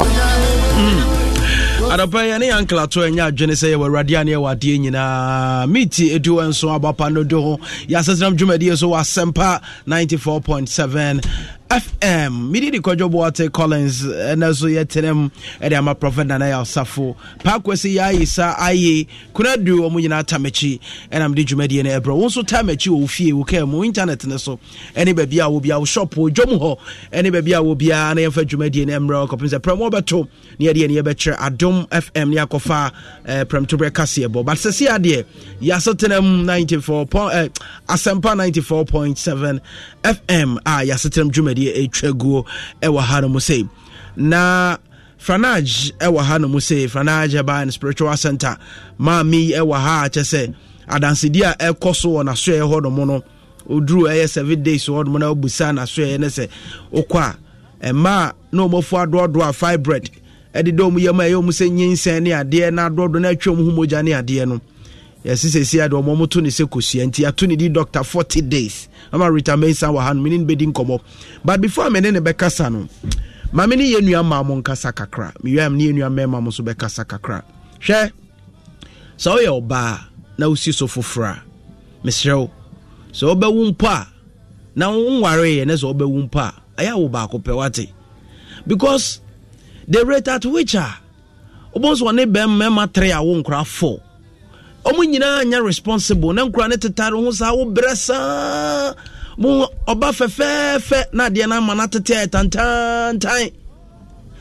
Mm. adɔpɛ yɛ ne yɛ jene ɛnyɛ adwene sɛ yɛwɔ awurade miti edu yɛwɔ adeɛ nyinaa meeti ɛduɔ nso no ho so wɔ 94.7 fm mede eh, eh, de kɔdwo boate collins ɛnɛ so yɛtenam ɛde ama prophet nana yɛ ɔsafo paakwa sɛ yɛaye sa aye kona du ɔmo nyinaa tamakyi ɛna mede dwumadiɛ no ɛbrɛ wo nso tamakyi wɔ wo fie wo kaa mu internet ne so ɛne eh, baabi a wɔ wo shop dwom hɔ ɛne baabi a wɔ na yɛmfa dwumadiɛ no mmerɛ kɔpem sɛ prɛm wɔbɛto ne yɛdeɛ ne yɛbɛkyerɛ adom fm ne akɔfa prɛmtoberɛ kaseɛ bɔ but sɛsi adeɛ yɛasetenam 94 asɛmpa 94.7 fm a yɛasetenam dwumadi adeɛ ɛtwa guo ɛwɔ ha nom sei na franage ɛwɔ ha nom sei franage herbal and spiritual center maame ɛwɔ ha kyɛ sɛ adansedie a ɛkɔ so wɔ n'asoɛ hɔ nom no oduru ɛyɛ seven days hɔ nom na ɔbusa n'asoɛ ne sɛ okɔ a mmaa na ɔmɔfo adoɔdoɔ a fibred ɛde dɛ ɔmo yɛm a ɛyɛ ɔmo sɛ nyinsɛn ne adeɛ na adoɔdoɔ na atwa ɔmo ho mogya ne adeɛ no yɛsi sɛ si adeɛ ɔmo ɔmo to ne sɛ kosua nti ato ne di doctor forty days ama rita mensa wɔ ha no mene no bɛdi nkɔmmɔ but before mene ne bɛkasa no ma me ne yɛ nua maa mo nkasa kakra mewiam ne yɛ nua mmarima mo nso bɛkasa kakra hwɛ sɛ woyɛ ɔbaa na wosi so foforɔ a mesrɛ wo sɛ wobɛwo mpo a na nwareɛ na sɛ wobɛwo mpo a ɛyɛ wo baako pɛ wate because the rate at which a wobɔ nso wɔne bɛmmarima tre a wo nkora four ɔmo nyinaa nya responsible na nkura ne tetare ho saa wobrɛ saa mo ɔba fɛfɛɛfɛ na adeɛ no ama no atete tantantan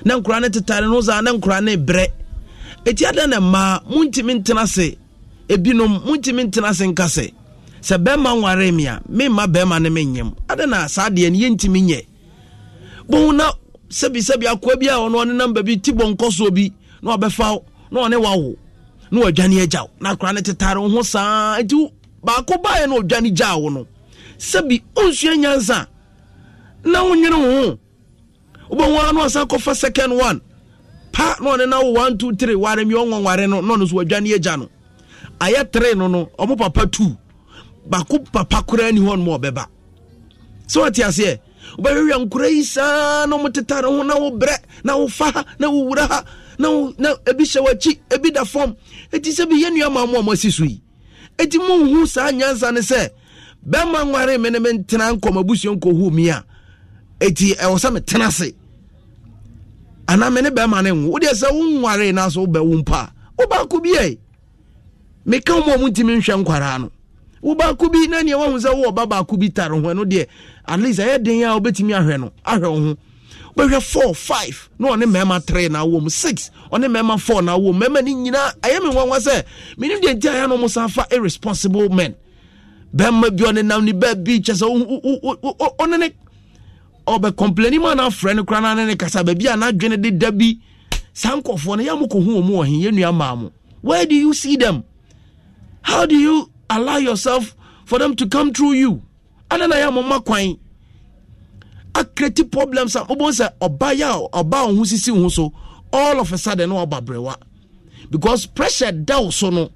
na nkura ne tetare no saa na nkura ne brɛ eti adɛn na mmaa montimi ntena se ebinom montimi ntena se nka se sɛ bɛrima nware mi a memma bɛrima ne menyam adɛn na saa adeɛ no yɛntimi nyɛ bohu na sɛbisɛbi akoa bi a ɔno ɔne nam baabi ti bɔnkɔ soɔ bi na ɔbɛfaw na ɔne wawo na wadwane agya wo na akora no tetare wo ho saa nti baako baeɛ na ɔdwane gyaa wo no sɛbi ɔnsua nyansa na wonyere wo ho wobɛhu ara na ɔsan kɔfa second one pa na ɔne na one two three 3 ware no na ɔno so wadwane agya no ayɛ tere no no ɔmo papa 2 baako papa koraa ni hɔ no ma ɔbɛba sɛ wɔte aseɛ wobɛhwehwɛ nkora yi saa na ɔmotetare ho na wobrɛ na fa ha na wowura ha na ebi hyɛ w'akyi ebi da fam ɛti sɛ bɛyɛ nnuama mu a moasi so yi eti mu hu saa nyansa ne sɛ bɛma nware me ne mentena nkɔm abusua nkɔhu mi a ɛti ɛwɔ sɛ metena ase anaa me ne bɛma ne nwo wodeɛ sɛ wonware nanso wobɛwo mpo a wobaako bi ɛ meka woma mu ntimi nhwɛ nkwaraa no wobaako bi na neɛ wahu sɛ wowɔ ba baako bi tare ho ɛno deɛ at least ɛyɛ den a wobɛtumi ahwɛ no ahwɛ wo ho bɛhwɛ four five na ɔne mmarima three na awom six ɔne mmarima four na awom mmarima ne nyinaa ɛyɛ mi nwanwa sɛ mini deɛ nti ayɛ na wɔn san fa irresponsible men bɛrima bi ɔne nam ne bɛɛ bi kyɛ sɛ ɔne ne ɔbɛ complain mu anaa frɛ ne koraa ne ne kasa baabi a n'adwene de da bi saa nkɔfoɔ no yɛ mo ko hu wɔn wɔ hin yɛ nua maa mo where do you see them how do you allow yourself for them to come through you adana yɛ mo ma kwan. akreti problems a wobɛhu sɛ ɔbaa a ɔbaa wo sisi wo so all of a sudden na waba brewa because pressure da wo so no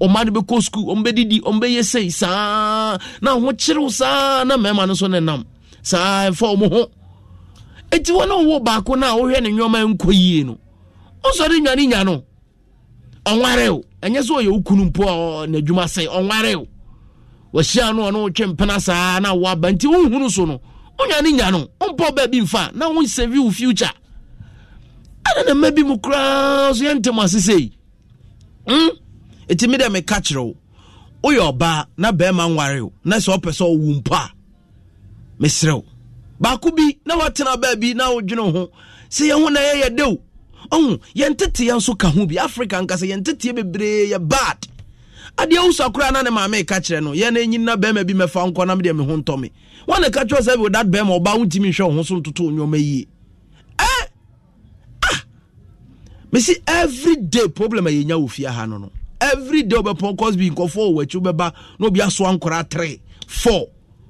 ɔma no bɛkɔ skul ɔmbɛdidi ɔmbɛyɛ sei saa na ho kyerew saa na mmarima no so ne nam saa ɛfa ɔmo ho ɛti wɔn a baako no a wohwɛ ne nneɛma nkɔ yie no de nwane nya no ɔnware o ɛnyɛ sɛ ɔyɛ wokunu mpo a n'adwuma sɛ ɔnware o wɔhyia no ɔno wotwe mpena saa na woaba nti wohunu so no wonya ne nya no wompɔ baa bi mfa na wonsavi wo future ɛne ne mma bi mu koraa so yɛntɛm ase sei mm? ɛti dɛ meka kyerɛ wo woyɛ ɔbaa na bɛrima nware wo na sɛ ɔpɛ sɛ ɔwo mpo a meserɛ wo baako bi na woatena baa na wodwene ho sɛ yɛho na yɛyɛ dew ɔhu yɛntete yɛ nso ka ho bi africa nkasa yɛnteteɛ bebree yɛ bad adeɛ wosa koraa na ne maame ka kyerɛ no yɛn enyi na bɛrima bi mɛfa nkɔ na deɛ me ho ntɔ me wɔn ka kyerɛ sɛ ebi dat bɛrima ɔbaa ho ntumi nhwɛ ɔho so ntoto nneɛma yie ah! mesi every day problem a yɛnya wɔ fie ha no no every day ɔbɛpɔn cosby nkɔfoɔ wɔ akyi bɛba na obi aso ankora tre, four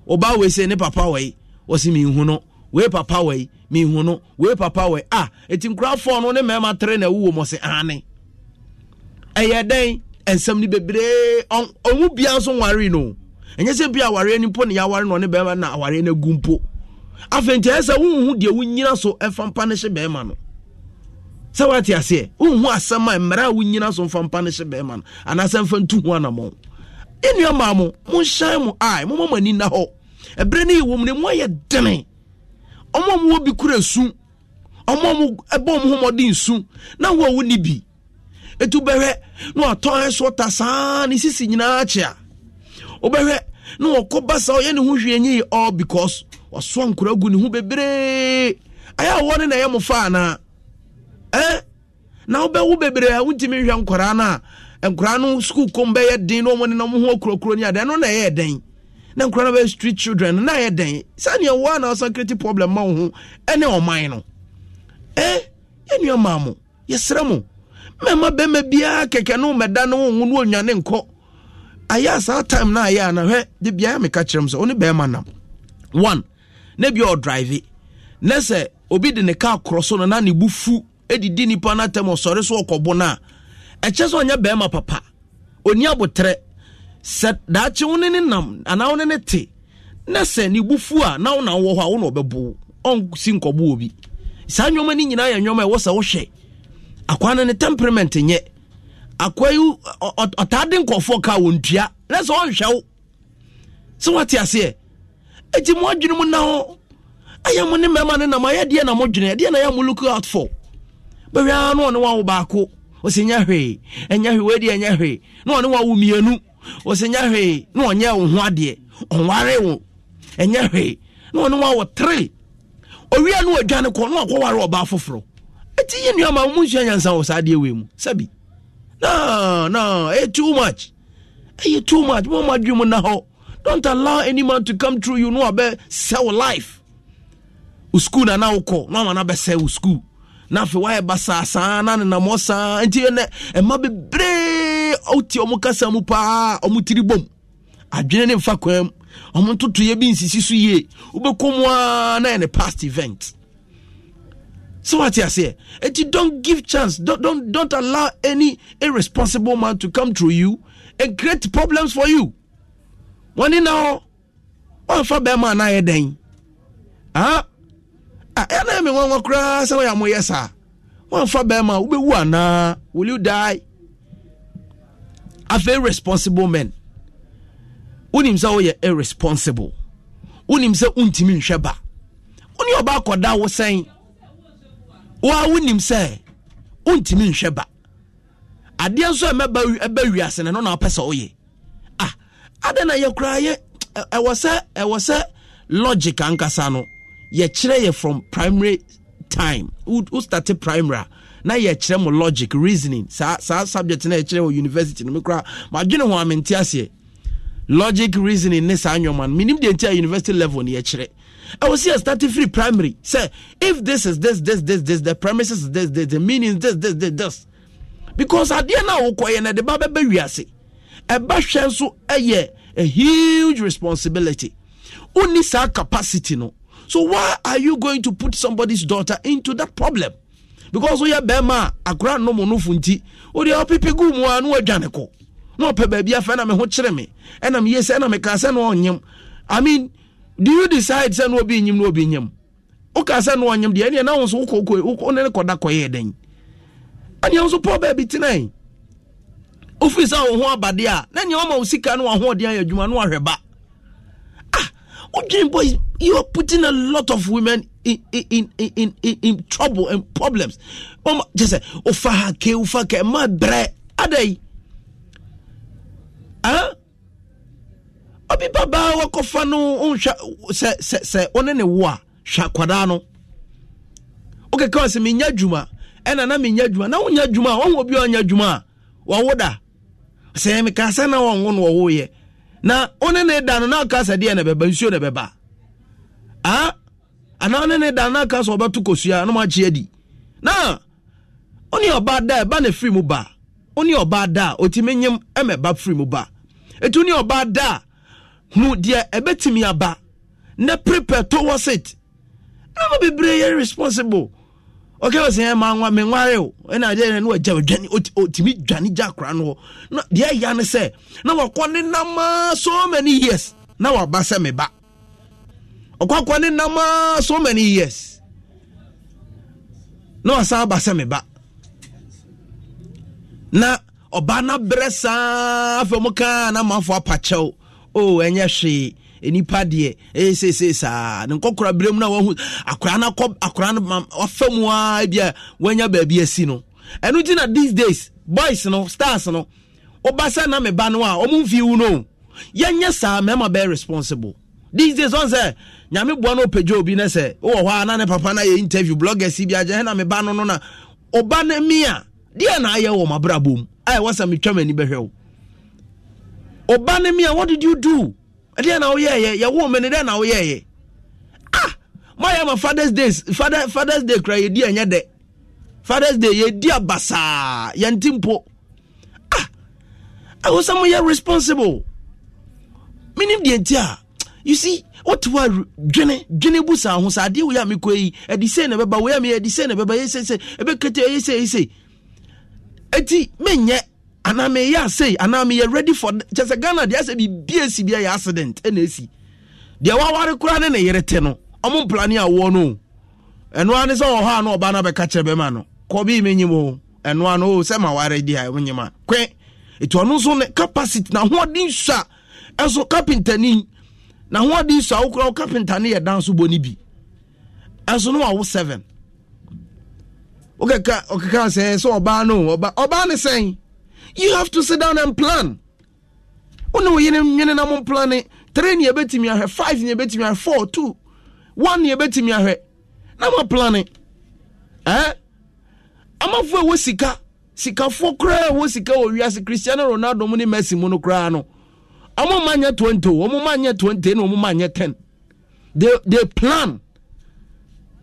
ɔbaa wɔ ese ne papa wɔ yi wɔsi mi hu no wee papa wɔ yi mi hu no wee papa wɔ a ah eti nkura four no ne mɛrima tre na ɛwɔ wɔn sɛ aane ɛyɛ dɛn. nsɛm no bebree ɔmu bia nso nware no ɛnyɛ sɛ bia awareɛ no mpo ne yɛaware no ɔne bɛrima na awareɛ no agu mpo afei nti ɛyɛ sɛ wohu deɛ wonyina so ɛfa mpa no hye bɛrima no sɛ woate aseɛ wohu asɛm a mmara a wonyina so mfa mpa no hye bɛrima no anaasɛ mfa ntu ho anammɔ ɛnua e maa mo monhyɛn mo ae momma mo ani nna hɔ ɛberɛ no yɛwɔ mu ne moayɛ dene ɔmo a mowɔ bi kura su ɔmo a mo ɛbɔ mo homɔden su na wo a wonni bi Etu bɛhwɛ na watɔn so ta saa ne sisi nyinaa kye a wobɛhwɛ na wɔkɔ ba saa ɔyɛ ne ho hwee nyɛ all because wasoa nkora gu ne ho bebree ayɛ a wɔne na ɛyɛ mo anaa eh? na wobɛwo bebree a wontumi hwɛ nkwaraa no a nkwaraa no sukuu kɔm bɛyɛ den na ɔmɔne na ɔmo ho akurokuro ni adeɛ no na ɛyɛ den na nkwaraa no bɛyɛ street children na ɛyɛ den saa nea wɔn a na ɔsan kireti problem ma wɔn ho ɛne ɔman no ɛɛ yɛn nua maa mo yɛsrɛ mo mɛma bɛma biara kɛkɛ no mɛda no wo no ɔnyane nkɔ ayɛ saa time no ayɛ ana de biara meka kyerɛ m sɛ wo bɛrima nam one na bia ɔdrive na sɛ obi de ne kaa korɔ so no na ne bu fu didi nipa no atam ɔsɔre so ɔkɔbo no a ɛkyɛ sɛ ɔnyɛ bɛrima papa ɔni abotrɛ sɛ daakye wo ne nam anaa wo ne te na sɛ ne bu fu a na wo na wowɔ hɔ a wo na ɔbɛbo ɔnsi nkɔbo obi saa nnwoma no nyinaa yɛ nnwoma ɛwɔ sɛ wohwɛ akwaa no ne temperament nyɛ akwaa yi ɔtaa de nkɔfoɔ kaa wɔ ntua na sɛ ɔnhwɛ wo sɛ wate aseɛ ɛti mo adwene mu na ho ayɛ mo ne mmarima no nam ayɛ deɛ na modwene ɛdeɛ na yɛ mo look out for no ɔne baako nya hwee ɛnya hwee wedeɛ ɛnya hwee na ɔne wawo mmienu ɔsɛ nya hwee na ɔnyɛ wo adeɛ ɔnware wo hwee na ɔne owia no kɔ na ɔbaa foforɔ ɛti yɛ nnuama mu nhyia nyansa wɔ saa adeɛ wei mu sɛbi no no ɛyɛ eh, too much ɛyɛ eh, too much mo ma adwene mu na hɔ don't allow any man to come through you no abɛ sell life wo school na na wokɔ na ama na bɛsɛ wo school na afei woayɛ basaa saa na nenamɔ saa nti ɛnɛ ɛma e bebree wotie ɔmo kasa mu paa ɔmo tiri bom adwene ne mfa kwan mu ɔmo ntotoeɛ bi nsisi so yie wobɛkɔ mu a na yɛ ne past event so what you say and don't give chance don't, don't don't allow any irresponsible man to come through you and create problems for you When in all one for bear man i then ah Ah, ɛna me nwanwa koraa sɛ woyɛ moyɛ saa woamfa bɛrima a wobɛwu anaa will you die very responsible men wonim sɛ woyɛ irresponsible wonim sɛ wontimi nhwɛ ba wone ɔba wo sɛn wa wonim sɛ wontumi nhwɛ ba adeɛ nso a mɛba ɛbɛ wiase no no na wopɛ sɛ woyɛ ah adɛn na yɛkoraa yɛ ɛwɔ sɛ ɛwɔ sɛ logic ankasa no yɛkyerɛ yɛ from primary time wo starte primary a na yɛkyerɛ mo logic reasoning saa saa subject na yɛkyerɛ wɔ university no mekora madwene ho amente aseɛ logic reasoning ne saa nnwoma no menim deɛ nti a university level no yɛkyerɛ I will see a starting free primary. Say, if this is this, this, this, this, the premises is this, this, the meaning is this, this, this, this. Because at the end of the Bible, the Bible, so eh, a a huge responsibility. Only sa capacity no. So why are you going to put somebody's daughter into that problem? Because we oh, oh, are bema akura no monufunti. Eh, Odi opipi gu mu anu adwane ko. no ope baabi afa na me ho kyere me. Ɛna me me ka no onyem. I mean, do you decide sɛ na obi nyim na obi nyim woka sɛ na ɔnyim deɛ ɛneɛ na wo nso wone ne kɔda kɔyɛɛ dɛn ɛneɛ nso pɔ baabi tenae wofiri sɛ wo ho abadeɛ a na neɛ woma wo sika no wahoɔden ayɛ adwuma no wahwɛ ba ah wodwen bɔ you are putting a lot of women in, in, in, in, in, in trouble and problems ɔma kyɛ sɛ wofa ha ke wofa ke ma brɛ adai ah? obi babaa wakɔfa no nhwɛ sɛ sɛ sɛ wone ne wo a hwɛ akwadaa no okeke wa sɛ menya adwuma ɛna na menya adwuma na wonya adwuma a wɔnwo obi a ɔnya adwuma a wɔwo da sɛ meka sɛ na wɔnwo no wɔwoyɛ na wone ne da no na aka sɛ deɛ na bɛba nsuo na bɛba a Ana wone ne da no na aka sɛ wɔbɛto kɔsua na moakye adi na wone ɔbaa da ɛba na firi mu ba wone ɔbaa da a ɔtumi nyem ɛma ɛba firi mu ba etu ne ɔbaa da a hu deɛ ɛbɛtumi aba na prepare towards it ama bebree yɛ responsible ɔkɛ wɔ sɛ ɛma eh, nwa me nware o ɛna adeɛ yɛn no wagya wadwane ɔtumi dwane gya akora no hɔ na deɛ ɛya ne sɛ na wakɔ ne nam so many years na waba sɛ meba ɔkɔ akɔ ne nam so many years na wasan aba sɛ meba na ɔbaa na brɛ saa afɛ ɔmo kaa na amanfoɔ apakyɛw o ɛnyɛ hwee nipa deɛ ɛyɛ saa ne nkɔkora berɛ mu no wahu akora no akɔ akora no wafa mu a bi a wanya baabi asi no ɛno nti na these days boys no stars no woba sɛ na meba no a ɔmo mfii wu no yɛnyɛ saa mmarima bɛɛ responsible these days ɔn sɛ nyame boa no ɔpɛgya obi ne sɛ wowɔ hɔ a na ne papa no yɛ interview bloggers yi bi agya hɛ na meba no no na ɔba no mi a deɛ na ayɛ wɔ mabrabɔ mu a ɛwɔ sɛ metwa m'ani bɛhwɛ wo ɔba ne mia what did you do ɛdeɛ na woyɛɛyɛ yɛwo mene dɛ na woyɛɛyɛ ah moayɛ ma fathers day. father fathers day kora yɛdi ɛnyɛ dɛ fathers day yɛdi abasaa yɛnti mpo ah ɛwo sɛ moyɛ responsible menim deɛ nti a you see wote hɔ a dwene dwene bu saa ho saa adeɛ wei a mekɔ yi adi sei na ɛbɛba wei a meyɛ adi sei na ɛbɛba yɛsɛsɛ ɛbɛkete ɛyɛsɛ ɛyɛsɛ ɛti menyɛ anaa meyɛ ase anaa meyɛ ready for kyɛ sɛ ghana deɛ sɛ biribia esi bia yɛ accident ɛna esi deɛ waware kura ne ne yere te no ɔmo mplani a no ɛnoa ne sɛ ɔhɔ a na ɔba no bɛka kyerɛ bɛma no kɔbii menyim o ɛnoa no o sɛ ma ware di a ɛmonyim a kwe ɛti ɔno nso ne capacity na hoɔden su a ɛso kapintani na hoɔden su a wokora kapintani yɛ dan so bɔ ne bi ɛso no wawo seven wokeka ɔkeka sɛ sɛ ɔbaa no ɔbaa ne sɛn you have to sit down and plan wone wo yene nwene na mo plane three ne yɛbɛtumi ahwɛ five ne yɛbɛtumi ahwɛ four two one ne yɛbɛtumi ahwɛ na mo plane eh? amafoɔ a wɔ sika sikafoɔ koraa wɔ sika wɔ wiase cristiano ronaldo mu ne messi mu no koraa no ɔmo ma nyɛ twenty o ɔmo ma nyɛ twenty na ɔmo ma nyɛ ten they they plan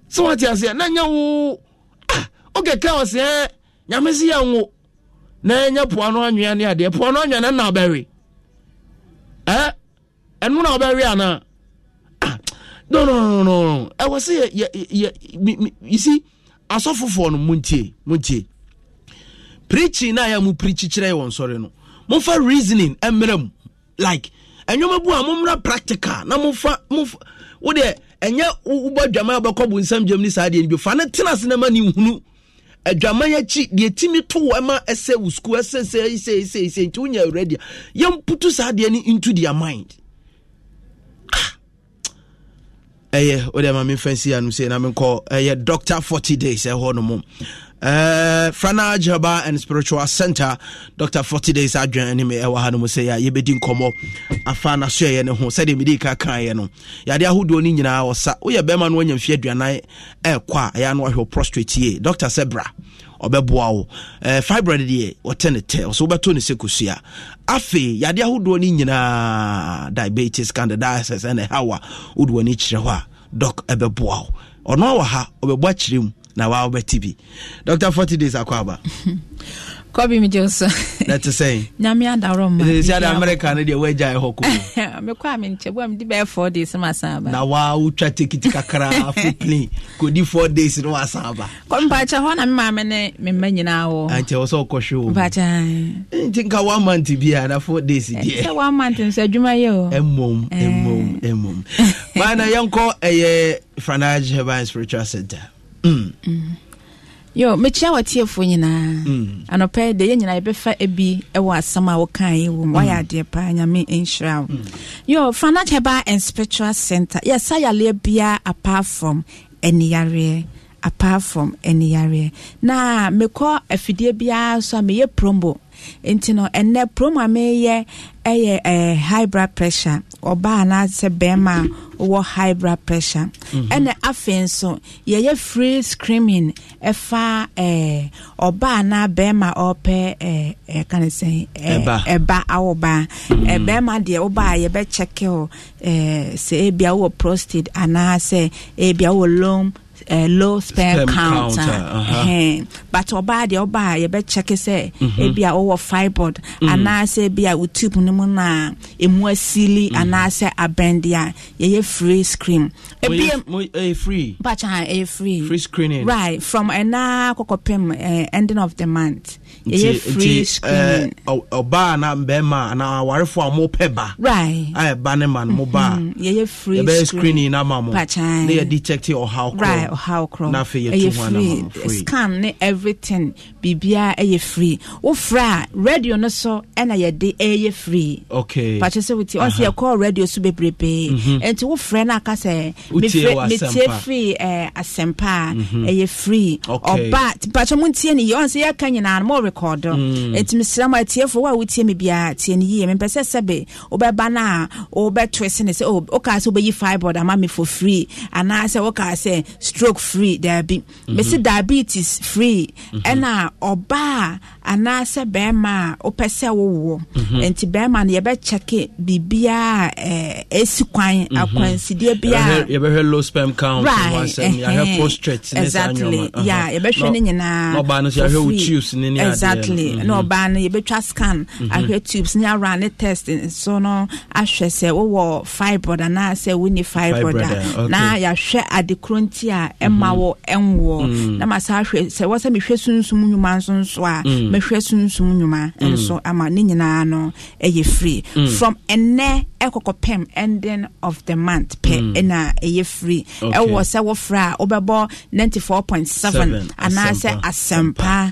so wɔn ti aseɛ na nyɛ wo ah o kɛkɛ ɔsɛ nyame yɛ ngo. na ɛnyɛ po ano anwea ne adeɛ po ano anwea no na abɛwe ɛ ɛno na abɛwe anaa ah, no no no no ɛwɔ sɛ yɛ yɛ yɛ yisi asɔfofoɔ no muntie na yɛ mu preach kyerɛ wɔn sɔre no reasoning mmerɛ mu like ɛnwoma bu a practical na mofa ɛnyɛ wobɔ bu nsɛm saa deɛ bi fa ne tena nhunu adwaman akyi deɛ timi to wɔ ma ɛsɛ wo skuul ɛsɛ sɛsɛsɛsɛ nti wonya awuradi a yɛmputu saa deɛ no into their mind ah! ɛyɛ wode ma memfa nsi a no sei na menkɔ ɛyɛ doctor 40 days ɛhɔ no uh, eh, Frana and Spiritual Center Dr. 40 Days Adrian ne me ɛwɔ eh, ha no mu sɛ yɛ a yɛbɛdi nkɔmmɔ afa ne ho sɛdeɛ mede ka kaeɛ no yɛade ahodoɔ no nyinaa ɔsa woyɛ bɛrima no wanya mfeɛ aduanan ɛɛkɔ a ɛyɛ no wahwɛ prostrate ye doctor sebra bra ɔbɛboa ɔsɛ eh, diabetes candidiasis a kyerɛ hɔ doc ɔbɛboa na wa wobɛte bi dr 40 days akɔ aba kɔbi e mi jɛnso. na ti sɛn. nyame adarɔ ma. ɛsɛ sɛ amerika ne deɛ wɛgya ɛhɔ ko. mekɔ di bɛɛ four days ma san ba. na wa wotwa tikiti kakra fo plane ko four days ne wa san ba. kɔmi na mi ne mi mma nyinaa wɔ. a nkyɛn wɔsɔ kɔ hwɛ o. mpakyɛ. Eh, nti nka one month a four days deɛ. sɛ eh, one month nsɛ adwuma yɛ o. ɛmom eh, ɛmom ɛmom. maana yɛn kɔ ɛyɛ franage herbal spiritual center. Mm. yo mekyia wɔtiefoɔ nyinaa mm. anɔpɛ de yɛ nyinaa yɛbɛfa bi wɔ asɛm a wokae wɔ mu wayɛ mm. adeɛ paa nyame nhyira wo yo fanach ba and spiritual center yɛsa yaleɛ biara apart from aniyareɛ apart from aniyareɛ na mekɔ afidie biara so a meyɛ promo nti no ɛnɛ promo a meyɛ ɛyɛ eh, high blood pressure ɔbaa anaasɛ bɛrima a wowɔ high blood pressure mhm. ɛna afei nso yɛyɛ free screaming ɛfa ɛɛ eh, ɔbaa na bɛrima ɔpɛ ɛka eh, eh, ne sɛn ɛba awɔ baa mhm. bɛrima deɛ wobaa yɛbɛkyɛke hɔ sɛ ebia wowɔ prostate anaasɛ ebia wowɔ lom uh, low sperm, sperm count uh-huh. but ɔbaa deɛ ɔbaa yɛbɛkyɛke sɛ mm-hmm. ebi a And I say, ebi I would tip mu na emu asili mm-hmm. anaasɛ abɛnde a yɛyɛ free screen ebi ɛyɛ eh, free bàtà ɛyɛ eh, free free screening right from ɛnaa kɔkɔpem uh, eh, ending of the month ɛyɛ free screening eh, ɔbaa na bɛrima na awarefo a mopɛ ba right a ɛba ne ma no mo ba mm-hmm. yɛyɛ free yɛbɛyɛ screening na ma mo na yɛde check te ɔhaw korɔ right na afei yɛtu ho anam free scan ne everything biribiara ɛyɛ free wofra a radio no so ɛna yɛde ɛyɛ free okay pakyɛ sɛ wotie ɔsɛ yɛkɔɔ radio so bebrebe mm-hmm. nti wofrɛ no aka sɛ metie free asɛmpa eh, a mm-hmm. ɛyɛ free ɔba pakyɛ montie ne yɛ ɔnsɛ yɛka nyinaa mo ma record ɛti mesrɛ mu atiefoɔ wo a wotie me biaa tie no yie mempɛ sɛ sɛbe wobɛba no a wobɛtoe sene sɛ oh, wokaa sɛ wobɛyi fibod ama me for free anaasɛ wokaa sɛ stroke free daabi mɛse mm-hmm. diabetes free mm-hmm. ɛna ɔbaa anaasɛ bɛrima a wopɛ sɛ wowoɔ mm-hmm. nti bɛrima no yɛbɛkyɛke biribiaa ɛsi eh, kwan akwansideɛ biayɛbɛhwɛ low sperm count Right, prostrate exactly yeah yɛbɛhwɛ no nyinaa ɔbaa no so yɛhwɛ wo tubes ne ne ade exactly na ɔbaa no yɛbɛtwa scan mm-hmm. ahwɛ tubes ne ara ne test nso no ahwɛ sɛ wowɔ fibroid anaasɛ wonni fibroid a na yɛahwɛ adekoro nti a ɛma wɔ ɛnwoɔ na masa ahwɛ sɛ wɔ sɛ mehwɛ sunsum nnwuma nso nso a mɛhwɛ sunsum nnwuma nso ama ne nyinaa no ɛyɛ eh, free mm. from ɛnɛ ɛkɔkɔpɛm eh, ending of the month pɛ ɛna ɛyɛ free ɛwɔ sɛ wofrɛ a wobɛbɔ 94.7 anaasɛ asɛmpa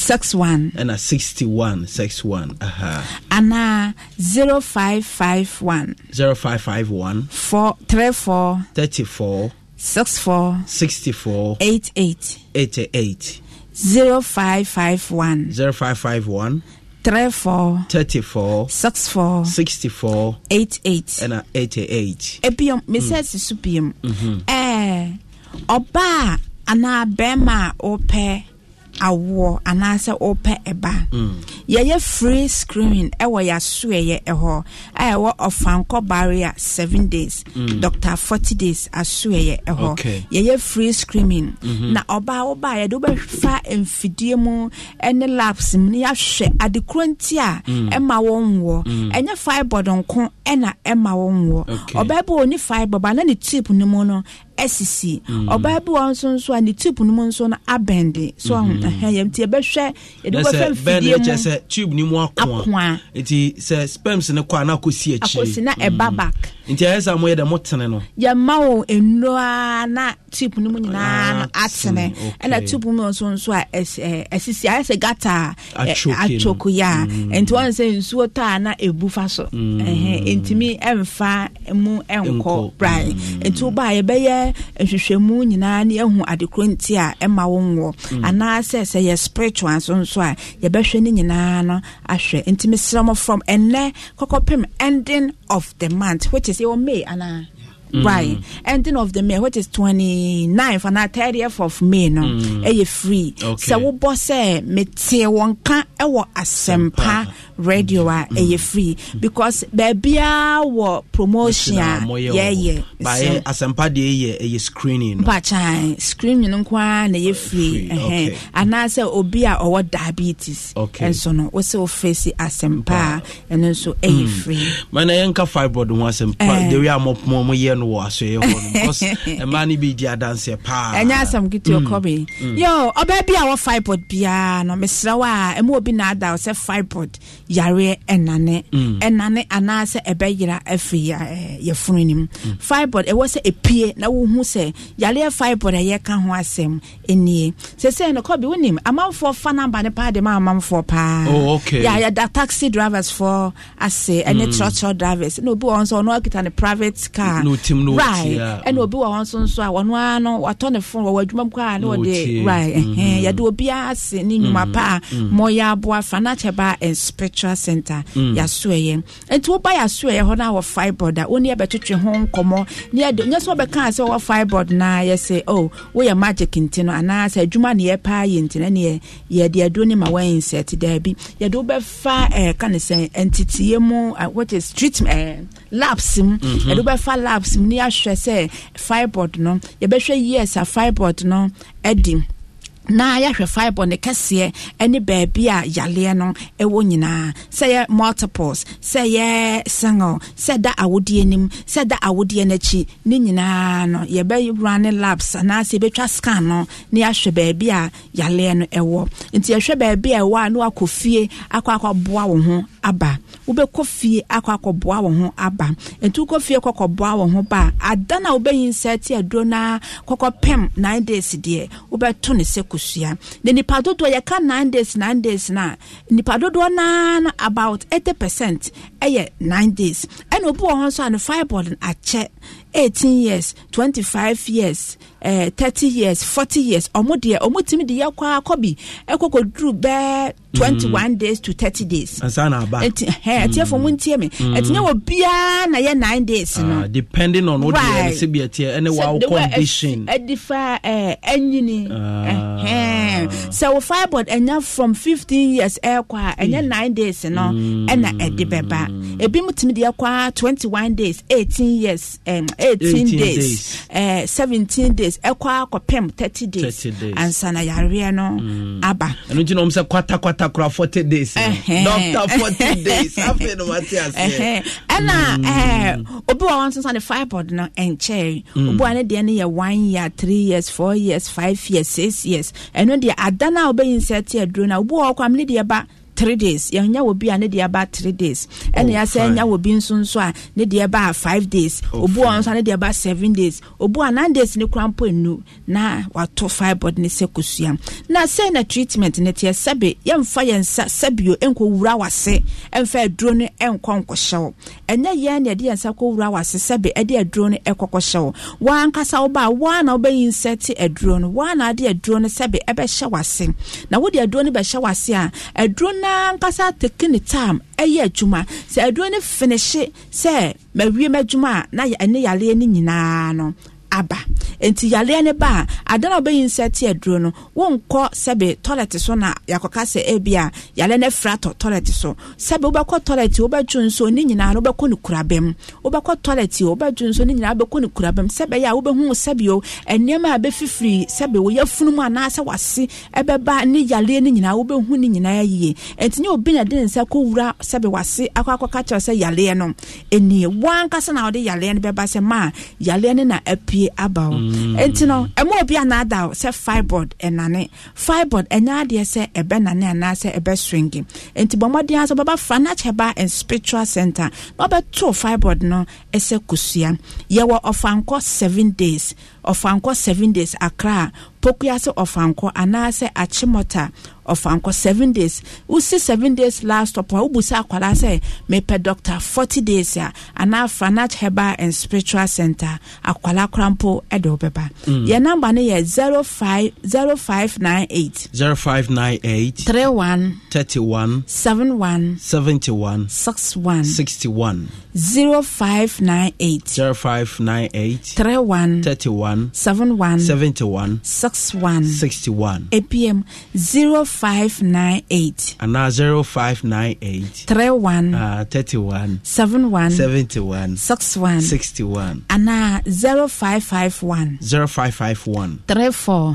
six one. ɛna sixty one six one. ana zero five five one. zero five five one. four three four. thirty four. six four. sixty four. eight eight. eighty eight. zero five five one. zero five five one. three four. thirty four. six four. sixty four. eight eight. ɛna eighty eight. ebiom eh, mesɛsi hmm. so biom. ɛɛ mm-hmm. ɔbaa eh, anaa bɛrima a ɔpɛ awoɔ anaasɛ ɔpɛ ɛba mm. yɛyɛ free screening ɛwɔ yɛasoɛyɛ ɛhɔ a ɛwɔ ɔfankɔ barrier seven days mm. doctor forty days asoɛyɛ ɛhɔ okay. yɛyɛ free screening mm-hmm. na ɔbaa ɔbaa yɛde wobɛfa mfidie mu ɛne labs mu ne yɛahwɛ adekoro nti a mm. ɛma wɔn wɔ mm. ɛnyɛ fibroid nko ɛna ɛma wɔn wɔ ɔbaa bi wɔ ne fibroid ba na ne tip ne mu no sisi ɔbaa mm. bi wɔ nso nso a ne tube no mu nso no abɛnde so ɔho mm-hmm. yɛm nti yɛbɛhwɛ yɛde bɛfɛ mfidie mu sɛ tube no mu akoa nti sɛ sperms no kɔ a na akɔsi akyiri akɔsi na ɛba mm. back nti ɛyɛ sɛ moyɛ dɛ motene no yɛma wo nnuro na tube no mu nyinaa no ah, atene ɛna tube mu nso nso a ɛsisi ayɛ sɛ gata atwoko ya. a mm. nti wɔn sɛ nsuo tɔ na ebu fa so ntumi ɛmfa mu ɛnkɔ brae nti wo ba yɛbɛyɛ yɛ nhwehwɛmu nyinaa ne yɛhu adekoro nti a ɛma wo nwɔ mm. anaasɛ sɛ yɛ spiritual nso nso a yɛbɛhwɛ ne nyinaa no ahwɛ nti mesrɛ mɔ from ɛnɛ kɔkɔpem ending of the month which is yɛwɔ may anaa Mm. ending of the may which is 29th and 30th of may no mm. ɛyɛ mm. free So wobɔ sɛ me. wɔn ka ɛwɔ asɛmpa radio a mm-hmm. ɛyɛ free because baabiaa wɔ promotion a yɛyɛ bayɛ asɛmpa deɛ yɛ ɛyɛ screening no mpakyan screening no nko ara na ɛyɛ free ɛhɛn anaasɛ obi a ɔwɔ diabetes ɛnso no wosɛ wofɛsi asɛmpa a ɛno nso ɛyɛ mm. free mana yɛnka fibroid ho asɛmpa deɛ wei a mɔpoma mo yɛ no wɔ asɔeɛ hɔ no because mmaa no bi di adanseɛ paa ɛnyɛ asɛm ketewa mm. kɔbe mm. yo ɔbaa bi a wɔ fibroid biara no mesrɛ wo a ɛma obi na ada wo sɛ fibroid yareɛ ɛnane mm. ɛnane anaasɛ ɛbɛyera afiri yɛfunu no mu mm. fibod ɛwɔ sɛ ɛpie na wohu sɛ yareɛ fibod ɛyɛ ka ho asɛm ɛnie sɛsɛ no kɔbi wonim amanfoɔ fa namba ne paa de ma amanfoɔ paa oh, yɛda taxi drivers foɔ ase ɛne mm. trɔtrɔ drivers na obi wɔ hɔ nso ɔno akita ne private car right ɛna obi wɔ hɔ nso nso a wɔno ara watɔ ne phone wɔ adwuma mu kɔ a na wɔde right mm-hmm. yɛde obiara ase ne nnwuma mm-hmm. paa ma mm-hmm. ɔyɛ aboa cultural center mm. yɛasoɛyɛ nti woba yɛasoɛyɛ hɔ no wɔ fibord a woni yɛbɛtwetwe ho nkɔmmɔ nyɛ sɛ wobɛkaa sɛ wɔwɔ fibord no a yɛsɛ o oh, woyɛ magic nti no anaasɛ adwuma ne yɛpaa yɛ nti no ne yɛde aduo ne ma woainsɛt daabi yɛde wobɛfa eh, ka ne sɛ ntiteɛ mu uh, street eh, labs mu mhm. yɛde wobɛfa labs mu ne yɛahwɛ sɛ fibord no yɛbɛhwɛ years a fibord no adi na yɛahwɛ fibre ne kɛseɛ ne baabi a yaleɛ no ɛwɔ nyinaa sɛ yɛ multiples sɛ yɛ single sɛ da awodeɛ anim sɛ da awodeɛ no akyi ne nyinaa no yɛbɛwura ne labs anaasɛ yɛbɛtwa scan no na yɛahwɛ baabi a yaleɛ no ɛwɔ nti yɛhwɛ baabi a ɛwɔ a na wakɔ fie akɔ akɔboa wo ho aba wobɛkɔ fie akɔ akɔboa wo ho aba nti wokɔ fie kɔ kɔboa wo ho ba ada no a wobɛyi nsɛ te aduro no a kɔkɔpem days deɛ wobɛto ne sɛ kɔ abusua na nipa dodoɔ yɛka nine days nine days na nipa dodoɔ naa na about eighty percent ɛyɛ nine days ɛna obi wɔ hɔ nso a no akyɛ eighteen years twenty five years eh, 30 years 40 years ɔmo deɛ ɔmo timi de yɛ kɔ akɔ bi ɛkɔ kɔ duru bɛɛ 21 days to 30 days ansa mm. mm. mm. na aba ɛti hɛ ɛti ɛfɔ mo ntie mi ɛti nyɛ wɔ biara na yɛ 9 days no uh, ah, depending on what right. the ɛnsi bi ɛti ɛne wa condition ɛdi fa ɛɛ ɛnyini ɛhɛn sɛ wo fibroid ɛnya from 15 years ɛɛkɔ a ɛnyɛ 9 days no ɛna ɛdi ba. ebi mo timi de yɛ kɔ 21 days 18 years ɛm 18 days ɛɛ 17 days. Eh, days ɛkɔ akɔpem 30 days ansa na yareɛ no mm. aba ɛno nti na ɔm sɛ kwatakwata kora 40 days doctor forty days afei no mate aseɛ ɛna mm. obi wa wɔn nsosa ne fibroid no ɛnkyɛn mm. obi wa ne deɛ no yɛ one year three years four years five years six years ɛno deɛ ada no a wobɛyi nsɛ te aduro no a obi wa ɔkɔ amene deɛ ba three days yɛnya wɔ bi a ne deɛ ba three days ɛna oh, yɛasɛ nya wɔ bi nso nso a ne deɛ ba five days oh, obu a nso a ne deɛ ba seven days obu a nine days ne kura mpo enu na wato fibroid ne sɛ kosua na sɛ na treatment ne teɛ sɛbi yɛmfa yɛn nsa sɛbio nkɔ wura wase ɛmfa aduro no nkɔ nkɔhyɛw ɛnyɛ yɛn na yɛde yɛn nsa kɔ wura wase sɛbi ɛde aduro no ɛkɔkɔhyɛw wɔn ankasa wɔba a wɔn na wɔbɛyi nsa te aduro no wɔn na ade aduro no sɛbi ɛbɛhyɛ wase na wɔde aduro no bɛhyɛ wase a aduro no koraa nkasa teke ne tam ɛyɛ adwuma sɛ aduro finish finihye sɛ mawie m'adwuma a na ɛne yareɛ no nyinaa no aba nti yaleɛ no ba a ada na wobɛyi nsɛ te aduro no nkọ sɛbe toilet so na yɛakɔka sɛ ebi a yaleɛ no afira so sɛbe wobɛkɔ toilet wobɛdwo nso ne nyinaa no wobɛkɔ ne wobɛkɔ nso ne nyinaa wobɛkɔ ne kuraba mu sɛbɛyɛ a wobɛhu nneɛma a bɛfifiri nyinaa wobɛhu ne nyinaa yie obi na de ne nsa kɔwura sɛbe wase akɔ akɔka kyerɛ sɛ yaleɛ no na wode yaleɛ no bɛba sɛ ma a no na apie bie aba wo mm. nti no ɛma obi anaada wo sɛ fibroid ɛnane fibroid ɛnyɛ adeɛ sɛ ɛbɛ nane anaasɛ ɛbɛ swingi nti bɔ mmɔden sɛ wobɛba and spiritual center na wobɛto fibroid no ɛsɛ kosua yɛwɔ ɔfankɔ seven days ɔfankɔ seven days akra a pokua sɛ ɔfankɔ anaasɛ akyemɔta ɔfa nkɔ seven days wosi seven days last stop a wobusa akwadaa sɛ mepɛ doctor forty days a anaa franach herbal and spiritual center akwadaa korampo ɛde wobɛba mm. yɛ namba no yɛ zero five zero five nine eight zero five nine eight three one thirty one seven one seventy one six one sixty one zero five nine eight. zero five nine eight. three one. thirty one. seven one. seventy one. six one. sixty one. apm zero five nine eight. and now zero five nine eight. three one. Uh, thirty one. seven one. seventy one. six one. sixty one. and now zero five five one. zero five five one. three four.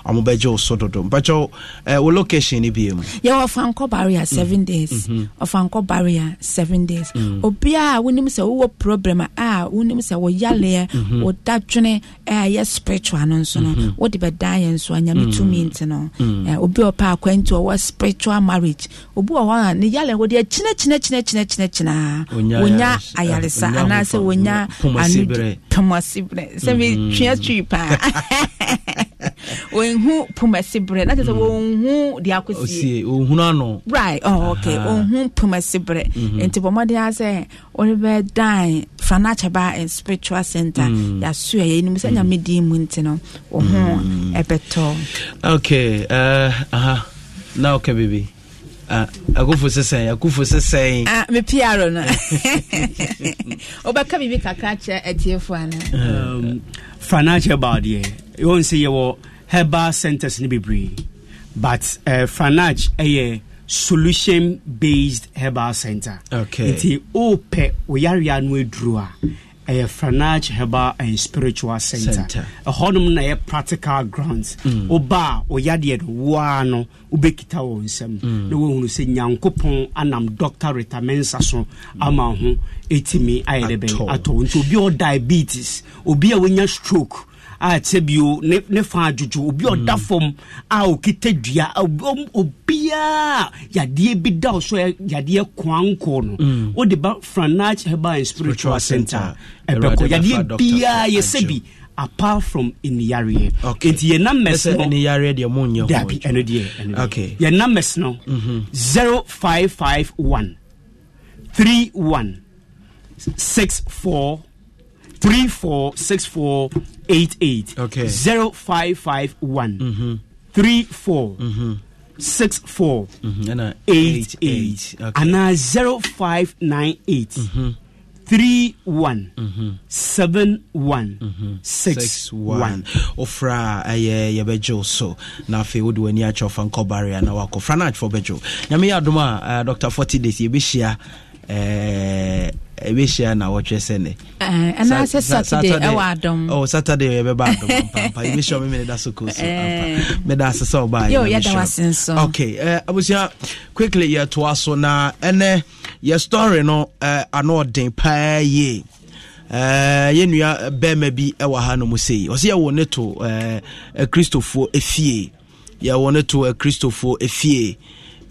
ɔmo bɛgye wo so dodo mpakyɛ uh, eh, wo location no bie mu yɛwɔ ɔfankɔ barrier seven days mm-hmm. barrier seven days mm-hmm. obiaa a wonim sɛ wowɔ problem a wonim sɛ wo yaleɛ ɛyɛ mm-hmm. spiritual no nso no mm-hmm. wode bɛdaa yɛ nso a tu tumi mm-hmm. nti no eh, obi ɔpɛ akwantu ɔwɔ spiritual marriage obi wɔ hɔ a ne yaleɛ hɔ deɛ kyinɛkyinɛkyinɛkyinɛkyinɛkyinaa wonya ayaresa anaasɛ wonya anu. pɔmɔsiberɛ sɛ metwea twi paa ohun pumasi brɛ na te sɛ mm. ohun de akosie ohun ano right oh okay ah. ohun pumasi brɛ mm-hmm. nti bɔmɔden asɛ wɔde bɛ dan fanakyɛ ba and spiritual center mm. yasu ɛyɛ enum sɛ nyame mm. di mu nti no ohun ɛbɛtɔ. okay uh, aha na ɔka bebe. Uh, akufo sesɛn akufo sesɛn. ah mi piaro no ɔbɛka biribi kakra kyerɛ ɛtiɛfo ana. Um, fanakyɛ baadeɛ ɛwɔ sɛ yɛwɔ herbal centers no bebree but uh, franage ɛyɛ eh, solution based herbal center okay. nti wopɛ wo yareɛ no aduro a ɛyɛ franage herbal and spiritual center ɛhɔnom na ɛyɛ practical grounds woba a woyadeɛ no woa no wobɛkita wɔ nsɛm mm. na woahunu sɛ nyankopɔn anam dɔctor retamensa so ama ho ɛtumi ayɛ dɛ bɛn atɔ nti obi a diabetes obi a wonya stroke a ɛsɛ bio ne ne fa juju obi ɔda mm. fam a okita dua obiaa yadeɛ bi da so yadeɛ kwanko no mm. wode ba franach herbal and spiritual center ɛbɛkɔ yadeɛ biaa yɛsɛ bi apart from iniyareɛ okay. nti yɛna mɛs no iniyareɛ deɛ mo nyɛ dabi ɛno deɛ ɛno deɛ okay. yɛna mɛs no mm-hmm. zero five five one three one six four three four six four eight eight. Okay. Zero five five one. Mm-hmm. Three four. Mm-hmm. Six four mm-hmm. eight eight, eight. Okay. zero five nine eight three one seven one six, one. Ofra ɛyɛ yɛbɛgye so na afei wode w'ani akyɛ ɔfa nkɔbareɛ na wakɔ fra no adfoɔ bɛgye nyame yɛ adom a dr 40 days yɛbɛhyia ɛbɛhyia na wɔtwɛ sɛne ɛnaasɛ saturday ɛwɔ adɔm oh saturday yɛbɛba adɔm ampampa yɛbɛhyia me mene da so ko so meda ase sɛ wobaayɛda okay uh, eh, abusua quickly yɛtoa so na ɛnɛ yɛ story no uh, ano ɔden paa yie Uh, eh, yɛnnua bɛrima bi wɔ ha no mu sei ɔsɛ yɛwɔ ne to kristofoɔ uh, efie yɛwɔ ne to kristofoɔ efie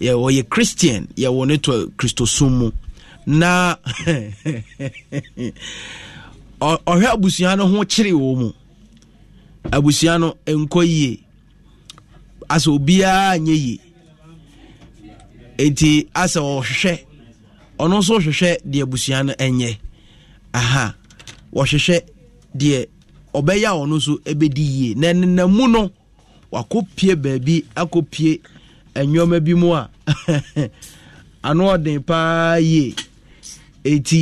yɛwɔ yɛ christian yɛwɔ ne to kristosum mu na ɔhwɛ abusua no ho kyere wɔ mu abusua no nkɔ yie asɛ obiara nyɛ yie eti asɛ ɔhwehwɛ ɔno nso hwehwɛ deɛ abusua no nyɛ aha wɔhwehwɛ deɛ ɔbɛyɛ a ɔno nso bɛdi yie na nanamu no wakɔpie baabi akɔpie nneɛma bi mu a ano ɔden paa yie eti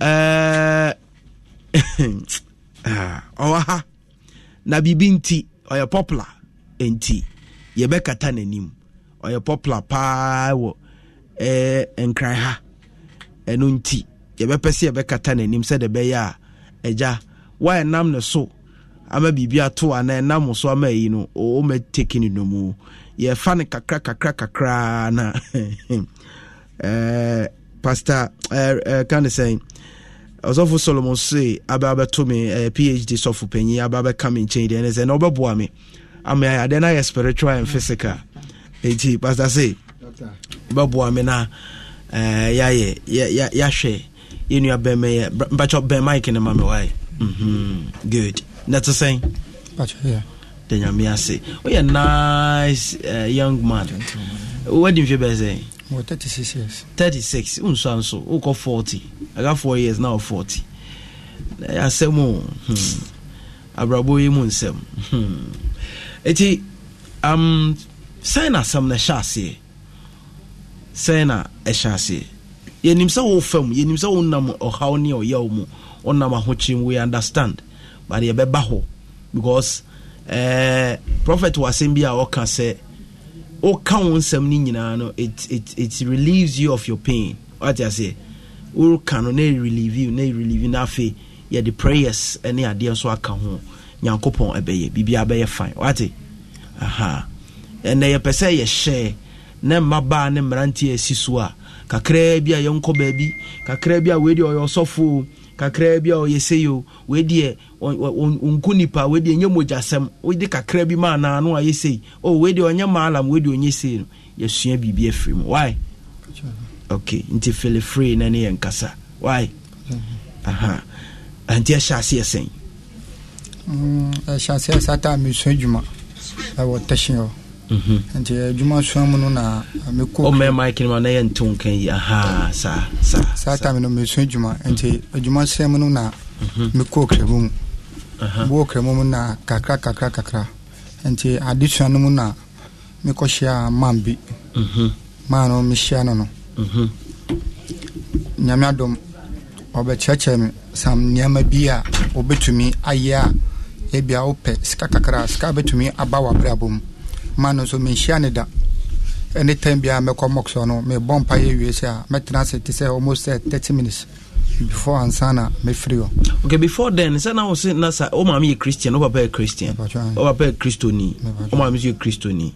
ɛɛ ɔwɔ ha na biribi nti ɔyɛ popular nti yɛbɛkata n'anim ɔyɛ popular paa wɔ ɛɛ eh, nkran ha ɛno nti yɛbɛpɛ sɛ yɛbɛkata n'anim sɛ de bɛyɛ a ɛgya wa ɛnam ne so ama biribi ato ana ɛnam so ama yi no ɔma teki ne no mu yɛfa no kakra kakra kakra na ɛɛ. Eh, pastor kane eh, eh, say, ɔsɔfo solomon se aba bɛto me eh, phd sɔfo panyin aba bɛka me nkyɛn deɛ ne sɛ na ɔbɛboa me ama adeɛ no ayɛ spiritual and physical enti pastor se bɛboa me na yɛayɛ yɛahwɛ yɛnua bɛmɛyɛ mpakyɛ bɛn mike no ma me wae mm-hmm. good na te sɛn da nyame ase woyɛ nice young man wadi mfe bɛɛ sɛn Thirty six years. Thirty six. 36. Unsanso. Uko forty. I got four years now, 40. Asɛm o. Abrabɔ yi mu nsɛm. Eti, um, sɛn na asɛm na ɛhyɛ aseɛ? Sɛn na ɛhyɛ aseɛ? Yɛnim sɛ wo fam, yɛnim sɛ wo nam ɔhaw ne ɔyɛw mu. Ɔnam ahokye mu, we understand. But yɛbɛba hɔ because uh, prophet wɔ asɛm bi a ɔka sɛ woka wo nsɛm no nyinaa no it, it, it relieves you of your pain wate aseɛ woka no na relieve you na relieve no afei yɛde prayers ne adeɛ nso aka ho nyankopɔn ɛbɛyɛ biribia bɛyɛ fine wate aha ɛnɛ yɛpɛ sɛ yɛhyɛ ne mmabaa ne mmeranteɛ asi so a kakraa bi a yɛnkɔ baabi kakraa bi a weideɛ ɔyɛ ɔsɔfoɔ kakraa bi a ɔyɛ sɛ yio weideɛ ɔnku nipa weideɛ ɛnyɛ mogyasɛm wode kakra bi ma anaa a yɛ sei o weideɛ ɔnyɛ maalam weideɛ ɔnyɛ sei no yɛsua biribi afiri mu why okay nti filifree na ne yɛ nkasa why aha nti ɛhyɛ aseɛ sɛn mm, ɛhyɛ aseɛ sɛ ata mesua adwuma ɛwɔ tashin hɔ Mm-hmm. nti adwuma sua mu no na ah, mekɔmɛma kinima na yɛ nto nka yi aha saa saa saa time no mesua adwuma nti mm-hmm. adwuma sɛ mu no na mm-hmm. mekɔɔ kramu mu mewɔ kramu mu na kakra kakra kakra nti adesua no mu na mekɔhyia man bi maa no mehyia no no nyame adom ɔbɛkyerɛkyerɛ me sam nneɛma bi a wobɛtumi ayɛ a ebia wopɛ sika kakra sika bɛtumi aba wɔ abrabɔ mu ma no nso menhyia ne da ɛne time biara mɛkɔ mɔks no mebɔ mpa yɛ wie hmm. sɛ a mɛtena ase te sɛ almost sɛ eh, 30 minutes before ansa na mɛfiri hɔ okay before then sɛ na wo se na sa wo maame yɛ christian wo papa yɛ christian wo yɛ kristoni wo maame nso yɛ kristoni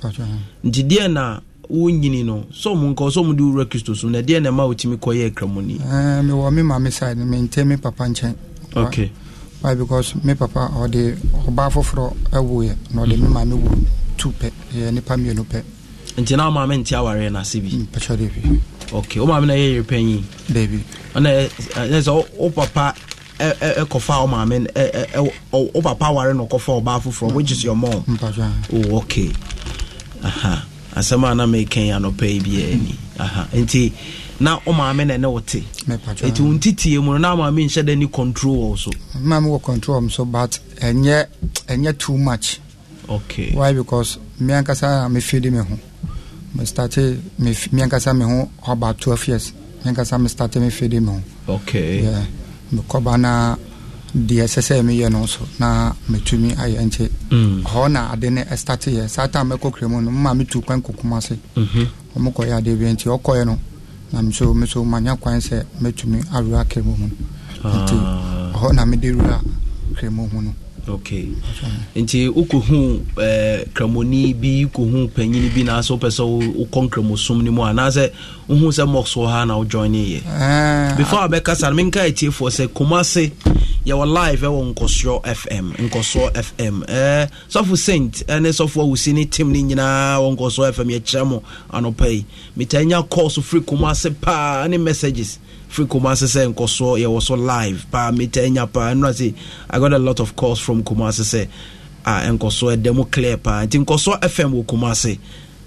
nti deɛ na wonyini no sɛ ɔmo nka sɛ ɔmo de wura kristo so na deɛ na ɛma wotumi kɔyɛ kramoni eh, mewɔ me maame side mente me papa nkyɛn okay why because me papa ɔde ɔbaa foforɔ awuiɛ na ɔde me maame wuo two pɛ ɛyɛ nipa mmienu pɛ. nti na maame nti na n'ase bi. Mm, mpɛtɛ de bi. ok o maame na yɛ yɛrɛ panyin. Dabi. ɔna ɛ sɛ o papa ɛ kɔfa o maame ɛ ɛ o papa aware na ɔkɔfa ɔbaa foforɔ which is your mom. Mm, mpɛtɛ. o oh, ok aha asɛm a na mɛ kɛn anɔpɛ yi bi yɛ ni aha nti. na wo maame na ɛne wo te ɛti wo ntitie mu no na maame nhyɛ da ni control wɔ so maame wɔ control m so but ɛnyɛ ɛnyɛ too much okay why because me ankasa me feed me ho me start me me ankasa me ho about 12 years me ankasa me start me feed me ho okay yeah me kɔba na deɛ ɛsɛ sɛ meyɛ no so na metumi ayɛ nkyɛ mm. hɔ na ade ne ɛstate ye. saa me mɛkɔ kremo mu no mma metu kwan kokoma se ɔmokɔyɛ mm-hmm. de bi nti ɔkɔɛ no na mso meso manya kwan sɛ me awura ah. kra mu ho no nti hɔ na me wura kra mu no ok nti wokɔhu eh, kramoni bi kɔhu panyini bi naasɛ wopɛ sɛ wokɔ nkramosom no mu anaasɛ wohu sɛ mox wɔ ha na wojoineyɛ ah. before abɛkasa no menka atiefoɔ sɛ kumase se yɛwɔ live ɛwɔ nkɔsoɔ fm nkɔsoɔ fm eh, sɔfo saint eh, ne sɔfo awusi ne tim no nyinaa wɔ nkɔsoɔ fm yɛkyerɛ mo anɔpa yi metaa nya call so firi kɔma se paa ne messages free Kumasi say nkɔ so was so live paa meta nya paa ɛno ase I got a lot of calls from Kumasi say a nkɔ so ɛda clear paa nti nkɔ FM wɔ Kumasi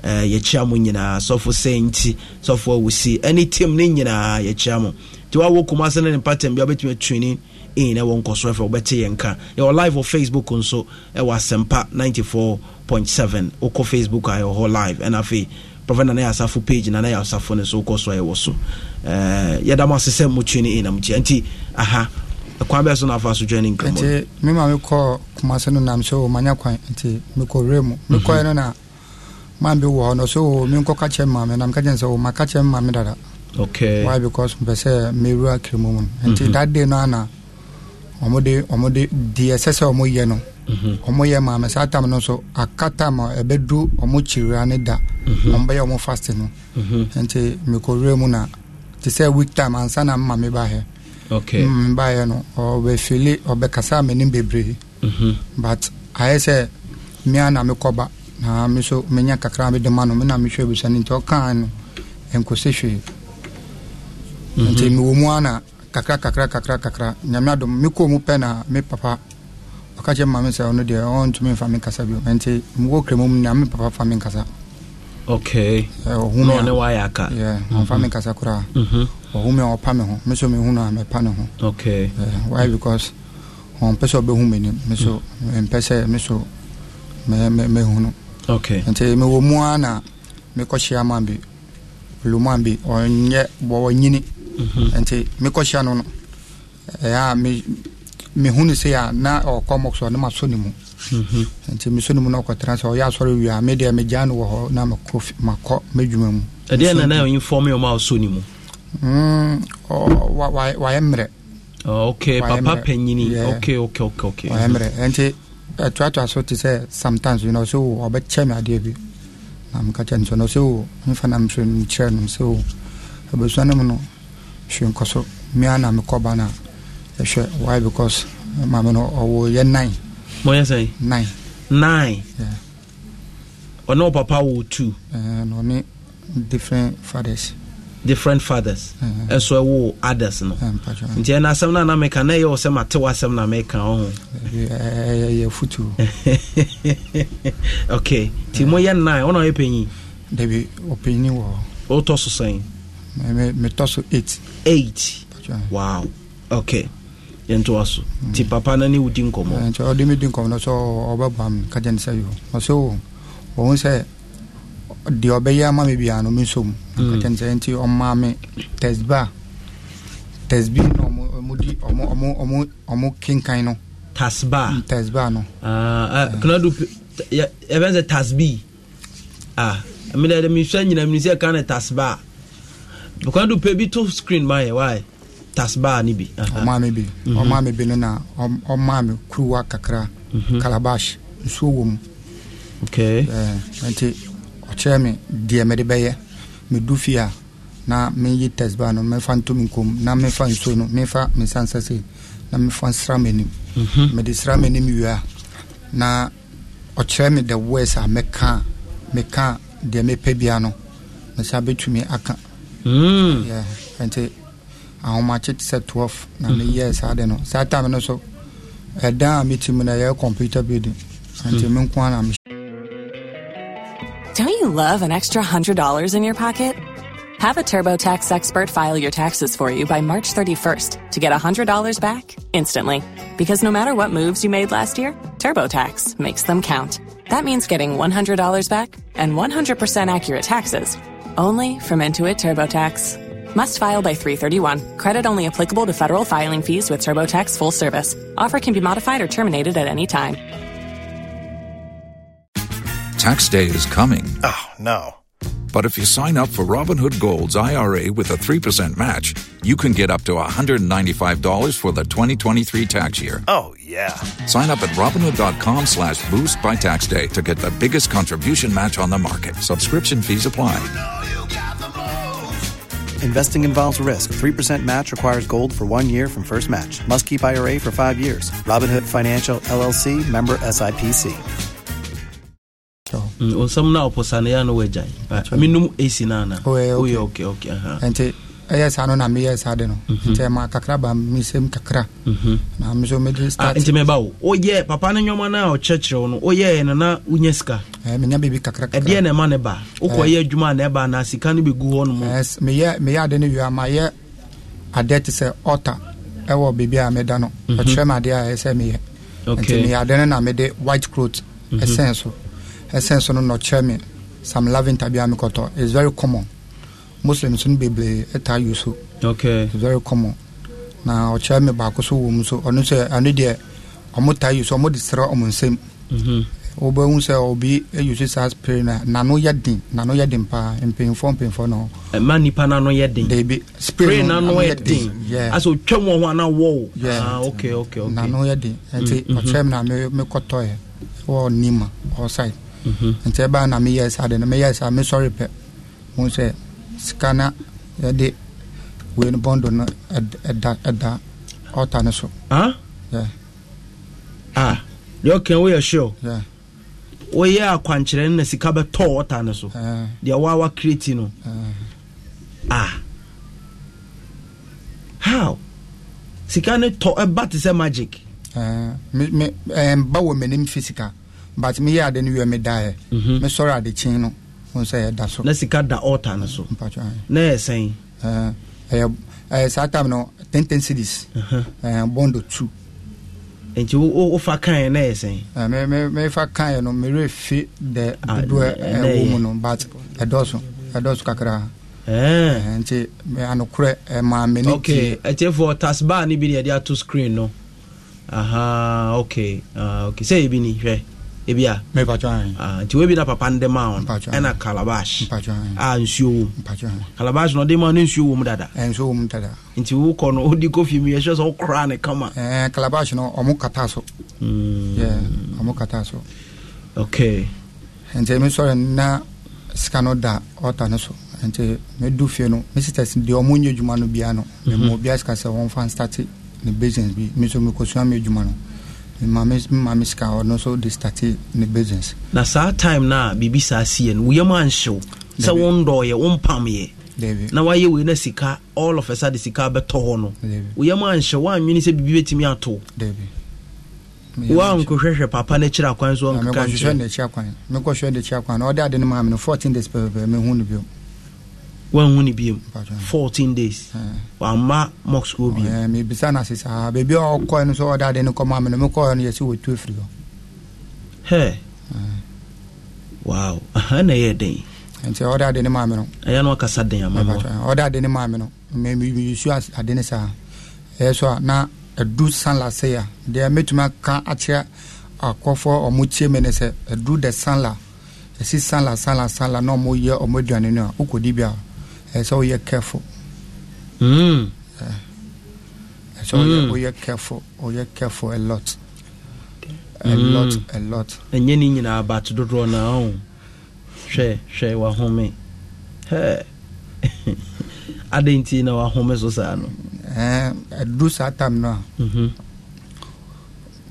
ɛɛ yɛkyia mu nyinaa sɔfo sɛ nti sɔfo awusi ɛne team ne nyinaa yɛkyia mu nti wɔawɔ Kumasi ne ne pattern bi a wɔbɛtumi atwi ne in ɛwɔ nkɔso ɛfɛ wobɛte yɛn ka live wɔ facebook nso ɛwɔ asɛmpa 94.7 wokɔ facebook a yɛwɔ live ɛna afei prophet na yɛ asafo page na yɛ asafo no so wokɔ so a yɛwɔ so eh, yɛda mo ase sɛ mo tune in na nti aha kwan bɛɛ so na afa so dwa ne nkramnti me ma mekɔ kumase no nam sɛ o manya kwan nti mekɔ werɛ mu mekɔɛ mhm. no na ma bi wɔ hɔ no so menkɔ ka kyɛ ma me na meka kyɛn sɛ o ma ka kyɛ ma dada okay why because mpɛ sɛ mewura kirimu mu no nti mhm. that day no ana ɔmode ɔmode deɛ ɛsɛ sɛ ɔmoyɛ no ɔmo mm-hmm. yɛ maame saa tam no nso aka tam a ɛbɛdu ɔmo kyiriwa ne da ɔmo mm-hmm. bɛyɛ ɔmo fast no mm-hmm. nti mekɔwura mu na te sɛ week time ansa na mma me ba hɛ okay. mm, ba hɛ no ɔbɛfili ɔbɛkasa m'anim bebree but ayɛ sɛ mmea na mekɔba na me so menya kakra mede ma no mena mehwɛ abisa no nti ɔkaa no ɛnkɔsɛ hwee nti mewɔ mu ana kakra kakra kakra kakra nyame adom mekɔɔ mu pɛ na me papa ɔka kyerɛ maame sɛ ɔno deɛ ɔntumi mfa me kasa bio nti mewɔ krama mu na me papa fa me nkasa mhm. ɔmfa me nkasa koraa mhm. ɔhome a ɔpa me ho me so mehu no a mepa ne ho why because ɔmpɛ sɛ ɔbɛhu m'anim me so mm. mpɛ sɛ me so mɛhu no nti mewɔ mu a na mekɔhyia ma bi loman bi ɔnyɛ bɔwɔ nyini mhm. nti mekɔhyia no no ɛa mehunu sɛ a na ɔkɔ mɔk sɛ ɔne masɔ ne mu mhm. nti mesɔ ne mu na ɔkɔtena sɛ ɔyɛ asɔre wie a medeɛ megyaa no wɔ hɔ na makɔ m'adwuma mu ɛdeɛ nana ɔyimfɔme ɔma ɔsɔ ne mu mm, wayɛ mmerɛ ok papa panyini ok ok ok ok wayɛ mmerɛ ɛnti ɛtoatoa so te sɛ sometimes bi na ɔsɛ o ɔbɛkyɛ me adeɛ bi na meka kyɛ nsɛ no ɔsɛ o mfa na msɛ mekyerɛ no sɛ o ne mu no hwee nkɔ so na mekɔba no a ɛhwɛ why because maame no ɔwɔ yɛ nine. mɔyɛ sɛ. nine. nine. ɔne ɔpapa Papa, two. ɛɛ ɔne different fathers. different fathers ɛnso uh-huh. uh ɛwɔ others no nti ɛna asɛm no anameka na ɛyɛ wɔ sɛ mate w'asɛm na meka wo ho ɛyɛ futu okay nti moyɛ nine? wona woyɛ panyin dabi ɔpanyin wɔ wotɔ so sɛn metɔ so eight eight wow okay yɛntoa so nti papa no ne wodi nkɔmmɔ eh, ɔde medi nkɔmmɔ no sɛ ɔbɛboa me kagya ne sɛ yo ɔsɛ ɔhu sɛ deɛ ɔbɛyɛ ama me biaa no mensom kagya mm. ne sɛ nti ɔmaa me tesba tesbi no ɔmo kenkan no tasba mm, tasba no kunadu ɛbɛn sɛ tasbi ah mede mehwɛ nyina mene sɛ ɛka ne tasba kunadu pɛ bi ah, to screen ma yɛ wae tasbaa ne bi ɔmaa mhm. me bi ɔmaa me bi no na ɔmaa me kuruwa kakra calabash mhm. nsuo wɔ mu eh, nti ɔkyerɛ me deɛ mede bɛyɛ medu fie a na meyi tasbaa no mefa nto me nkom na mefa nsuo no mefa me nsa nsa sei na mefa nsra m'anim mhm. mede sra m'anim wie a na ɔkyerɛ me the words a meka meka deɛ mepɛ bia no mesa bɛtumi aka mm. nti ahomakye sɛ 12 na meyɛɛ saa de no saa time no so ɛdan a no ɛyɛ computer building me nko ana me Don't you love an extra $100 in your pocket? Have a TurboTax expert file your taxes for you by March 31st to get $100 back instantly. Because no matter what moves you made last year, TurboTax makes them count. That means getting $100 back and 100% accurate taxes only from Intuit TurboTax. Must file by 331. Credit only applicable to federal filing fees with TurboTax full service. Offer can be modified or terminated at any time. Tax day is coming. Oh, no. But if you sign up for Robinhood Gold's IRA with a 3% match, you can get up to $195 for the 2023 tax year. Oh, yeah. Sign up at Robinhood.com slash boost by tax day to get the biggest contribution match on the market. Subscription fees apply. You know you Investing involves risk. 3% match requires gold for one year from first match. Must keep IRA for five years. Robinhood Financial LLC member SIPC. nsɛm no a no yɛ a na woagyae menom ɛsi no ok ok aha uh -huh. ɛyɛ saa no na meyɛ saa de no mhm. nti ma kakra ba mesɛm kakra mhm. na me mede ah, nti meba wo woyɛ papa no nwɔma no a ɔkyerɛkyerɛ no woyɛɛ no wonya sika menya biribi kakra na ɛma ne ba wokɔyɛ adwuma a na ɛba na sika no bɛgu hɔ no mu ade no wie a mayɛ adeɛ te sɛ ɔta ɛwɔ biribi a meda no mhm. ɔkyerɛ me adeɛ a ɛsɛ meyɛ nti meyɛ ade no na mede white cloth ɛsɛn so ɛsɛn so no na ɔkyerɛ me some laventa bi a mekɔtɔ is very common muslims no bebree taa yi so okay it's very common na ɔkyerɛ mi baako so wɔ mu so ɔno sɛ ɛno deɛ ɔmo taa yi so ɔmo de srɛ ɔmo nsam mhm. wobɛhu sɛ obi ayi so saa spray na nano yɛ den nano yɛ den paa mpanyinfoɔ mpanyinfoɔ no. ɛma nipa nano yɛ den. deebi spray nano yɛ den asɛ otwa mu ɔho ana wɔw. ah okay okay okay nano yɛ den nti mm, mhm. ɔkyerɛ mi na mi mi kɔtɔ yɛ wɔ nima ɔsai mhm. nti ɛbaa na mi yɛ saa de na mi yɛ saa mi sɔre pɛ mo sɛ sika na yɛde wei no bɔndo no ɛda ɛda ɔta no so deɛ ɔka woyɛ sure woyɛ akwankyerɛ no na sika bɛtɔ ɔta no so deɛ waa wakreti no ah how sika no tɔ ɛba te sɛ magic eh, eh, mba wɔ m'anim fi sika but meyɛ ade no wiɛ medaeɛ mhm. mesɔre adekyen no na sika da altar no so na ɛyɛ sɛn ɛyɛ saa tam no ten ten cities bondo two nti wofa kaeɛ na ɛyɛ sɛn mefa kaeɛ no merɛ fi dɛ dodoɔ ɛwɔ mu no but ɛdɔso ɛdɔso kakra nti anokorɛ maa mene okay ɛtiɛfoɔ tasbaa ne bi ne yɛde ato screen no aha okay uh, okay sɛ yɛbi ni hwɛ ebi a ah, nti webi na papa ndɛ ma wɔn ɛna calabash a ah, nsuo wɔm calabash na ɔde ma ne nsuo wɔm eh, dada nti wokɔ no odi kɔ fie mu yɛhwɛ sɛ wokora ne kama eh, calabash na ɔmo kata so hmm. ɔmo kata so okay nti mi sɔrɔ na sika no da ɔta ne so nti mi du fie no mi sisters deɛ ɔmo nye dwuma no bia no mi mu obi sika sɛ wɔn fa n start ne business bi mi nso mi kɔ sua mi dwuma no maame maame sika ɔno nso de start ne business. na saa time na biribi saa si yɛ no woyam anhyew sɛ wondɔɔyɛ wompamyɛ na wayɛ wei na sika all of us de sika bɛtɔ hɔ no woyam anhyew woanwene sɛ biribi bɛtumi ato woankɔhwɛhwɛ papa no akyiri akwan so ɔnkeka nkyerɛ mekɔhwɛ n'akyi akwan na ɔde ade no maa me no 14 days pɛpɛpɛ mehu no biom wɔnhu ne biom fourteen days wamma mox kɔ biomebisa no ase saa baabi a ɔkɔɛ no sɛ ɔde ade no kɔma mene mekɔɛ no yɛsɛ wɔtu afiri hɔ hɛ wow ɛna ɛyɛ den nti ɔde ade no maame no ɛyɛ no ɔkasa den ama ɔde oh, ade no maame no mesu ade no saa ɛyɛ so a na ɛdu sanla sei a deɛ mɛtumi aka akyerɛ akɔfoɔ ɔmo tie me ne sɛ ɛdu eh, de sanla ɛsi eh, sanla sanla sanla na ɔmo yɛ ɔmo aduane no a wokɔdi bi a ɛsɛ woyɛ careful mm. ɛsɛ mm. woyɛ careful woyɛ careful a lot a hmm. lot a lot ɛnyɛ ne nyinaa bat dodoɔ na o hwɛ hwɛ wahome adɛ nti na wahome so saa no ɛduru saa tam no a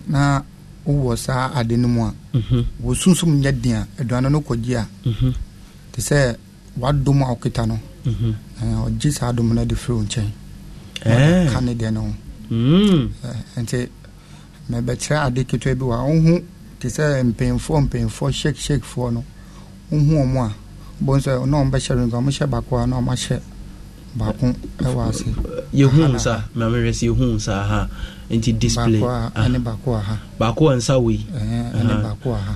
na wowɔ saa ade no mu a mm-hmm. wɔsunsum nyɛ den a aduane no kɔgye a te sɛ wadom a wokita no ɔgye saa adom no de firi wo nkyɛn ka ne deɛ ne ho nti mɛbɛkyerɛ ade ketewa bi wɔ a wohu te sɛ mpanyimfoɔ mpanyimfoɔ shakeshakefoɔ no wohu ɔmo a bohu sɛ na ɔmbɛhyɛ renka ɔmohyɛ baako a na ɔmahyɛ baako ɛwɔ ase yɛhu sa mamerɛ sɛ yɛhu saa ha nti display baako a nsa wei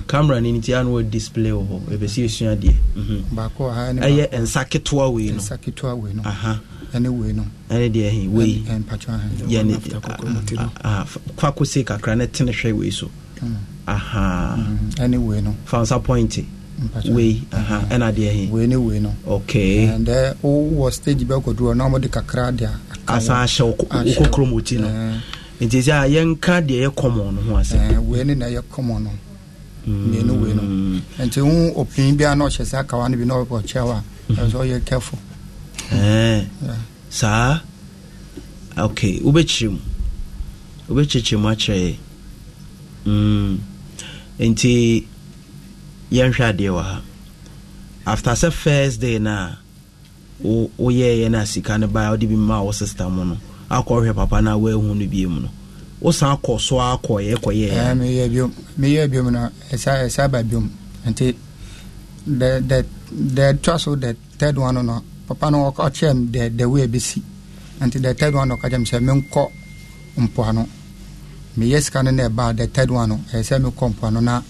camera no nti ano wɔ display mhm. wɔ hɔ ha ɛsua deɛ ɛyɛ nsa ketewa wei no ɛne deɛ he wei yɛne kwako se kakra ne tene hwɛ wei so mm. aha mm-hmm. fa nsa point mm, wei ɛna mm-hmm. deɛ he wei ne wei no okay and then eh, wowɔ stage bɛkɔduru na ɔmɔde kakra de asan ahyɛ wo kokrom no nti sɛ a yɛnka deɛ yɛ kɔmmɔn no ho ase eh, wei ne na yɛ kɔmmɔn no mmienu wei no mm. nti wo ɔpii biara na ɔhyɛ saa akawa no bi na ɔkyɛw a mm. ɛsɛ ɔyɛ kɛfo eh. saa ok wobɛkyerɛ mu wobɛkyekyerɛ mu akyerɛ mm nti yɛnhwɛ adeɛ wɔ ha after sɛ first day no a woyɛɛyɛ no a sika no baa wode bi ma wo system mu no akɔhwɛ papa na a woahu no bie mu no wosan kɔ so akɔyɛ kɔyɛ ah, meyɛ biom no ɛsa ba biom nti the twa so the third one no papa no ɔkyerɛ m the, the way bɛsi nti the third one no ɔka kyerɛ m sɛ menkɔ mpoano meyɛ sika no na ɛbaa the third one no ɛyɛ sɛ mekɔ mpoano na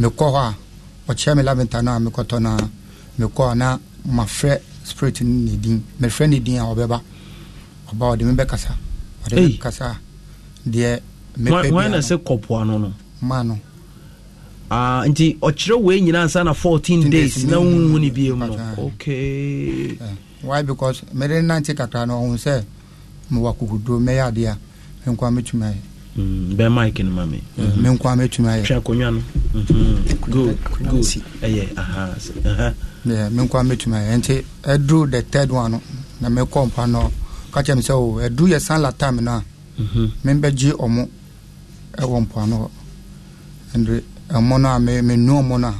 mekɔ hɔ a ɔkyerɛ me laventa no a mekɔtɔ no mekɔ na mafrɛ spirit no ne din mefrɛ ne din a ɔbɛba ɔba ɔde me bɛkasa ɔde me kasa deɛ mepɛ bi ano sɛ kɔpo ano no ma no uh, nti ɔkyerɛ wei nyinaa nsa na 14 days na wowu ne biem no okay yeah. why because mede nante kakra no ɔhu sɛ mewɔ akokoduro mɛyɛ adeɛ a menkoa mɛtumi ayɛ mm, bɛɛ mike no ma me eh, mhm. menkoa mɛtumi ayɛ hwɛ akonnwa no mhm. good good ɛyɛ aha aha menkoa mɛtumi ayɛ nti ɛduru the third one no na mekɔ mpa no ka kyɛ me sɛ o oh, ɛduru yɛ san lata me no a mhm. membɛgye ɔmo ɛwɔ mpoano hɔ ɛnde ɛmo no a menu ɔmo no a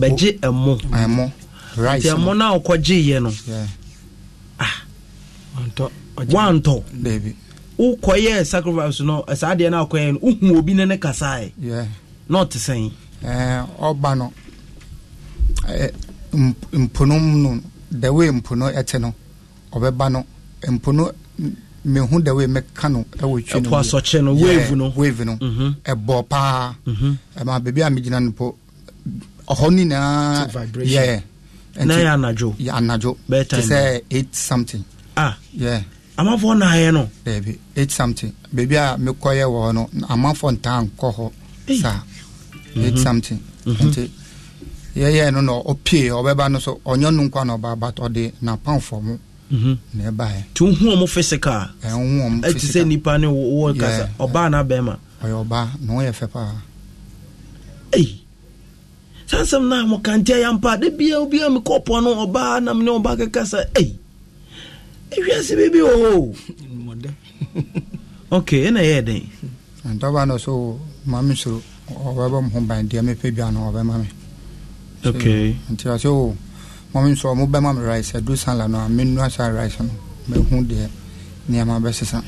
bɛgye ɛmo ɛmo rice ɛmo no a wokɔgyeeɛ no ah, wantɔ dabi wokɔyɛ sacrifice no saa deɛ no akɔyɛ no wohu obi ne ne kasa na ɔte sɛn eh, ɔba no eh, mponom no the way mpono ɛte no ɔbɛba no mpo no mehu da wei mɛka no ɛwɔ twi nosɔkyɛ no wave no wave mhm. no ɛbɔ paa mhm. ɛma baabi a megyina no po ɔhɔ nyinaa yɛ ɛnayɛ anadwo anadwo te sɛ eight something ah. yeah. amafoɔ naayɛ no daabi eight something baabi a mekɔyɛ wɔ hɔ no amafoɔ ntaa nkɔ hɔ saa eight mhm. something nti yɛyɛ no na ɔpie ɔbɛba no so ɔnyɛ no nkwa na ɔba but ɔde napamfɔ mu Mm-hmm. na ɛbaɛ nti wohu ɔmo physical ɛti sɛ nipa ne wɔ kasa ɔbaa na bɛrima ɔyɛ ɔbaa na wɔyɛ fɛ paa Eyi sansɛm na mo kante yampa de bia obia me kɔpɔ no ɔbaa na mene ɔbaa kɛkasa ei ɛhwiase biribi wɔ hɔ ok ɛna ɛyɛ den ntɔba no so ma me soro ɔbɛbɔ mo ho ban deɛ mepɛ bia no ɔbɛma me ok nti ɔsɛ oh, mɔmi nso ɔmo bɛma mi rice ɛduru san la no a mi nua saa rice no hu deɛ nneɛma bɛ sisan.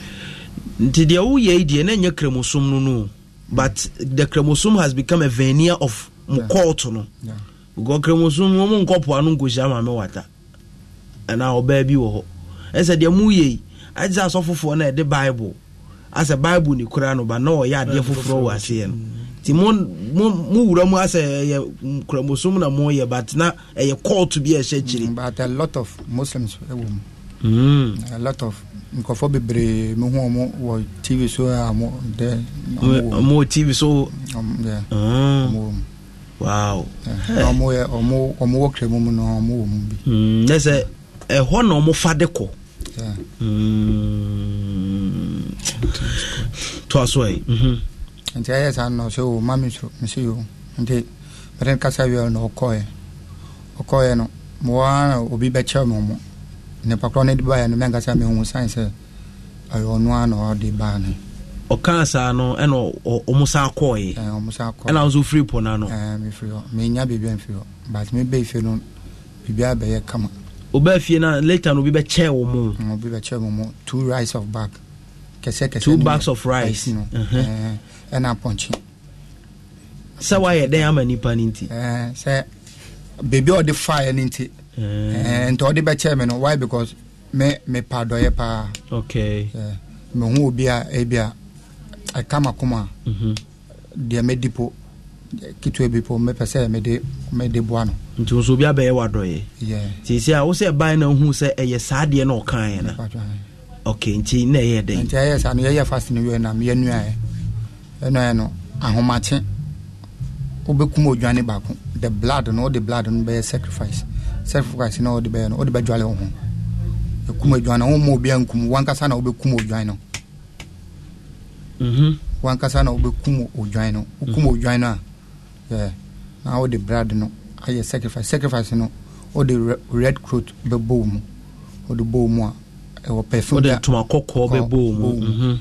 nti deɛ woyɛ yi deɛ na nyɛ kremosom no no but the kremosom has become a veneer of mo yeah. court no yeah. because kremosom wɔn nkɔ po ano nkosia maame wata ɛna ɔbaa bi wɔ hɔ ɛsɛ deɛ mo yɛ yi asɔfofoɔ na de bible asɛ bible ni kura no ba na ɔyɛ adeɛ foforɔ wɔ aseɛ no. Mm nti mo mo mo wura mu asɛ ɛyɛ nkurɔmosom na mo yɛ but na ɛyɛ kɔɔto bi a ɛhyɛ kyiri. Mm, but a lot of muslims ɛwɔ mu. Mm. a lot of nkɔfɔ bebree mi hu ɔmo wɔ tv so a ɔmo dɛ. ɔmo tv so. ɔmo um, ah. wɔ mu. wow. ɔmo yɛ ɔmo ɔmo wɔ kɛrɛ mu mu na ɔmo wɔ mu bi. Mm, ne ɛhɔ na ɔmo fa de kɔ. Mm. to aso yi. Mm-hmm nti ayɛ saa na ɔsɛ o ma mi so mi si o nti mɛde kasa wiɛ na ɔkɔɛ ɔkɔɛ no mmoa na obi bɛkyɛ mo mo nipa korɔ ne de baayɛ no mɛnkasa mi hu san sɛ ɛyɛ ɔno a na ɔde baa no. ɔkaa saa no ɛna ɔmo sa kɔɔɛ ɔmo sa kɔɔ ɛna nso firi pɔ n'ano ɛɛ mi firi hɔ mi nya biribi mfiri hɔ but mi bɛ fie no biribi abɛyɛ kama. ɔbaa fie na later no obi bɛkyɛ wɔn mu. obi bɛkyɛ wɔn mu two rice of bag kɛsɛkɛsɛ two bags of rice ɛna pɔnkye sɛ wayɛ dɛn ama nipa no nti sɛ beebi a ɔde faeɛ no nti nti ɔde bɛkyɛɛ me no why because me mepa dɔyɛ paa okay mehu obi a ebi a ɛka makoma a deɛ mɛdi po ketewa bi po mepɛ sɛ mede mede boa no nti nso obi abɛyɛ wadɔyɛ tiesi a wo sɛ ban na wohu sɛ ɛyɛ saa deɛ na ɔkaeɛ no ok nti na ɛyɛ dɛn nti ɛyɛ sa no yɛyɛ fast no wiɛ nam yɛnuaɛ ɛnuaɛ no ahomakye wobɛkum odwane baako the blood no wode blood no bɛyɛ sacrifice sacrifice no wode bɛyɛ no wode bɛdwale wo ho ɛkum odwane woma obia nkum wankasa na wobɛkum odwan no mhm. wankasa na wobɛkum odwan no wokum mhm. odwan no a yɛ na wode blood no ayɛ sacrifice sacrifice no wode red crot bɛbɔ mu wode bɔ mu a Mhm. ɛwɔ perfume bi a ɔde ntoma kɔkɔɔ bɛ bɔ mu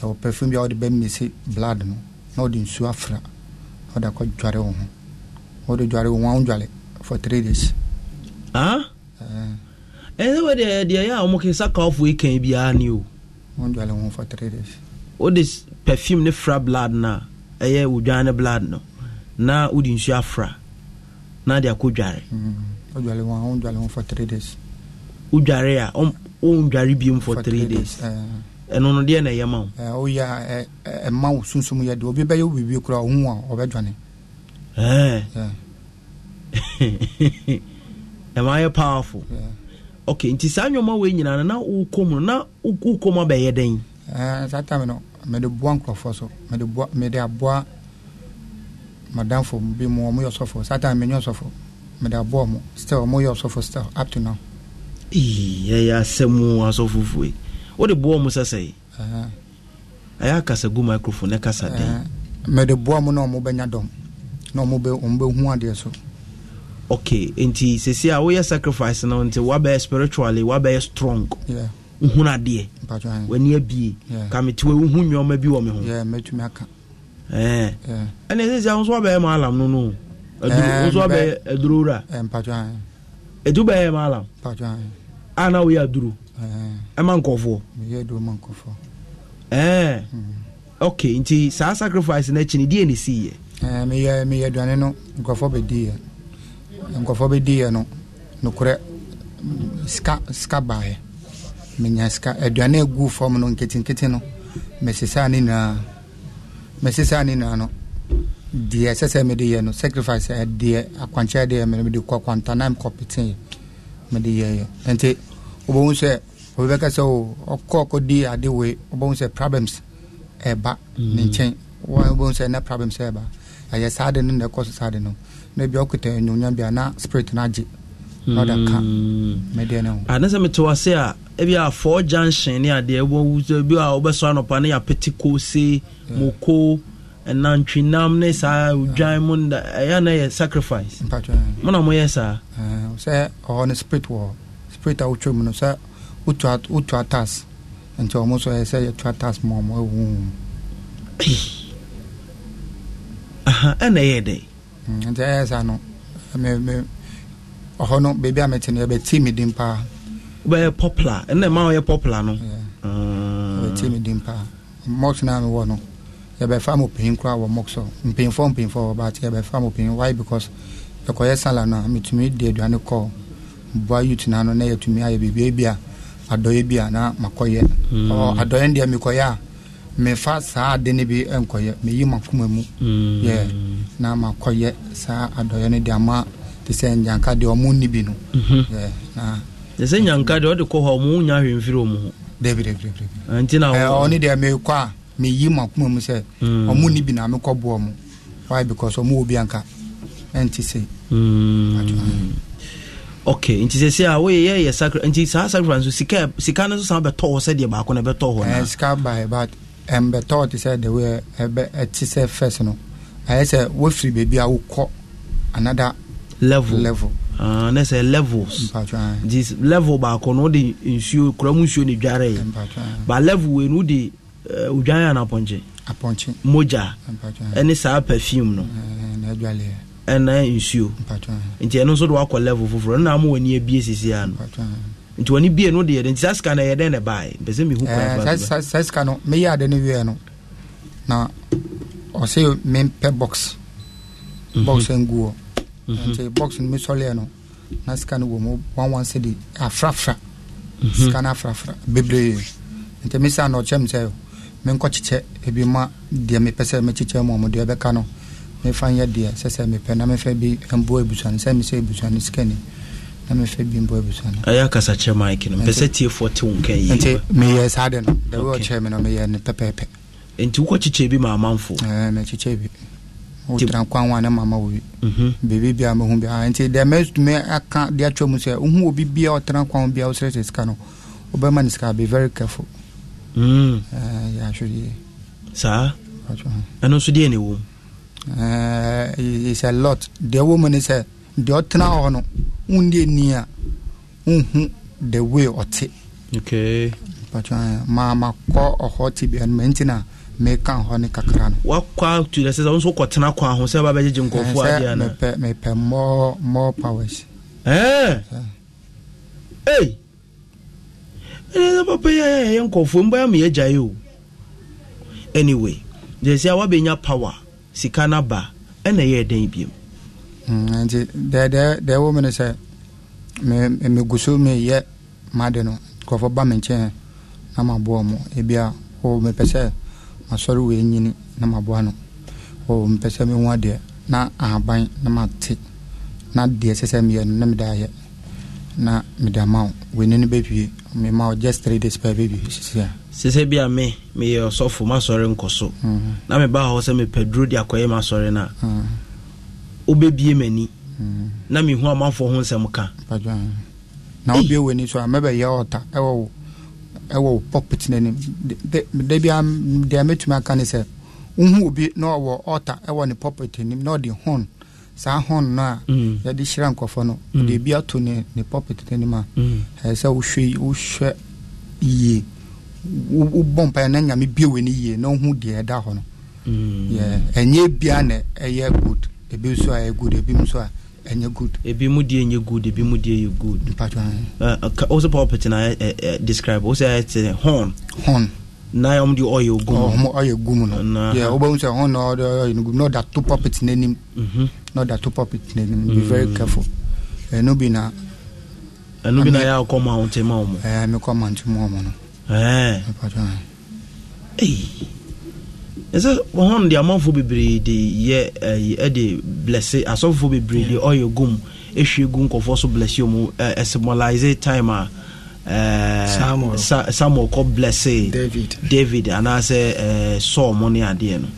ɛwɔ perfume bi a ɔde bɛ mese blood no na ɔde nsuo afra ɔde akɔ dware wɔn ho ɔde dware wɔn ho dware for three days. Ah? Uh, ɛsɛ deɛ yɛ a wɔn kesa kaafo ekan biara ni o. wɔn dwale wɔn for three days. o perfume ne fra blood na ɛyɛ odwan ne blood no na o de afra na de akɔ dware. o mhm. wɔn o dwale wɔn for three days. o dware a wondware biom for three days ɛno no deɛ na ɛyɛ ma wo woyɛ ɛma wo sunsum yɛ deɛ obi bɛyɛ wo biribi kora ɔhu a ɔbɛdwane ɛma yɛ powerful ok nti saa nnwoma wei nyinaa no na wokɔ mu no na wokɔ mu abɛyɛ dɛn eh, saa time no mede boa nkurɔfoɔ so mede aboa madamfo bi mu ɔmoyɛ ɔsɔfoɔ saa time menyɛ ɔsɔfoɔ mede aboa mo still ɔmoyɛ ɔsɔfoɔ still up to now yɛyɛ asɛm asɔfofoe wode boɔ mu sɛ sɛe ɛyɛ akasa gu microphone ne kasa den mede boa mu na ɔmo bɛnya dɔm na ɔmo bɛ ɔmo bɛhu adeɛ so Ok nti sisi a woyɛ sacrifice na nti wabɛyɛ spiritually wabɛyɛ strong yeah. nhunu adeɛ w'ani abie yeah. kametewa wohu nneɛma bi wɔ me ho yeah, mɛtumi aka ɛɛ ɛna sisi a nso wabɛyɛ ma alam no no aduru nso wabɛyɛ aduru wura edu bɛyɛ ma alam. Ana ah, na woyɛ aduro ɛma nkɔfoɔ ɛɛ ok nti saa sacrifice no akyi ne deɛ eh, ne siiɛ meyɛ meyɛ aduane no nkurɔfoɔ bɛdiiɛ nkurɔfoɔ bɛdiiɛ no nokorɛ sika sika baeɛ menya sika aduane agu fam no nketenkete no mesesaa ne nyinaa mesesaa ne nyinaa no deɛ ɛsɛ sɛ mede yɛ no sacrifice ɛdeɛ akwankyerɛ deɛ mede kɔ kwanta na mkɔpeteeɛ mede yɛyɛ nti wobɛhu sɛ obi bɛka sɛ o ɔkɔ kɔdi ade wei wobɛhu sɛ problems ɛba mm. ne nkyɛn wobɛhu sɛ ɛnɛ problems ɛba ɛyɛ saa de no na ɛkɔ so saa de no na bia wokita anwonwa a na spirit no agye na ɔda ka mm. medeɛ no ho anɛ ah, sɛ mete wase a ebi a fɔɔ junction ne adeɛ wɔ bi a e, wobɛsɔ anɔpa ne yɛapete kose moko e, nantwinam ne saa odwan mu ɛyɛ e, na ɛyɛ sacrifice mo na moyɛ saa sɛ ɔhɔ no spirit wɔ spirit a wotwa mu no sɛ wotwa tas nti ɔmo nso ɛyɛ sɛ yɛtwa tas ma ɔmo awu ɛna ɛyɛ dɛn nti ɛyɛ sa no me me ɔhɔ no beebi a mete ah. no yɛbɛti me din paa wobɛyɛ poplar ɛna ɛma ɔyɛ poplar no yɛbɛti me din paa mɔks na mewɔ no yɛbɛfa mo panyin koraa wɔ mɔks hɔ mpanyinfoɔ mpanyinfoɔ wɔ baate yɛbɛfa mo panyin why because yɛkɔyɛ sala no a metumi di aduane kɔɔ boa youth no ano na yɛatumi ayɛ biribiaa bi a adɔyɛ bi a na makɔyɛ mm. adɔyɛ deɛ mekɔyɛ a mefa saa ade no bi nkɔyɛ meyi makoma mu mm. yɛ na makɔyɛ saa adɔyɛ no de ama te sɛ nyanka deɛ ɔmo nni bi no mhm. te sɛ nyanka deɛ ɔde kɔ hɔ ɔmo wonya hwee mfiri ɔmo ho ɔne deɛ mekɔ a meyi makoma mu sɛ mm. ɔmo nni bi na mekɔboɔ mu why because ɔmo wɔ bi anka ɛnte sei okay nti sɛ sɛ a woyɛyɛ yɛ sacri nti saa sacrifice so sika sika no nso san bɛtɔ hɔ sɛdeɛ baako no bɛtɔ hɔ no eh, sika bae but ɛmbɛtɔ te sɛ de woyɛ eh, ɛte eh, sɛ first no ɛyɛ sɛ wofiri baabi a wokɔ anada level level uh, ah, ne sɛ levels nti level baako no wode nsuo kura mu nsuo ne dware yɛ ba level wei no wode odwan uh, anapɔnkye mogya ɛne saa perfume no uh, ɛna nsuo nti ɛno nso de wakɔ level foforɔ ɛno na ama w'ani abie sisi ano nti w'ani bie no deɛ nti saa sika no ɛyɛ na ɛbaeɛ mpɛ sɛ mihu kwan eh, saa sika no meyɛ ade no wieɛ no na ɔsɛ mempɛ box mhm. box nguɔ mhm. nti box no mesɔleɛ no na sika no wɔ mu wanwan sɛ de afrafra mhm. sika no afrafra bebree nti mesa na ɔkyɛ m sɛ menkɔkyekyɛ ebi ma deɛ mepɛ sɛ mekyekyɛ mu ɔmo deɛ ɛbɛka no mefa nyɛ deɛ sɛ sɛ mepɛ na mefa bi mboa abusuane sɛ mesɛ abusuane sikani na mefa bi mboa abusuane ɛyɛ akasa kyerɛ mike no mpɛ sɛ tiefoɔ te wo nka yi nti meyɛ saa de no da wei ɔkyerɛ me no meyɛ no pɛpɛɛpɛ nti wokɔkyekyɛ bi ma amanfo mekyekyɛ bi wotra kwan wa ne mama wo bi mhm. biribi bia mehu bia nti deɛ me aka de atwa mu sɛ wohu obi bia ɔtra kwan bia wosrɛ sɛ sika no wobɛma ne sika be very careful mm. yɛahwɛ yie saa ɛno nso deɛ ne wɔ is a lot The woman is a. sɛ deɛ ɔtena hɔ no wonde ni a wonhu the way ɔte okay. maamakɔ ɔhɔ te bia no ma nti na meka hɔ ne kakra no wakɔ tu sɛ wo nso wokɔtena kwan ho sɛ wobɛbɛgyegye nkɔfoɔ adeɛ no mepɛ more more powers ɛɛ ei ɛnɛ papa yi ayɛyɛ nkɔfoɔ mbɛa meyɛgyae o anyway gyɛ sɛ a wabɛnya power sika no ba ɛna ɛyɛ ɛdɛn biom hmm, nti dɛdɛ wo mene sɛ megu so meyɛ made no nkurɔfoɔ ba me nkyɛn na maboa mu ebia o mepɛ sɛ masɔre wei nyini na maboa no o mepɛ sɛ mehu adeɛ na ahaban na mate na deɛ sɛ sɛ meyɛ no na mede ayɛ na mede ama wo wei ne no bɛwie mema wo just three days pɛ bɛwie sisia sɛsɛ bi a me meyɛ ɔsɔfo masɔre nkɔ so mhm. na mebaa hɔ sɛ mepɛduro de akɔyɛ masɔre no a wobɛbie mhm. m'ani mhm. na mehu amanfoɔ ho nsɛm ka na obi ewe ni so a mɛbɛyɛ ɔta ɛwɔ wo ɛwɔ wo pocket no anim da bia deɛ mɛtumi aka ne sɛ wohu obi na ɔwɔ ɔta ɛwɔ ne pocket anim na ɔde hon saa hon no a mm. yɛde hyira nkɔfɔ no mm. ɔde bi ato ne pocket no anim a mm. ɛyɛ sɛ wohwɛ yie wobɔ mpa na nyame bie w'ani yie na wohu deɛ ɛda hɔ no mm. ɛnyɛ bia na ɛyɛ good ebi nso a ɛyɛ good ebi nso a ɛnyɛ good ebi mu deɛ ɛnyɛ good ebi mu deɛ good mpatwa na describe wo sɛ ɛte horn horn na de ɔyɛ ɔyɛ no yɛ na ɔde ɔyɛ no na ɔda to mhm. na ɔda to n'anim be mm. na na yɛ akɔ ɛɛ mu Eh. ɛsɛ wɔn de amanfoɔ bebree de yɛ eh, ɛyi ɛde blɛse asɔfofoɔ bebree de ɔyɛ gum ehwie gu nkɔfoɔ so blɛse eh, wɔn ɛɛ symbolise time a ɛɛ samuel kɔ blɛse david david anaasɛ ɛɛ sɔɔ mo ne adeɛ no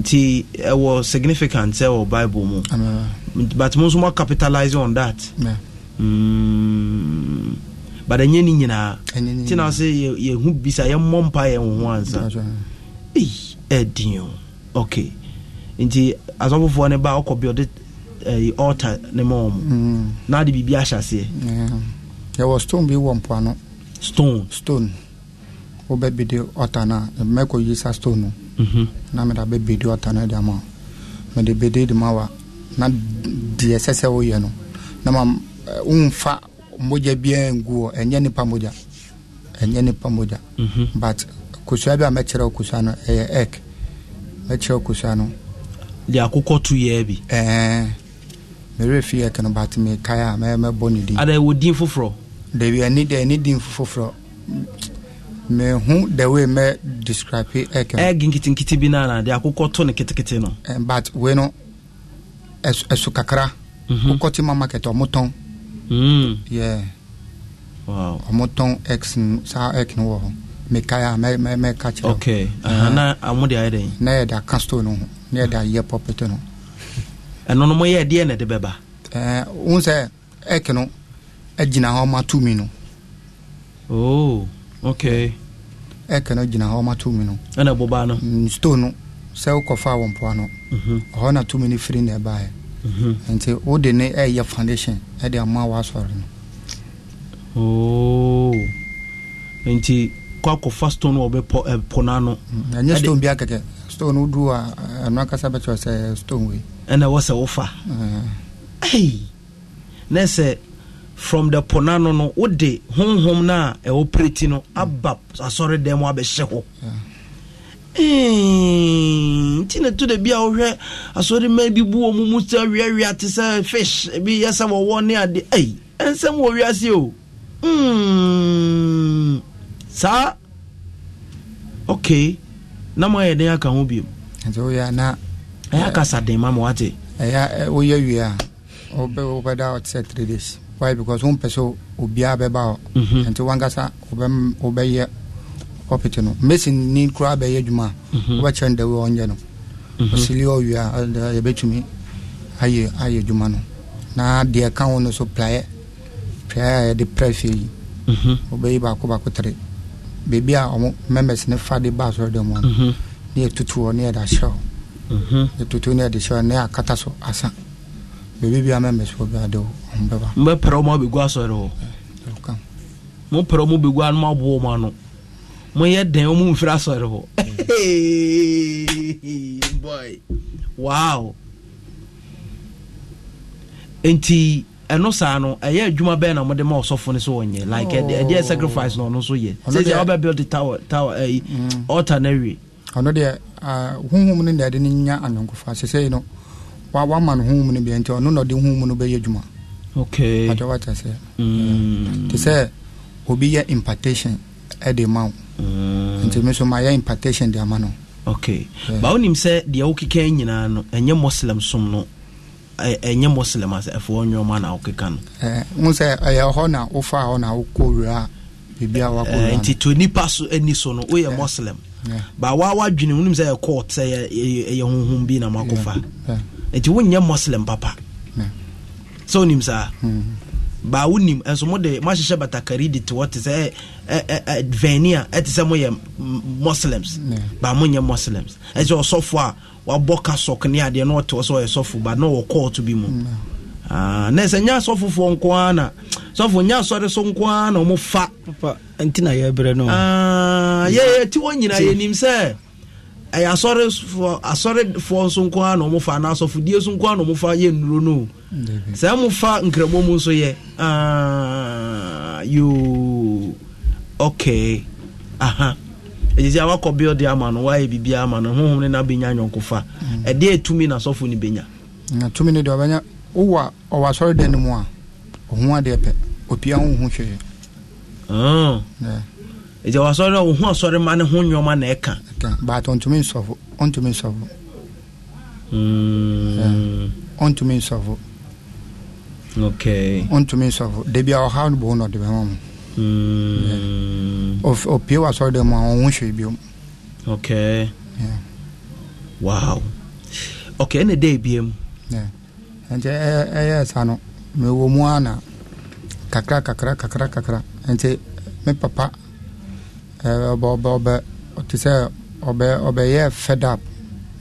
nti ɛwɔ significant ɛwɔ bible mu but mo nso mo capitalize on that. Yeah. Mm, but ɛnyɛ ne nyinaa nti na sɛ yɛhu bisa yɛmmɔ mpa yɛ wo ho ansa ɛdin eh, o ok nti asɔfofoɔ no ba ɔkɔ bi ɔde ɛyi eh, ne ma wɔn mm. na de biribi ahyɛ aseɛ. yɛwɔ stone bi wɔ mpoano. stone. stone wobɛbidi ɔta no a mɛkɔ yi stone no mm-hmm. na mede abɛbidi ɔta no de ama mede bidi de ma wa na deɛ ɛsɛ sɛ woyɛ no na ma womfa eh, mogya biara ngu wɔ ɛnyɛ nipa mogya ɛnyɛ nipa mogya but kosua eh, bi a eh, mɛkyerɛ kosua no ɛyɛ egg mɛkyerɛ kosua no. de akokɔ tu yɛ bi. ɛɛ mɛrɛ fi egg no but mi kaya mɛ mɛ bɔ ne din. ada ewo din foforɔ. debi ɛni de ɛni din foforɔ mɛ hu the way mɛ describe egg. egg nkitinkiti bi naana de akokɔ tu ne kitikiti no. Eh, but wei no ɛso kakra. Mhm. kokɔ ti ma market ɔmo tɔn. ɔmotɔn saa ɛk no wɔ hɔ mekae a mɛka kyerɛ uh-huh. na mode ayɛ no ho na yɛde ayɛ pɔpete no ɛno no moyɛ deɛ na ɛde bɛba eh, wo sɛ ek no agyina hɔ ma tumi no oh, no gyina hɔ ma tumi no mm, stone no sɛ wɔ mpoa no mm-hmm. ɔhɔ na tumi no firi na ɛbaeɛ nti wo de ne ɛyɛ foundation ɛde ama w'asɔre no oh. nti kɔ akɔfa stone wɔ bɛpɔ ɛpo n'ano mm, ɛnyɛ stone bi akɛkɛ stone wo duru a ɛno akasa bɛkyerɛ sɛ stone wei ɛna ɛwɔ sɛ wofa ɛyi na sɛ from the po n'ano no wo de honhom no a ɛwɔ preti no aba asɔre dɛm abɛhyɛ hɔ yeah nti na tu da bi a wohwɛ asɔre ma bi bu wɔ mu mu sɛ wiawia te sɛ fish bi yɛ sɛ wɔwɔ ne ade ei ɛnsɛm wɔ wiase o hmm, saa okay na mo ayɛ den aka ho biom ɛyɛ akasa den ma ma wate woyɛ wie a wobɛda ɔte sɛ three days why because wompɛ sɛ obiaa bɛba hɔ mhm. nti wankasa wobɛyɛ pɔpit no mason ni koraa bɛyɛ adwuma a mhm. wobɛkyerɛ no dawe ɔnyɛ no ɔsili ɔwie a yɛbɛtumi ayɛ ayɛ adwuma no na deɛ ka ho no so plaeɛ plaeɛ a yɛde prɛ fie yi mhm. wobɛyi baako baako tere baabi a ɔmo members ne fa de ba asɔre dɛm no mhm. ne yɛtutu hɔ ne yɛde ahyɛ hɔ yɛtutu ne yɛde hyɛ hɔ ne yɛakata so asa baabi bi a members wɔ bi ade ɔmo bɛba mbɛpɛrɛ ɔmo abɛgu asɔre hɔ mopɛrɛ ɔmo bɛgu anoma aboɔ ɔmo ano monyɛ dɛn ɔmo mfiri asɔre boy. wow nti ɛno saa no ɛyɛ adwuma bɛɛ na mode ma ɔsɔfo no so wɔnyɛ like ɛdeɛ oh. sacrifice na ɔno so yɛ build the tower tower ayi eh, mm. altar no awie ɔno deɛ honhom no deɛde no nya anwonkofa sɛ sɛi no wama no honhom no biɛ nti ɔno na ɔde honhom no bɛyɛ adwuma okay. adwawata sɛ te sɛ mm. obi yɛ impartation ɛde ma wo Mm. nti me so mayɛ impartation di ama no okay yeah. ba wonim sɛ deɛ wokeka nyinaa no ɛnyɛ muslim som no ɛnyɛ muslim as ɛfoɔ nnwɔma na wokeka no hu sɛ ɛyɛ hɔ na wofaa hɔ na wokɔ wura a biribia wakɔnti to nipa so ani so no woyɛ muslim ba wa wadwene wonim sɛ yɛkɔɔt sɛ ɛyɛ honhom bi na moakɔfa Nti wonyɛ muslim papa sɛ wonim saa mm-hmm. baa wonim nso eh, mo de mo ahyehyɛ batakari de te hɔ te sɛ veni a ɛte sɛ moyɛ muslims baa monyɛ muslims ɛsɛ eh, ɔsɔfo a wabɔ ka sɔk ne adeɛ na ɔte hɔ sɛ ɔyɛ sɔfo ba na ɔwɔ kɔɔto bi mu na sɛ nyɛ asɔfofoɔ nko ara na sɔfo nyɛ asɔre so nko ara na ɔmo fa nti na yɛbrɛ no ah, yɛyɛ ti hɔ nyina yɛnim sɛ ɛyɛ asɔrefoɔ asɔrefoɔ nso nko ara na ɔmo fa anaa asɔfodie nso nko ara na ɔmo fa yɛ nnuro no mm-hmm. sɛ nso yɛ ah, yoo okay aha ɛsisi a wakɔ ama no wayɛ ama no ne mm-hmm. etumi na asɔfo ne benya. na tumi ne deɛ ɔbɛnya wowɔ ɔwɔ asɔredan mu a adeɛ pɛ ɛti wɔ asɔre a wohu asɔre ma ne ho nneɔma na ɛka but ɔntumi nsɔfo ɔntumi nsɔfo ɔntumi hmm. nsɔfo okay ɔntumi nsɔfo debi a ɔhaw no bɔn na ɔde bɛma mu ɔpie hmm. wɔ asɔre mu a ɔho hwɛ biom okay yeah. wow okay ɛna dɛ ebiem ɛnti ɛyɛ ɛsa no mewɔ mu a na kakra kakra kakra kakra ɛnti me papa ɔbɛ ɔbɛ ɔbɛ ɔte sɛ ɔbɛ ɔbɛyɛ fed up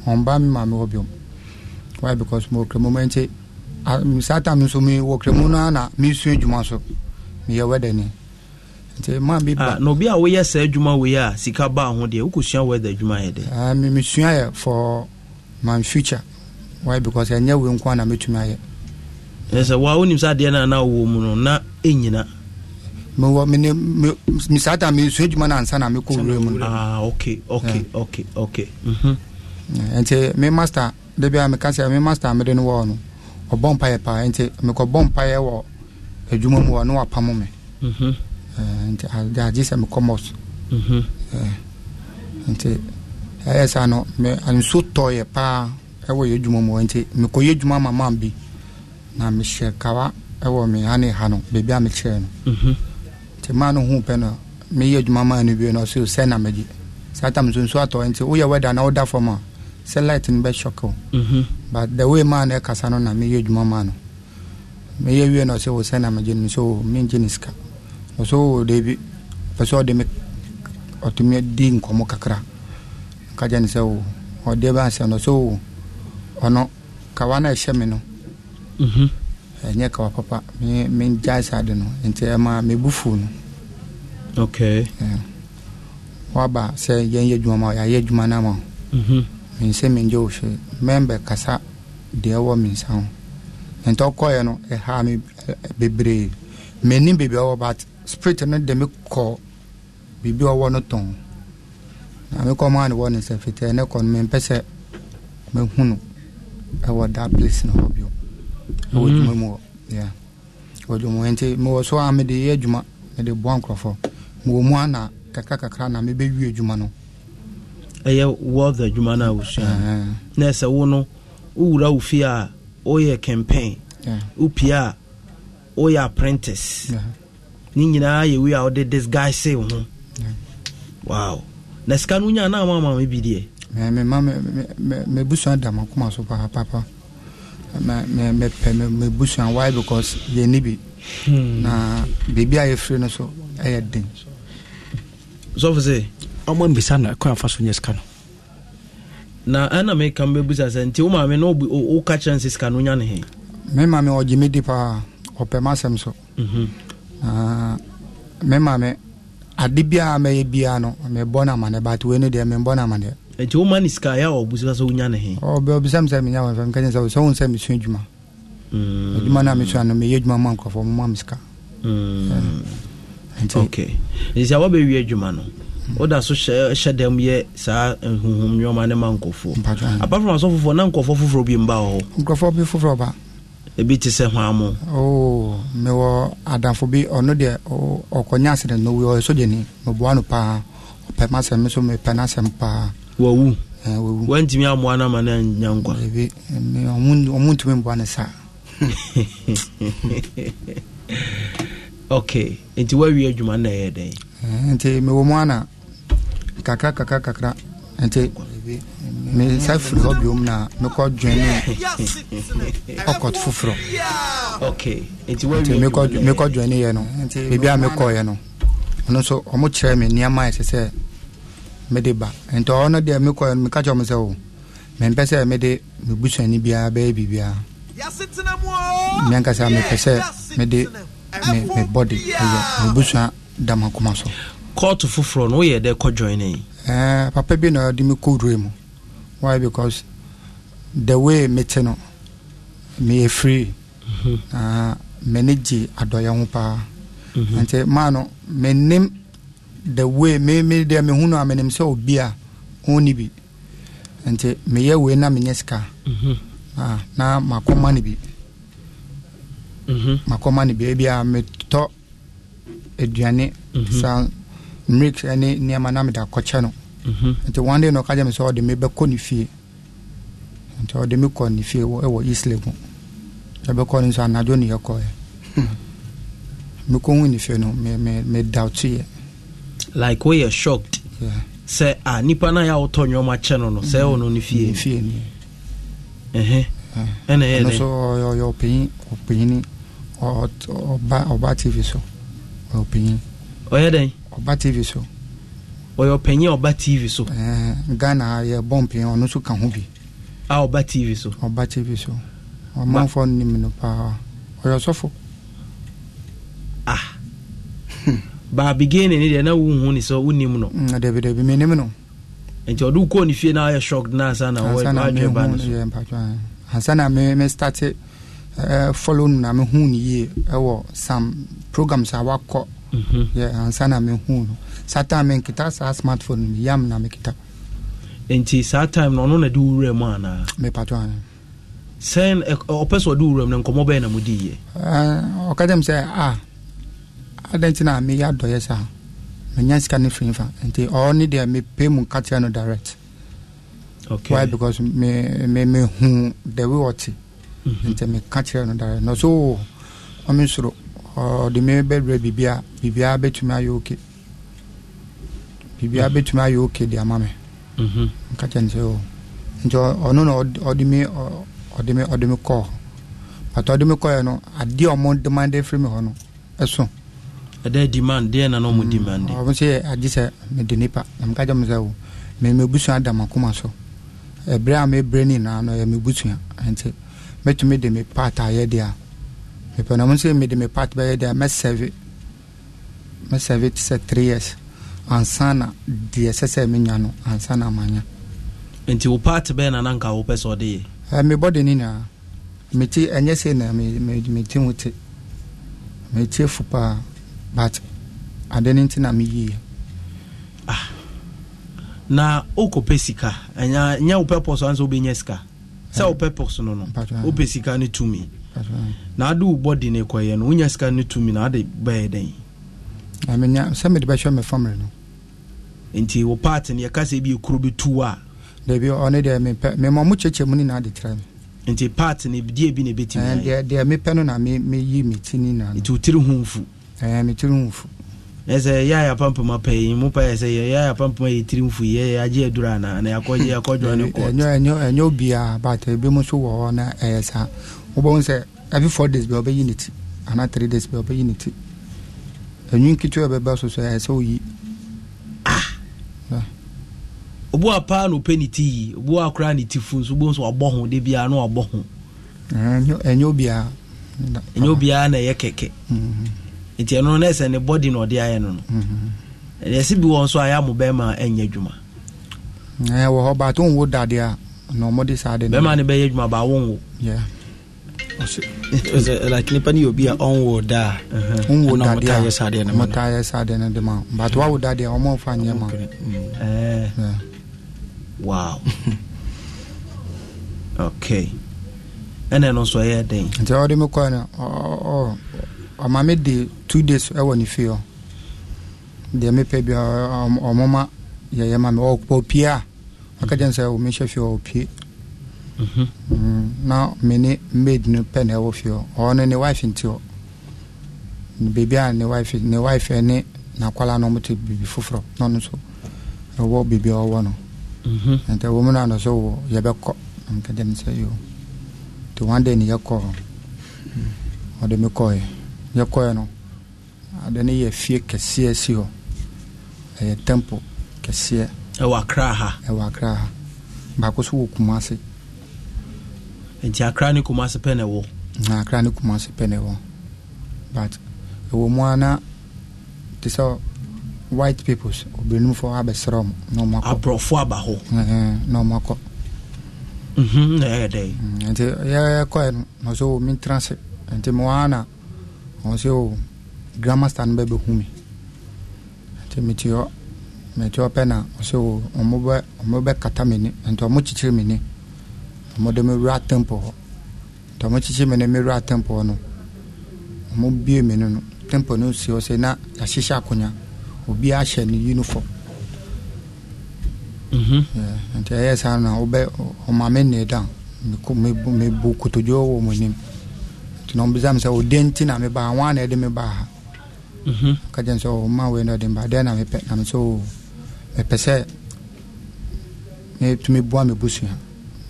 ɔnba mi maame wɔ biom why because mo kura mo ma nkye nso mi wɔ kura mu ana na mi su adwuma so mi yɛ wɛda ni nti maa bi ba. na obi a woyɛ saa adwuma wei a sika baa ho deɛ wokɔ sua wɛda adwuma yɛ de. Ah, mi mi sua yɛ for my future why because ɛnyɛ wei nko a na mi tumi ayɛ. ɛsɛ wa wonim sɛ adeɛ na na wɔ mu no na ɛnyina mewɔ mene me saa da mesua adwuma no ansa na mekɔ wura mu no nti me master da bia meka sɛ me master mede no wɔɔ no ɔbɔ mpaeɛ paa nti mekɔbɔ mpaeɛ wɔ adwuma mu wɔ ne wapamo me nti agye sɛ mekɔ mos nti ɛyɛ saa no nso tɔɔyɛ paa ɛwɔ yɛ adwuma mu nti mekɔyɛ adwuma ma ma bi na mehyɛ kawa ɛwɔ me ha ne ha no baabi a mekyerɛ no nti maa no hu pɛ no meyɛ adwuma maa no bio no ɔsɛ sɛ na megye saa tam nso nso atɔ nti woyɛ wɛda na woda fam a sɛ light no bɛhyɔke wo mhm. but the way maa no ɛkasa no na meyɛ adwuma maa no meyɛ wie na ɔsɛ wo sɛ na megye no nso mengye ne sika ɔsɛ wo deebi pɛ sɛ ɔde me ɔtumi di nkɔmmɔ kakra ka gya ne sɛ wo ɔdeɛ bɛ asɛ no ɔsɛ ɔno kawa no ɛhyɛ me no mhm ɛnyɛ kawa papa mengyae saa de no nti ɛma mebu fu no ok waba sɛ yɛnyɛ adwuma ma yɛayɛ adwuma no ama wo mensɛ mhm. mengye wo hwee membɛ kasa deɛ ɛwɔ me nsa ho nti ɔkɔɛ no ɛhaa me bebree m'anim biribi ɔwɔ but spirit no de me kɔ biribi ɔwɔ no tɔn na mekɔ maa ne wɔ ne sɛ fitaa ɛnɛ kɔ no mempɛ sɛ mahu no ɛwɔ da place no hɔ bio ɛwɔ mhm. dwuma mu hɔ ɛwɔ dwuma mu nti mewɔ so a mede yɛ adwuma mede boa nkurɔfoɔ mewɔ mu a na kakra kakra na mebɛwie adwuma no ɛyɛ world adwuma no a wosua na ɛsɛ wo no wowura wo fie a woyɛ campaign wopie a woyɛ apprentice ne nyinaa yɛ wei a wode disguise ho wow na sika no wonya na ama ama me bi deɛ mebusua da makoma so paapapa mɛpɛ mebusua why because yɛni bi hmm. na biribi a yɛfiri no so ɛyɛ den sɔfo sɛ ɔma mbisa na ɛkɔ amfa so nyɛ sika no na ɛna meka mbɛbusa sɛ nti wo na woka kyerɛ nsɛ sika no wonya ne he me maame ɔgye me di paa ɔpɛ m'asɛm so mhm. na me maame ade biaa mɛyɛ biaa no mebɔ no amaneɛ but wei no deɛ membɔ no amaneɛ Oh, hmm. hmm. eh, nti wo eh, ma ne sika yɛ a ɔbusa sɛ wonya ne he ɔbisa me sɛ menya wɔmfa meka sɛ sɛ wo sɛ mesua adwuma adwuma no a mesua no meyɛ adwuma ma nkurɔfoɔ moma me sika nti sɛ wobɛwie adwuma no woda so hyɛ dɛm yɛ saa nhuhum nneɔma ne ma nkɔfoɔ apart from asɔ foforɔ na nkɔfoɔ foforɔ bi mba hɔ nkɔfoɔ bi foforɔ ba ebi te sɛ hwan mu oh, mewɔ adamfo bi ɔno deɛ ɔkɔnya asɛdɛ no wi ɔyɛ sogyani meboa no paa ɔpɛ masɛm me so mepɛ no asɛm paa wawu ah, wantumi amoa no ama no anya nkwa ɔmo ntumi mboa no saa ok nti woawie adwuma no na ɛyɛ dɛn eh, nti mewɔ mu ana kakra kakra kakra nti me sa firi hɔ biom na mekɔ dwene ɔkɔt foforɔ mekɔ dwene yɛ no baabi a mekɔɔyɛ no ɔno nso ɔmo kyerɛ me nneɛma ɛsɛ sɛ mede ba nti ɔno deɛ mekɔ no meka kyɛ m sɛ o oh, mempɛ sɛ mede mebusuani biara bɛyɛ biribiara meankasa mepɛ sɛ mede me bɔde mebusua da makoma so kɔɔto foforɔ no woyɛ dɛ kɔ papa bi na ɔde me kɔ mu why because the way mete no meyɛ free na mhm. m'ani gye adɔyɛ ho paa mhm. nti maa no menim the way me me deɛ me hunu a menim sɛ obi a ɔnni bi nti meyɛ wei na menyɛ sika mhm. na makɔma no bi mhm. makɔma no bi ebi a metɔ aduane mhm. saa milk ne nneɛma na mede akɔkyɛ no nti one day na ɔka gye me sɛ ɔde me bɛkɔ ne fie nti ɔde me kɔ ne fie ɛwɔ isle mu yɛbɛkɔ no nso anadwo ne yɛkɔɛ hmm. mekɔhu ne fie no medawtoyɛ like woyɛ shocked sɛ a nipa no a yɛawotɔ nnwom akyɛ no no sɛ ɛwɔ no no fie ɛnɛ yɛyɛ ɔpanyin ɔpanyini ɔba ɔba tv so ɔyɛ ɔpanyin ɔyɛ dɛn ɔba tv so ɔyɛ ɔpanyin ɔba tv so ghana yɛ bɔ mpanyin ɔno nso ka ho bi a ɔba tv so ɔba tv so ɔmanfoɔ nim no paa ɔyɛ ɔsɔfo ah baabigee ne ne deɛ na wohu ne sɛ wonim no mm, dabi dabi menim no nti ɔde wokɔɔ ne fie na ayɛ shocked na asa na no me starte eh, eh, follow no na mehu no eh, yie ɛwɔ some programs a wakɔ mhm. ansa na mehu no saa time menkita saa smartphone no yam na mekita nti saa time no ɔno na de wowura mu anaa mepato ana sɛn ɔpɛ sɛ ɔde wowura mu no nkɔmmɔ bɛɛ na modiiɛ ɔka dɛm sɛ ah adɛn nti na meyɛ adɔyɛ saa manya sika no firi fa nti ɔɔ ne deɛ mepɛ mu ka kyerɛ no direct okay. why because me me me hu the way ɔte nti meka kyerɛ no direct na so ɔme soro ɔde me bɛdurɛ bibia bibia bɛtumi ayɛ oke biribia bɛtumi ayɛ oke de ama me mm-hmm. nka kyɛ nti o nti ɔno na ɔde me ɔde me ɔde me kɔɔ but ɔde me kɔɛ no adi ɔmo demande firi me hɔ no ɛso ɛdɛ demand deɛ na na ɔmo demand de. Mm, ɔmo sɛ agye sɛ mede nipa na mo ka gya mo sɛ o mɛ mɛ busua da ma kuma so ɛbrɛ a mɛbrɛ ne nyinaa no ɛyɛ mɛ busua nti mɛtumi de me part a yɛ deɛ mepɛ na mo sɛ mede me part bɛyɛ deɛ mɛsɛve mɛsɛve ti sɛ three years ansa na deɛ sɛ sɛ menya no ansa na amanya. nti wo part bɛyɛ na na nka wo pɛ sɛ ɔde yɛ. ɛɛ mebɔ de ne nyinaa meti ɛnyɛ sɛ na meti ho te meti efu paa but ade ne nti na meyie ah. na wokɔpɛ sika ɛnyɛ nyɛ wo purpose ansa wobɛnya sika sɛ wo eh. purpose no no wopɛ uh, sika uh, no tumi na ade wo bɔde ne kɔyɛ no wonya sika no tumi na ade bɛyɛ dɛn menya sɛ mede bɛhwɛ me family no nti wo part no yɛka sɛ bi kuro bɛtu a dabi ɔne deɛ memɔ mo kyekyɛ mu ne na adi trɛ me nti part no deɛ bi na ɛbɛtumi deɛ mepɛ no na meyi me ti ni na no nti wotiri ho mfu metirmfu ɛsɛ yɛa yɛapampama pɛi mu pa yɛ sɛ yɛa yɛapampama yɛtirimfu yɛ yɛagye aduru anaa na yɛakɔgye kɔɛnyɛ but wɔ hɔ na ɛyɛ saa wobɛhu sɛ days ne ti anaa days ne ti bɛba so so ɛyɛ sɛ woyi ah! obu a paa na ɔpɛ ne ti yi obu a koraa ne ti fu nso obu nso wabɔ ho ho ɛnyɛ ɛnyɛ na ɛyɛ kɛkɛ mhm. nti ɛno no ɛsɛ ne body na ɔde ayɛ no no mhm. ɛsɛ bi wɔ nso a yɛamo bɛrima ɛnyɛ adwuma ɛwɔ hɔ baato nwo dade a na ɔmɔde saa de bɛrima ne bɛyɛ adwuma baa wo nwo like nipa ne yɛobi a ɔnwo da a uh-huh. nwo dadeɛ sadeɛ no mɔtayɛ no de ma but wawo dadeɛ a ɔmɔmfa nyɛ ma mm. wow okay ɛnɛ no nso ɛyɛ den nti ɔde me kɔɛ no ɔma de two days ɛwɔ ne fie hɔ deɛ mepɛ bia ɔmoma yɛyɛ ma me ɔpɔ pie a ɔka gyɛn sɛ mehyɛ fie hɔ ɔpie mhm. mm, na mene maid no pɛ na ɛwɔ fie hɔ ɔno ne wife nti hɔ baabi a ne wife ne wife ne nakwala no ɔmote biribi foforɔ na ɔno nso ɛwɔ biribi a ɔwɔ no mhm. nti ɛwɔ mu no ano so wɔ yɛbɛkɔ na meka gyɛn sɛ yo nti one day ne yɛkɔ hɔ mm. ɔde me kɔɛ yɛkɔɛ no ade no yɛ fie kɛseɛ si hɔ ɛyɛ temple kɛseɛ ɛwɔ akra ha ɛwɔ akra ha baako so wɔ kumase nti akra ne kumase pɛ na ɛwɔ na akra ne kumase pɛ na ɛwɔ but ɛwɔ mu a te sɛ white peoples obirnimfo abɛsrɛ m na ɔmakɔ aborɔfo aba hɔ na ɔmakɔ mhm, ɛyɛ dɛ mm, nti yɛkɔɛ no na so wɔ mentrase nti mewaa na wọn sɛ o grammar star no bɛ bɛ hu mi nti mi ti hɔ mi ti hɔ pɛ na wọn sɛ o ɔmo bɛ ɔmo bɛ kata mi ni nti ɔmo kyikyiri mi ni ɔmo de mi wura temple hɔ nti ɔmo kyikyiri mi ni mi wura temple hɔ no ɔmo bie mi ni no temple no si hɔ sɛ na yahyehyɛ akonnwa obiara hyɛ ne uniform nti ɛyɛ saa na ɔbɛ ɔmaame nne dan mi bu kotodwe wɔ wɔn anim nti na ɔmbisa mi sɛ o den ti na mi ba wɔn na ɛde mi ba ha mhm. kagye sɛ o oh, ma wei na ɔde mi ba deɛ na mi pɛ na mi sɛ o oh, mi pɛ sɛ mi tumi bua mi busua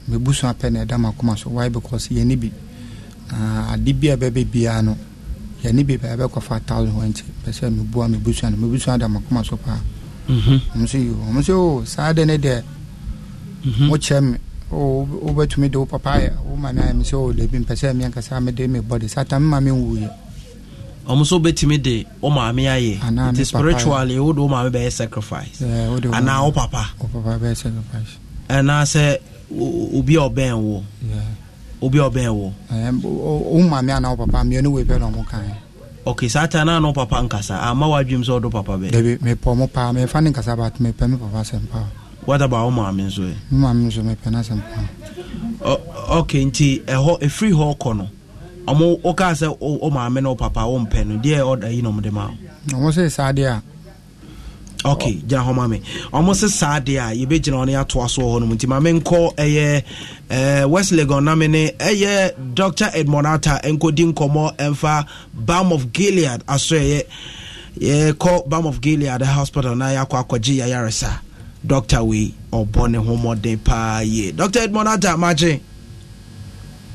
mi busua pɛ na ɛda ma kɔma so why because yɛ ni bi aa adi bi a bɛ bi biara no yɛ ni bi bɛɛ bɛ kɔ fa thousand wɔn ti pɛ sɛ mi bua mi busua na mi busua da ma kɔma so paa mhm. ɔmo yi o ɔmo o oh, saa de ne deɛ mhm. mo kyɛ mi. wobɛtumi de wo eh, papa woma no ayɛ sɛ ɔdabi mpɛ sɛ meɛnkasa mede me bɔde sata mema menwuiɛ ɔmo nso wobɛtumi de wo maame ayɛ nti spiritually wode wo maame bɛyɛ sacrifice anaa wo papa ɛnaasɛ obi a ɔbɛn wo obi a ɔbɛn wo wo eh, maame anaa wo papa mmienu wei bɛ na ɔmo kan ok saa ta na no papa nkasa ama wadwem sɛ ɔdo papa bɛ dabi mepɔ mo paa mefa ne nkasa bat mepɛ me papa sɛm paa what about wo maame nso ɛ maame nso mepɛ no asɛm paa ok nti ɛhɔ ɛfiri hɔ kɔ no ɔmo wokaa sɛ wo maame ne wo papa wompɛ no deɛ ɔdayi no ɔmde ma wo ɔmo sɛ saa deɛ a ok gyina hɔ ma me ɔmo se saa deɛ a yɛbɛgyina ɔ ne yɛatoa so hɔ no nti ma menkɔ ɛyɛ west legon na me ne ɛyɛ dr edmond ata ɛnkɔdi nkɔmmɔ ɛmfa balm of gilead aso ɛyɛ yɛkɔ balm of gilead hospital na yɛakɔ akɔgye yɛyaresa dɔkta wei ɔbɔ ne ho mmɔden paa yie Doctor edmond ata makye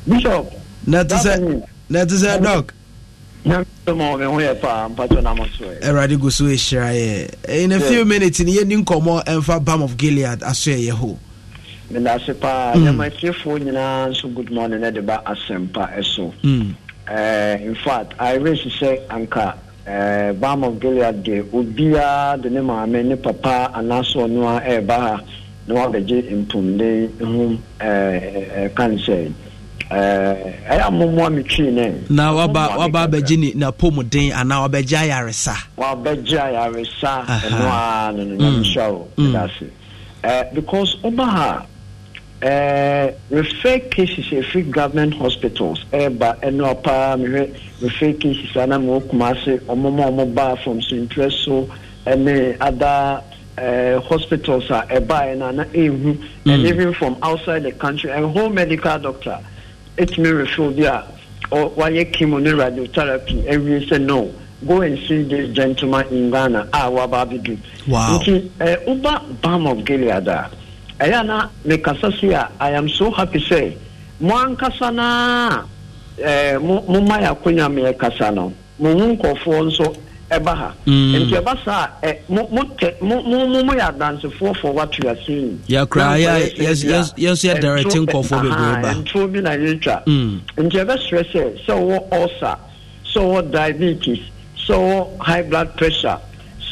bishop na ɛte sɛ na ɛte sɛ dɔk awurade gu so ɛhyira yɛ in a few minutes ne yɛni nkɔmmɔ ɛmfa bam of gilead aso ɛyɛ ho medase paa mm. nɛma tiefoɔ nyinaa nso good morning ne de ba asɛmpa ɛso mm. eh, in fact i wish say, anka eh, bamon gilead de obiara de ne maame ne papa anaasɛ ɔno a ɛreba ha na wabɛgye mpomde ho kansɛ ɛyɛ amomoa metwii ne na waba waba abɛgye ne napom den anaa wabɛgye ayaresa wabɛgye ayaresa ɛno a no no nyamehyɛ o ɛda ase because ɔba ha Uh, refer cases ɛfiri government hospitals ɛreba eh, ɛna ɔpaa mehwɛ refer cases ana ma wɔkuma ase ɔmo ma ɔmo ba from sintrɛ so ɛne other eh, hospitals a ɛbaeɛ eh, no ana ɛnhu hmm. and even from outside the country and whole medical doctor ɛtumi refer bi a wayɛ chemo ne radiotherapy ɛwie sɛ no go and see this gentleman in ghana a ah, waba abɛdu nti ɛɛ uba bam of gilead a ah. ɛyɛ na mekasa so a i am so happy sɛ mo ankasa na ɛɛ mo mo ma yɛ akonnwa meɛ kasa no mo ho nkɔfoɔ nso ɛba ha mm. nti ɛba saa ɛ mo mo tɛ mo mo mo mo yɛ adansefoɔ for what you are seeing. yakura yɛ yɛ yɛ dɛrɛte nkɔfoɔ bebree ba nturo bi na yɛtwa mm. nti ɛbɛsrɛ sɛ sɛ ɔwɔ ulcer sɛ ɔwɔ diabetes sɛ ɔwɔ high blood pressure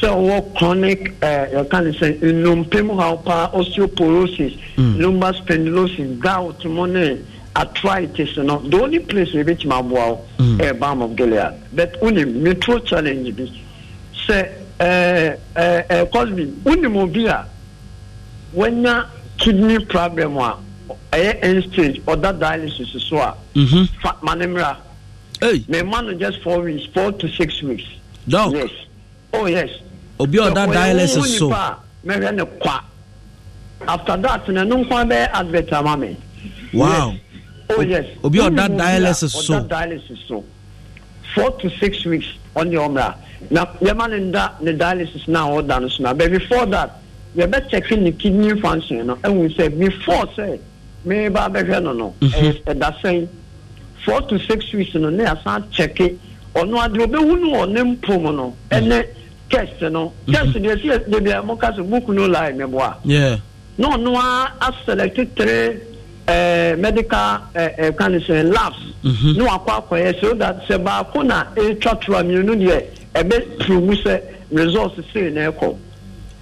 sɛ ɔwɔ chronic yɛka ne sɛ nnompem haw pa osteoporosis hmm. lumbar spondylosis gout mu ne arthritis no the only place a yɛbɛtumi aboa wo hmm. ɛyɛ balm of gilead but wonim metro challenge bi sɛ cosby wonim obi a wanya kidney problem a ɛyɛ end stage ɔda dialysis so a mhm. fa ma ne mmra mema no just four weeks four to six weeks Doc. yes oh yes obi ɔda dialysis so mɛhwɛ ne kwa after that na no nkwa bɛ advert ama me wow oh, obi ɔda mm-hmm. dialysis so ɔda dialysis so four to six weeks ɔne ɔmra na yɛma ne nda ne dialysis na ɔda no so na but before that yɛbɛ check ne kidney function no ehun sɛ before sɛ me ba bɛhwɛ no no ɛyɛ ɛda sɛn four to six weeks no ne yasa check ɔno adi obehu no wɔ ne mpom no ɛnɛ. Mm -hmm chest no chest mm-hmm. deɛ si yɛ debi a mɔka so book no lie mɛ bɔ a. na ɔno a select three ɛɛ eh, medical ɛɛ ɛɛ kanison labs. Mm-hmm. na wakɔ akɔyɛ so that sɛ baako na etwa tura mmienu deɛ ɛbɛ turumu sɛ results sei na ɛkɔ.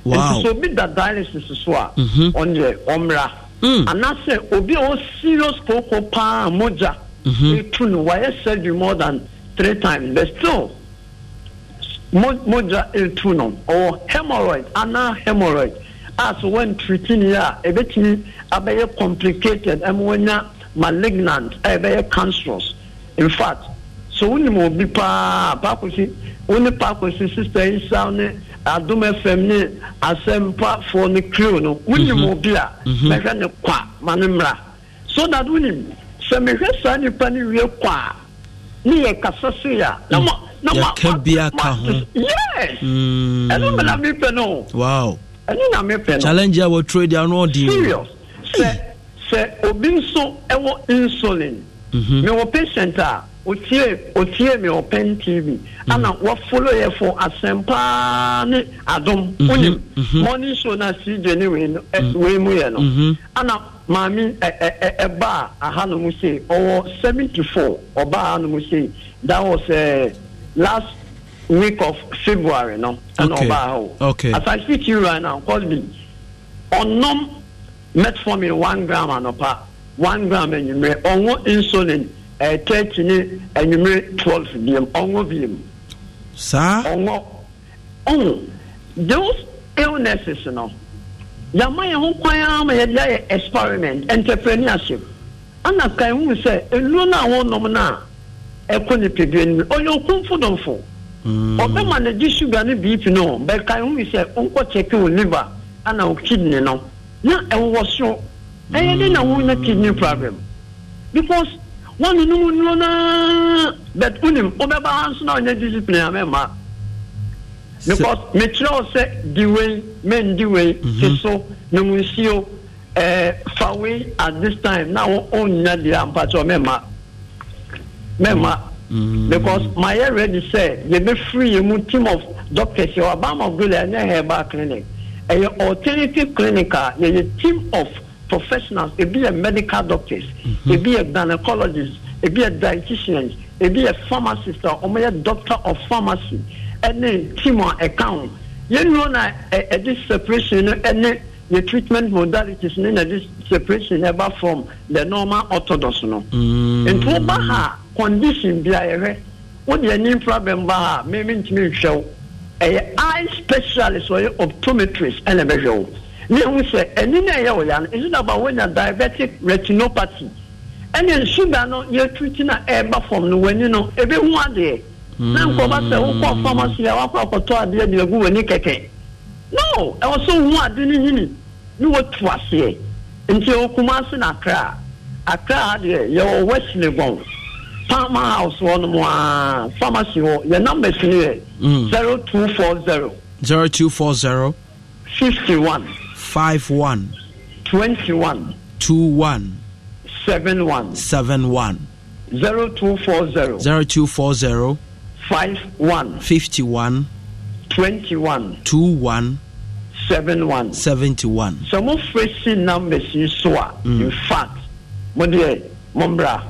wow nti so obi da dialysis so a. Mm-hmm. ɔnyɛ ɔmra. Mm. anaasɛ obi a o serious koko paa mogya. etu no wayɛ surgery more than three times but still mogya etu no ɔwɔ hemorrhoid anaa hemorrhoid a wɔn treating yɛ a ebetumi abɛyɛ complicated ɛmu wɔnya malignant a ɛbɛyɛ cancerous in fact so wonim obi paa paakosi wone paakosi sista yi sa ne adum fm ne asɛmpa foɔ ne krio no wonim mhm. obi a mɛhwɛ mhm. ne kwa ma ne mmra so that wonim sɛ mehwɛ saa nipa ne wie kwa ne yɛ kasa se a na mm. mo. Mm -hmm yɛka bia ka ho mm. ɛno mena mepɛ no wow ɛno na mepɛ no challenge a wɔtwerɛ deɛ ano ɔden serious sɛ sɛ obi nso ɛwɔ insulin mhm. mewɔ patient a otie otie mi ɔpɛn tv mhm. ana wafolo yɛ fo asɛm paa ne adom mhm. wonim morning show na cj ne wei no wei mu yɛ no ana maame ɛ ɛ ɛbaa aha no mu sei ɔwɔ seventy four ɔbaa aha no mu sei that was ɛɛ. Uh, last week of February no and ɔbaa ha okay. as I speak to you right now Cosby ɔnom metformin one gram and anɔpa one gram and you may ɔnwo insulin thirteen and you may twelve biem ɔnwo biem saa ɔnwo ɔn those illnesses no yàmá yẹn ho kwan yẹn ama yẹn de ayɛ experiment entrepreneurship ɛna kan hu sɛ nnuro náà wɔn nom náà ɛkɔ nipa bi anim ɔyɛ okunfo dɔnfo ɔbɛma ne di suga ne bp no bɛka ɛho mi sɛ ɔnkɔ kyɛkɛ wɔ liver ana wɔ kidney no na ɛwɔ so ɛyɛ de na wɔn na kidney problem because wɔn no mu nua naa but unim ɔbɛba ha nso na ɔnyɛ discipline amɛma because mekyerɛ sɛ di wei men di wei hmm. ti so na mu nsi ɛɛ fa at this time na wɔn ɔnyɛ deɛ ampakyɛ ɔmɛma mɛma mm. because mayɛ ready be free. You mu team of doctors Your yɛwɔ abama gola ɛne herbal clinic ɛyɛ alternative clinic a ah, yɛyɛ team of professionals be a medical doctors mm-hmm. be a gynecologists ebi be a ebi yɛ be a pharmacist. wɔn yɛ doctor of pharmacy ɛne team a ɛka ho yɛn nuo na ɛde separation no ɛne the treatment modalities ne na ɛde separation ɛba from the normal orthodox no nti wɔba ha condition bi a yɛhwɛ wode ani problem ba a meme ntumi nhwɛ wo ɛyɛ eye specialist ɔyɛ optometrist ɛna ɛbɛhwɛ wo ne hu sɛ ɛni na ɛyɛ wo ya no ɛsi daba wonya diabetic retinopathy ɛne suga no yɛtu ti na ɛreba fam no w'ani no ɛbɛhu adeɛ na hmm. nkɔba sɛ wokɔ pharmacy a wakɔ akɔtɔ adeɛ de agu w'ani kɛkɛ no ɛwɔ sɛ hu ade no hini ne watu aseɛ nti ɛwɔ kumase na akra akra adeɛ yɛwɔ west legon farm house hɔ nom a pharmacy hɔ number numbers no yɛ mm. zero two four zero zero two four zero fifty one five one twenty one two one seven one seven one zero two four zero zero two four zero five one fifty one twenty one two one seven one seventy one. sɛ mo fɛ si numbers yi so a in mm. fact mo deɛ mo mbra.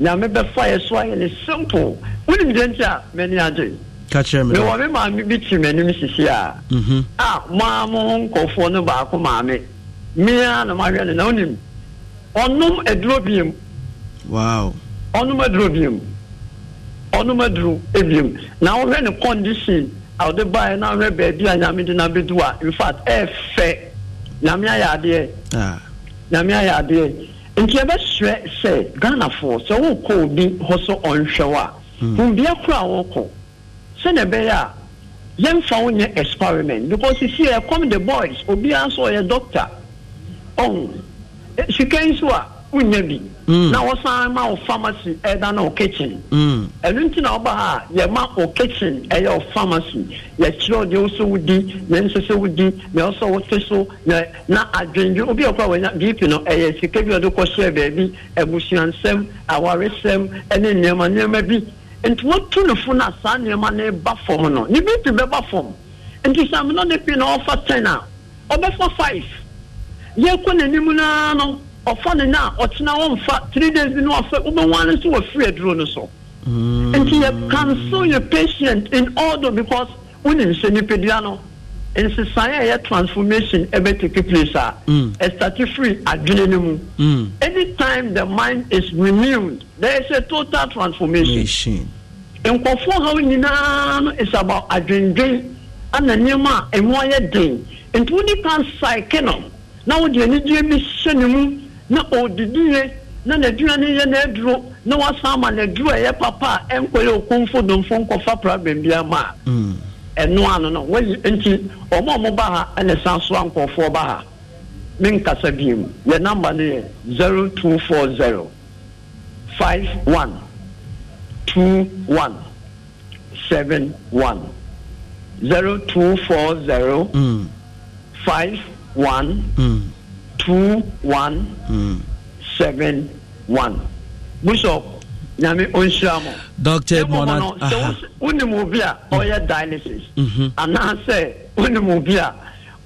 nyame bɛfa yɛ so ayɛ ne simple wonim deɛ nti a m'ani agye mewɔ me maame bi kyi m'anim sisi a mhm. a moa mo nkɔfoɔ no baako maame mea na mahwɛ ne na wonim ɔnom aduro biam ɔnom aduro biam ɔnom aduro biam na wohwɛ ne condition a ɔde baeɛ na wohwɛ baabi a nyame de na bɛdu a infact ɛɛfɛ nyame ayɛ adeɛ ah. nyame ayɛ adeɛ nti yɛbɛsrɛ sɛ ghanafoɔ sɛ wokɔ obi hɔ so ɔnhwɛw a bubia hmm. kora a wɔkɔ sɛnɛ ɛbɛyɛ a yɛmfa wo nyɛ experiment because si ɛkɔm the boys obiara so ɔyɛ doctor ɔn sika nso a wonnya bi Mm. na wɔsan ma o pharmacy ɛda eh, na o kitchen mm. ɛnu nti na ɔba ha yɛ ma o kitchen ɛyɛ eh, o pharmacy yɛ kyerɛ deɛ ɔsɛ wodi na nsɛsɛ wodi na ɔsɛ wɔte so na na adwendwe obi ɔkɔ a wɔnya bp no ɛyɛ sika bi ɔde kɔ hyɛ baabi abusuansɛm awaresɛm ɛne nneɛma nneɛma bi nti wɔtu ne fo na saa nneɛma no ba fam no ne bp bɛba fam nti sɛ amena ne pi na ɔfa ten a ɔbɛfa five yɛkɔ n'anim naa no. ɔfa ne na ɔtena hɔ nfa three days bi na ɔfɛ wobɛwa no so wɔfiri aduro no so mm. nti yɛ cancel your patient in order because wone nsɛ nipadua no nsesaeɛ a ɛyɛ transformation ɛbɛtake place a mm. ɛstate firi adwene no mu mm. anytime the mind is renewed there is a total transformation nkɔfoɔ haw nyinaa no is about adwendwen ana nneɛma a ɛmo ayɛ den nti wo nipa nsaeke no na wode anigyeɛ bi hyɛ ne mu na ɔdidie na n'adwuma n'ihe na na w'asa ama n'aduro a papa a ɛnkɔyɛ okunfo domfo nkɔfa problem bi ama a mm. ɛno ano no wɔyi nti ọmụ a ha ɛna san so ankɔfoɔ ba ha me nkasa bi m, namba two one seven one bishop nyame onhyira mo. dr mona aha sɛ wonim obi a ɔyɛ dialysis mhm. anaasɛ wonim obi a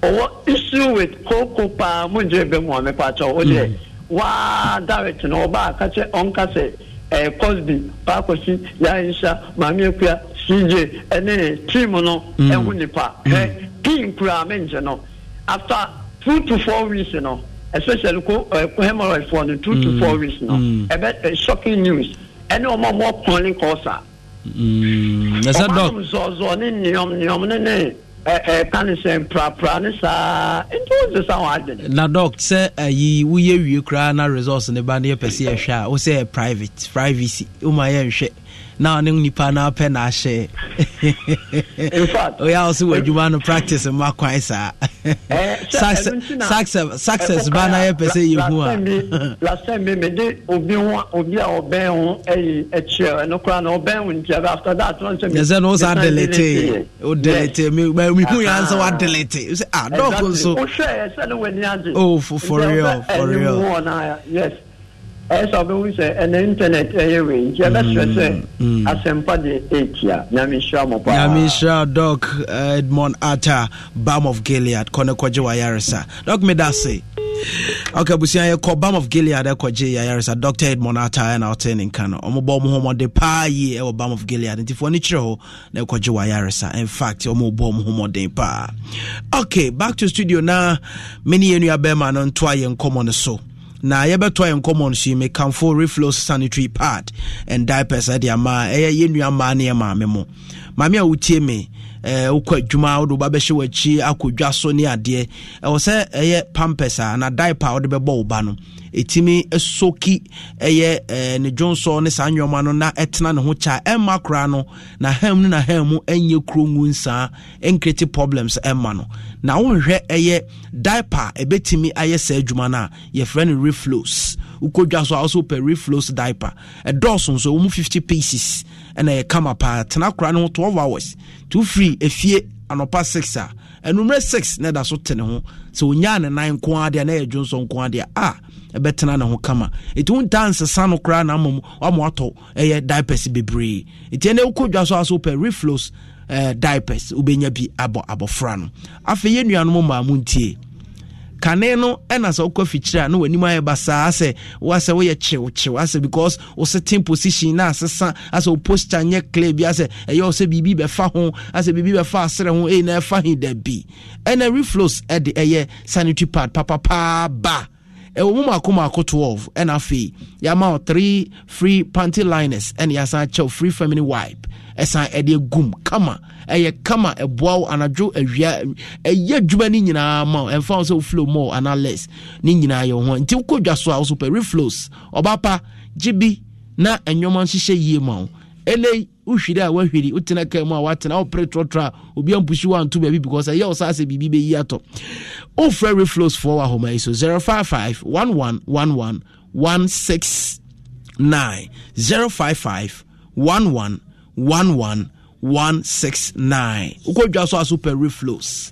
ɔwɔ issue with koko paa mo gyere bɛ mu a mepa kyɛw o deɛ mhm. waa direct na ɔba a kakyɛ ɔnka sɛ ɛɛ eh, cosby paakosi yaayinsa maame ekuya cj ɛne team no mhm. ɛho nipa ɛ eh, pin kura me nkyɛn no after two to four weeks you know, especially ko ẹ eh, hemorrhoid for no two mm. to four mm, weeks you know, ẹ bẹ ẹ shocking news ẹni ọmọ ọmọ calling calls a. ẹsẹ dọ ọmọ zọzọ ní nìyọm nìyọm eh, eh, ní ní na doc sẹ ayi wúyẹ wíyẹ kura na results ní bá ní ẹ pẹ sí a ó sẹ ẹ private privacy ó máa na ɔne nipa no apɛ na ahyɛ oyɛ wo so wɔ adwuma no practice mma kwan saa success ba na yɛpɛ sɛ yɛhu a last time bi mede obi obi a ɔbɛn ho ɛyi ɛkyerɛ ɛno koraa na ɔbɛn ho after that wɔn sɛ mi yɛsɛ no wosan delete o delete mi mi hu yan sɛ wa delete sɛ ah dɔɔko nso no oh for real for real yes ɛsɛ ɔbɛhu sɛ ɛnɛ internet ɛyɛ wei nti ɛbɛsrɛ sɛ mm, mm, mm. asɛmpa de ɛtia nyamehyira mɔ paa nyamehyira doc edmond Ata bam of gilead kɔne kɔgye wayaresa doc meda se okay busua yɛkɔ bam of gilead ɛkɔgye e yayaresa dr edmond Ata ɛna e ɔte ne nka no ɔmobɔ mo homɔde paa yie ɛwɔ e bam of gilead ntifoɔ ne kyerɛ hɔ na ɛkɔgye wayaresa infact ɔmobɔ mo homɔden paa okay back to studio na mene yɛ nuabɛrima no ntoa yɛ nkɔmmɔ no so na yɛbɛtɔ yɛ nkɔmmɔ no so mekamfo reflow sanitary pad and diapers ɛde ama ɛyɛ yɛnnua mmaa ne yɛ maame mo maame a wotie me Eh, wokɔ adwuma wode woba bɛhyɛ w'akyi akɔ dwa so ne adeɛ ɛwɔ sɛ ɛyɛ pampers a na dipe a wode bɛbɔ wo ba no ɛtumi soki ɛyɛ eh, ne dwonso ne saa nnwɔma no na ɛtena ne ho kyɛ a ɛmma koraa no na ham no na ham mu ɛnyɛ kuro ngu nsaa ɛnkrete problems ɛma no na wohwɛ ɛyɛ dipe a ɛbɛtumi ayɛ saa adwuma no a yɛfrɛ no reflows wokɔdwa so a wo sɛ wopɛ reflows diaper ɛdɔɔso nso wo mu 50 pieces ɛna ɛkama paa tena kora ne ho 12 hours nti wofiri ɛfie anɔpa 6 a ɛnummerɛ 6 na ɛda so te ne ho sɛ onyaa ne nan nko adeɛ na ɛyɛ dwonso nko adeɛ a ɛbɛtena ne ho kama ɛti wontaa nsesa no koraa na mmom wama watɔ ɛyɛ diapers bebree ɛti ɛnɛ wokɔdwa so a so wopɛ reflows eh, diapers wobɛnya bi abɔ abɔfra no afei yɛ nuanom maa mu ntie kane no ɛna sɛ wokɔ fikyire a na w'anim ayɛ basaa sɛ woasɛ woyɛ kyewkyew asɛ because wo sitting position na asesa asɛ wo posture nyɛ clear bi asɛ ɛyɛ wo sɛ biribi bɛfa ho asɛ biribi bɛfa aserɛ ho ɛi na ɛfa he da bi ɛna reflows ɛde ɛyɛ sanitary pad papapaa ba pa, pa, ɛwɔ mu mako mako 12 ɛna afei yɛama wo 3 free panty liners ɛne yɛasan kyɛw free feminine wipe ɛsan ɛde gum kama ɛyɛ kama ɛboa wo anadwo awia ɛyɛ adwuma no nyinaa ma wo ɛmfa wo sɛ wo flow mɔ anaa less ne nyinaa yɛ ho nti wokɔ dwa so a wo so pɛ reflows ɔbapa gye bi na ɛnwɔma nhyehyɛ yie ma wo ɛlɛi wohwiri a woahwiri wotena ka mu a woatena wopere trɔtrɔ a obi ampusi wo anto baabi because ɛyɛ wo saa sɛ biribi bɛyi atɔ wofrɛ reflows foɔ wɔ ahoma yi so 055 1111 169 055 1111 169 wokɔ dwa so aso pɛ reflows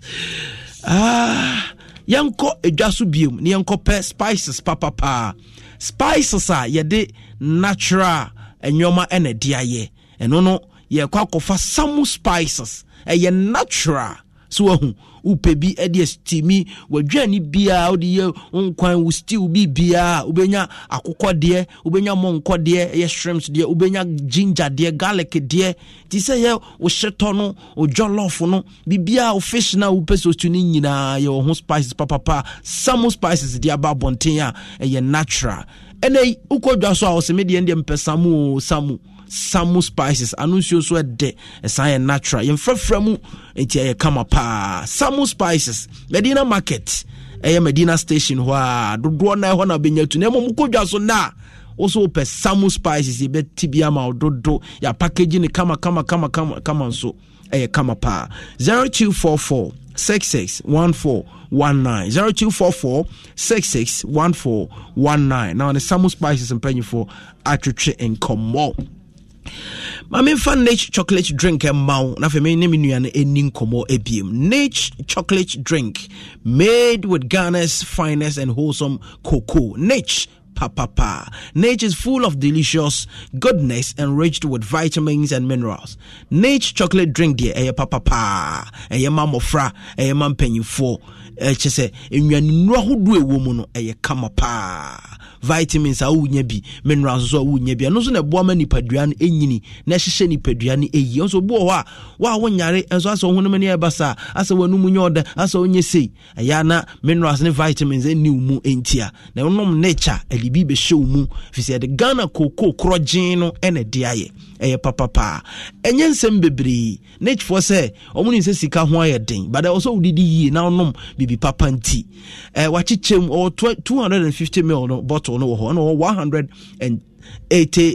ah, yɛnkɔ edwa so biom na yɛnkɔ pɛ spices papapaa spices a yɛde natural nneɛma na ɛdi ayɛ ɛno no yɛkɔ akɔfa some spices ɛyɛ natural so wahu wopɛ bi ɛde astimi wadwane biaa wode yɛ wo nkwan wo stew bi biaa wobɛnya akokɔdeɛ wobɛnya mɔnkɔdeɛ ɛyɛ shrimps deɛ wobɛnya ginger deɛ garlic deɛ nti sɛ yɛ wo hyetɔ no wo jollof no biribiaa wo fish no a wopɛ sɛ otu no nyinaa yɛwɔ ho spices papapa samo spices deɛ aba abɔnten a ɛyɛ natural ɛnɛ wokɔ so a wɔ sɛ medeɛ ndeɛ mpɛ samu o samu samu spices ano nsuo nso ɛdɛ ɛsan yɛ natural yɛmfrafra mu nti ɛyɛ kama paa samu spices medina market ɛyɛ medina station hɔ a dodoɔ na ɛhɔ na bɛnya tu na mmom wokɔdwa so na a wosɛ wopɛ samu spices yɛbɛti bi ama wo dodo yɛapackage ne kama kama kama kama kama nso ɛyɛ kama paa 0244 661419 0244 661419 Now ɔne samu spices for mpanyimfoɔ atwetwe more. mamemfa nach chocolate drink mma wo na afei mene me nua no ɛni nkɔmmɔ abiem nach chocolate drink made with ghana's finest and wholesome cocoa nach papapa. Nature is full of delicious goodness enriched with vitamins and minerals. Nature chocolate drink dear ɛyɛ papapa ɛyɛ ma mmɔfra ɛyɛ ma mpanyinfoɔ ɛkyɛ sɛ nnuaninu ahodoɔ ɛwɔ mu no ɛyɛ kama paa. vitamins a wonya bi minerals nso a wonya bi ɛno nso na ɛboa ma nipadua no ɛnyini na ɛhyehyɛ nipadua no ɛyi nso bi wɔ hɔ a wo a wonyare nso asɛ wohonam ne ɛba saa asɛ w'anum nyɛ ɔda asɛ wonyɛ sei ɛyɛ na minerals ne vitamins ɛni wo mu ɛnti a na ɛnom nature alibi bɛhyɛ wo mu firi sɛ ɛde ghana kookoo korɔ gyee no ɛna de ayɛ ɛyɛ papapaa ɛnyɛ nsɛm bebree nature sɛ ɔmo ne sɛ sika ho ayɛ den but ɛwɔ sɛ yie na wonom bibi papa nti ɛɛ wakyekyɛ ɔwɔ two hundred and fifty ml no bottle no wɔ hɔ ɛna ɔwɔ 180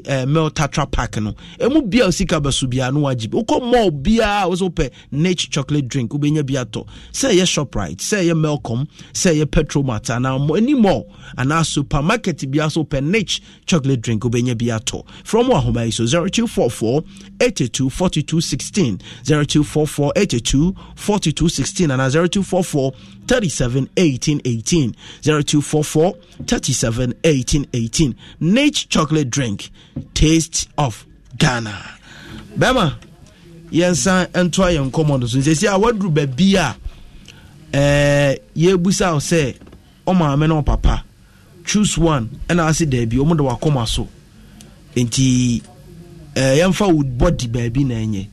eh, mil tatra pack no ɛmu bia osika bɛso bia no wagye wokɔ mall biaa wo sɛ wopɛ chocolate drink wobɛnya bi atɔ sɛ ɛyɛ shoprite sɛ ɛyɛ melcom sɛ ɛyɛ petromart anaa ani mall anaa supermarket biaa sɛ wopɛ nich chocolate drink wobɛnya bi atɔ from wahoma yi so 0244 82 42 16 0244 82 42 16 anaa 0244 37 18 18 0244 37 18 18 Nate chocolate drink taste of Ghana bɛma yɛnsa ntoa yɛn nkɔmmɔ no so nsɛsi a waduru baabi a eh, yɛbusa wo sɛ ɔmaame ne ɔpapa choose one ɛna ase daabi ɔmo de wakɔma so nti eh, yɛmfa wo bɔdi baabi na ɛnyɛ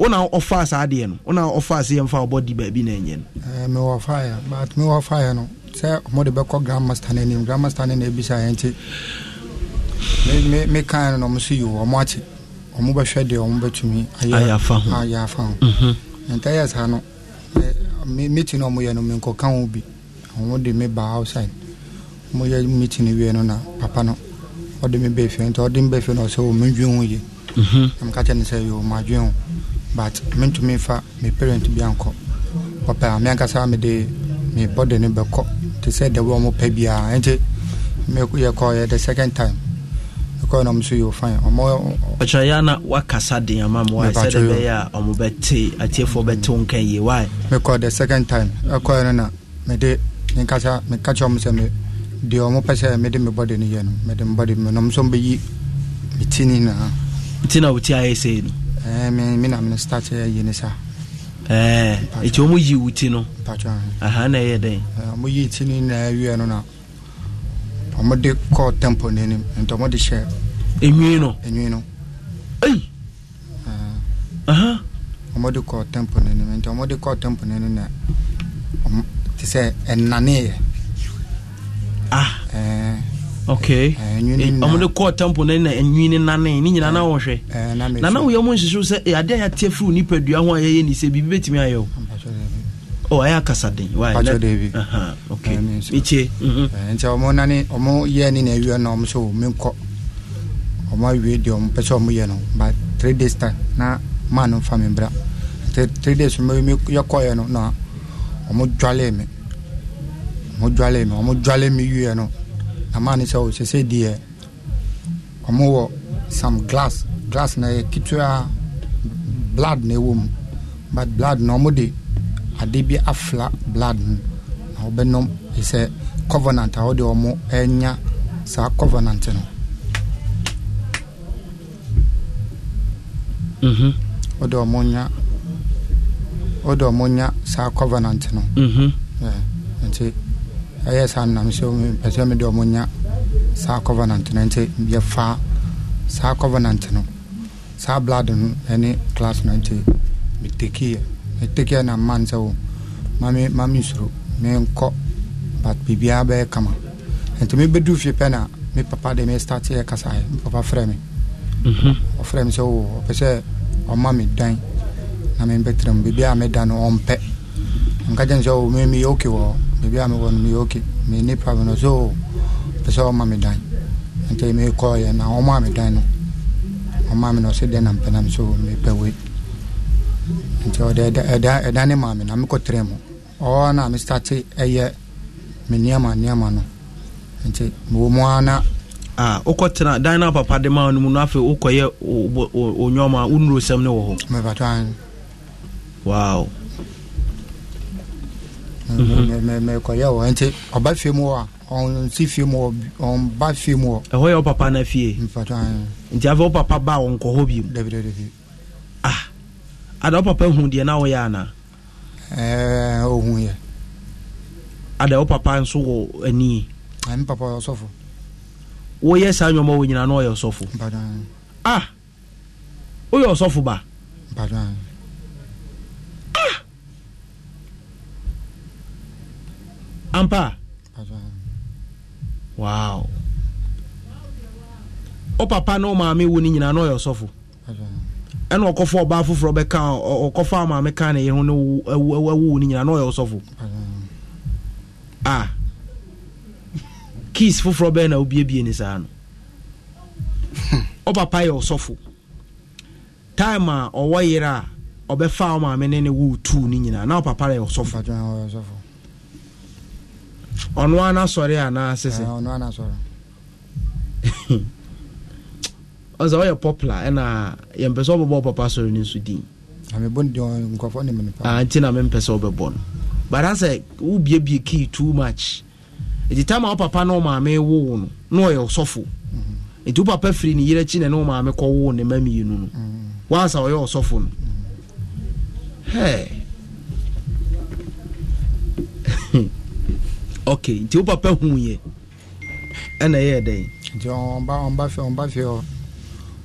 wona ɔfa saa adeɛ no wona ɔfa sɛ di baabi na ɛnyɛ no eh, mewɔ faeɛ but mewɔ faeɛ no sɛ ɔmode bɛkɔ no na ɛbisa yɛ nti mekae no ɔmo so yi ɔmo akye ɔmo bɛhwɛ deɛ ɔmo bɛtumi ayɛafa ho mhm. nti ɛyɛ saa no meeting na no bi ɔmo de mi ba outside na papa no ɔde me bɛfie nti ɔde me bɛfie no ɔsɛ ɔmo oh, ndwe mi yie mhm. na meka kyɛ no sɛ yɛ ɔmo adwe ho but mentumi fa me parent bi ankɔ ɔpɛ a me ankasa mede me body no bɛkɔ te sɛ da wɔ mo pɛ biara nti yɛkɔɔyɛ the second time mekɔɛ na mso yɛo fine ɔkyerɛ yɛ na woakasa den ama ma sɛde bɛyɛ a ɔmo bɛte atiefoɔ bɛte wo nka yie wae mekɔ the second time ɛkɔɛ no na mede menkasa meka kyerɛ m sɛ me deɛ ɔmo pɛ sɛ mede me body no yɛ no mede me body no nɔm so mbɛyi me ti no nyinaa nti na woti ayɛ sei no Eh, mena mene start eh, yɛ ne sa ɛti eh, ɔmo yi wo ti no aha na ɛyɛ dɛn ɔmo yi ti no nyinaa wie no na o ɔmo de tempo temple n'anim nti ɔmo de hyɛ enwi no enwi no ei aha ɔmo de tempo temple n'anim nti ɔmo de kɔɔ temple n'anim na ɔmo te sɛ ɛnaneɛ ah ɛɛ okay ɔmo eh, eh, eh, oh, de kɔɔ temple mhm. na na ɛnwini nane ne nyinaa na wɔhwɛ na na woyɛ mo nhyehyɛ sɛ adeɛ a yɛate afiri nipadua ho a yɛyɛ ni sɛ biribi bɛtumi ayɛ o o ɛyɛ akasaden wmetie nti ɔmo nane na awia na ɔmo sɛ o menkɔ ɔmo awie deɛ ɔmo na maa no mfa me mbra three na ɔmo dwalee me ɔmo dwalee me ɔmo ama ne kyɛw sɛ sɛ deɛ ɔmo wɔ some glass glass na ɛyɛ ketewa blood na ɛwɔ mu but blood na ɔmo de ade bi afla blood no na wɔbɛnom sɛ covenant a wɔde ɔmo ɛnya saa covenant no wode mm-hmm. ɔmo nya wɔde ɔmo nya saa covenant no mm-hmm. nti ɛyɛ saa nnam sɛ mpɛ sɛ mede ɔmo nya saa covenant no nti yɛfa saa covenant no saa blood no ɛne class no nti metekiɛ metekiɛ na mma n sɛ wo ma mesuro menkɔ but biribiaa bɛyɛ kama nti mebɛdu fie pɛ na me papa de mhm. me kasaɛ me papa frɛ me ɔfrɛ me sɛ wo ɔpɛ sɛ ɔma me dan na membɛtira mu biribiaa meda no ɔmpɛ nka gyene sɛ wo memeyɛ oke wɔ baabi a mewɔ no meyɛ oke menni problem no so pɛ sɛ ɔma me dan nti mekɔɔyɛ na ɔmaa me dan no ɔmaa me na ɔsɛ dɛn na mpɛnam so mepɛ wei nti ɔde ɛda ne maa me na mekɔtrɛ mu ɔɔ na mestate ɛyɛ me nneɛma nneɛma no nti mewɔ mu a na wokɔtena dan no papa de ma no mu no afei wokɔyɛ onwɔma wo nurosɛm ne wɔ hɔ mebatɔa wow mɛkɔyɛ wɔ nti ɔba fie mu hɔ a ɔnsi fie mu hɔ ɔnba fie mu hɔ. ɛhɔ yɛ ɔpapa na fie. Eh. nti afɛ ɔpapa ba ɔnkɔ hɔ bi mu. dabi dabi ah ada ɔpapa ehun deɛ na ɔyɛ ana. ɛɛ eh, ohun yɛ. ada ɔpapa nso wɔ ani. Ah, papa ɔsɔfo. wɔyɛ saa na ɔyɛ ɔsɔfo. Eh. Ah, ɔsɔfo ba. ampa wow o papa na ọ maame wo ni nyinaa na ɔyɛ ɔsɔfo ɛna ɔkɔfa ɔbaa foforɔ bɛka ɔkɔfa maame ka ne yɛ ho na ɛwu wo ni nyinaa na ọ ɔyɛ ɔsɔfo a kiis foforɔ bɛyɛ na obiebie ne saa no ọ papa yɛ ɔsɔfo taịm a ɔwɔ yere a fa ọ maame ne ne wo tu ne nyinaa na ọ papa yɛ ɔsɔfo. ɔno ana sɔre anaa sese ɔsɛ ɔyɛ popula ɛna yɛmpɛ sɛ papa sɔre no nso din nti na mempɛ sɛ wobɛbɔ no but wobiebie key too much ɛti a wo papa na ɔmaame no na ɔyɛ ɔsɔfo mm-hmm. papa firi ne ne ɔmaame ne ma mmienu no ɔyɛ ɔsɔfo no ok nti wo papa hu yɛ ɛna ɛyɛ dɛn nti ɔba ɔba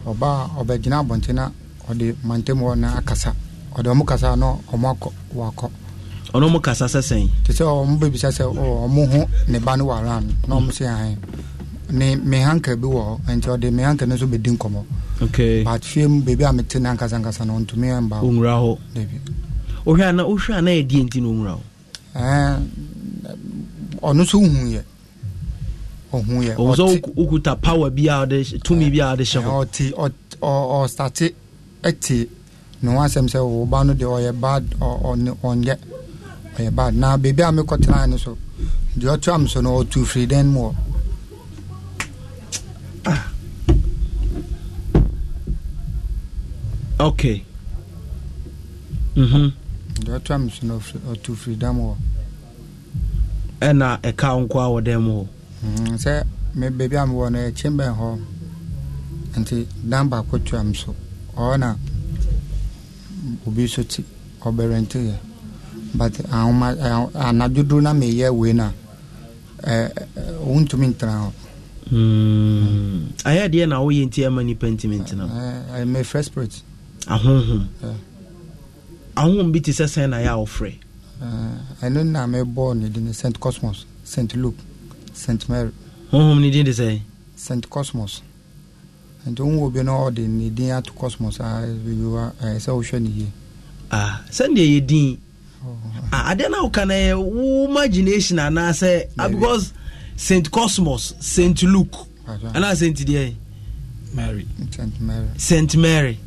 ɔba ɔbɛgyina na ɔde mantam hɔ na akasa ɔde ɔmo kasa na ɔmo akɔ wakɔ ɔno mo kasa te sɛ ɔmo sɛ ɔmo na ɔmo sɛ ahe ne me hanka bi wɔ nti ɔde me hanka no nso bɛdi but beebi a mete na nkasa nkasa no ɛmba ɔnwura hɔ ana ana na- ɔno nso huuɛ ɔhuuɛ ɔwɔ sɛ wokuta power bi a ɔde tumi bi a ɔde hyɛ hɔ ɔte ɔstate ɛte ne ho asɛm sɛ wo ba no deɛ ɔyɛ bad ɔnyɛ ɔyɛ bad na baabi a mekɔtenae no so deɛ ɔtoa m so no ɔtu firi dan mu hɔ okay mhm deɛ ɔtoa m so no ɔtu firi dan mu hɔ ɛna ɛka nko a wɔ dan mu hɔ mm, sɛ me baabi a mewɔ no ɛkyi hɔ nti dan baako tua m so ɔɔ na obi so ti ɔbɛrɛnteɛ but ahoma ah, anadwo duro na meyɛ wei na a wontumi ntena hɔ mm. ayɛ deɛ na woyɛ nti ɛma nipa ntimi ntena mefrɛ spirit ahohom ahohom bi te sɛ sɛn na yɛ a wɔfrɛ ɛno na mebɔɔ ne din Saint cosmos Saint luke Saint mary honhom ne din de sɛ st cosmos nti wohu obi no ɔde ne din ato cosmos ɛyɛ sɛ wohwɛ ne yie sɛndeɛ yɛ din adeɛ no woka no yɛ wo imagination anaasɛ ah, because Saint cosmos Saint luke anaa st deɛ mary Saint mary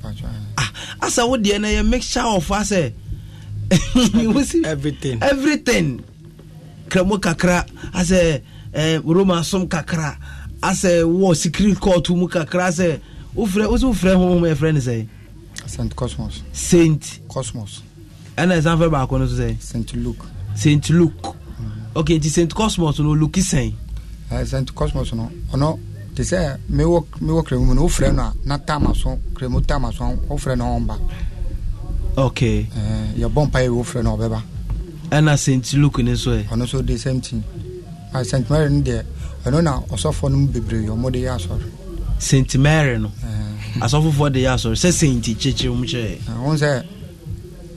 asa ah, wo deɛ no yɛ mixture of asɛ everything everything kramo kakra asɛ eh, roma som kakra As a war secret court mu kakra asɛ wofrɛ wosɛ wofrɛ honhom yɛfrɛ no sɛ Saint cosmos saint cosmos ɛna ɛsan fɛ baako no so sɛ st luke Saint luke mm. ok nti st cosmos no luki sɛn uh, Saint cosmos no ɔno te sɛ mewɔ mewɔ krɛmu mu no wofrɛ no a na tama so krɛmu tama so wofrɛ no ɔmba okay yɛbɔ mpa yɛ wɔfrɛ no ɔbɛba ɛna st luke ne so ɛ eh. ɔno so de same thing ah, a st mary no eh. deɛ ɛno eh, na ɔsɔfoɔ no mu bebree ɔmode yɛ asɔre st mary no asɔfofoɔ de yɛ asɔre sɛ senti kyekyere mu kyerɛ wo sɛ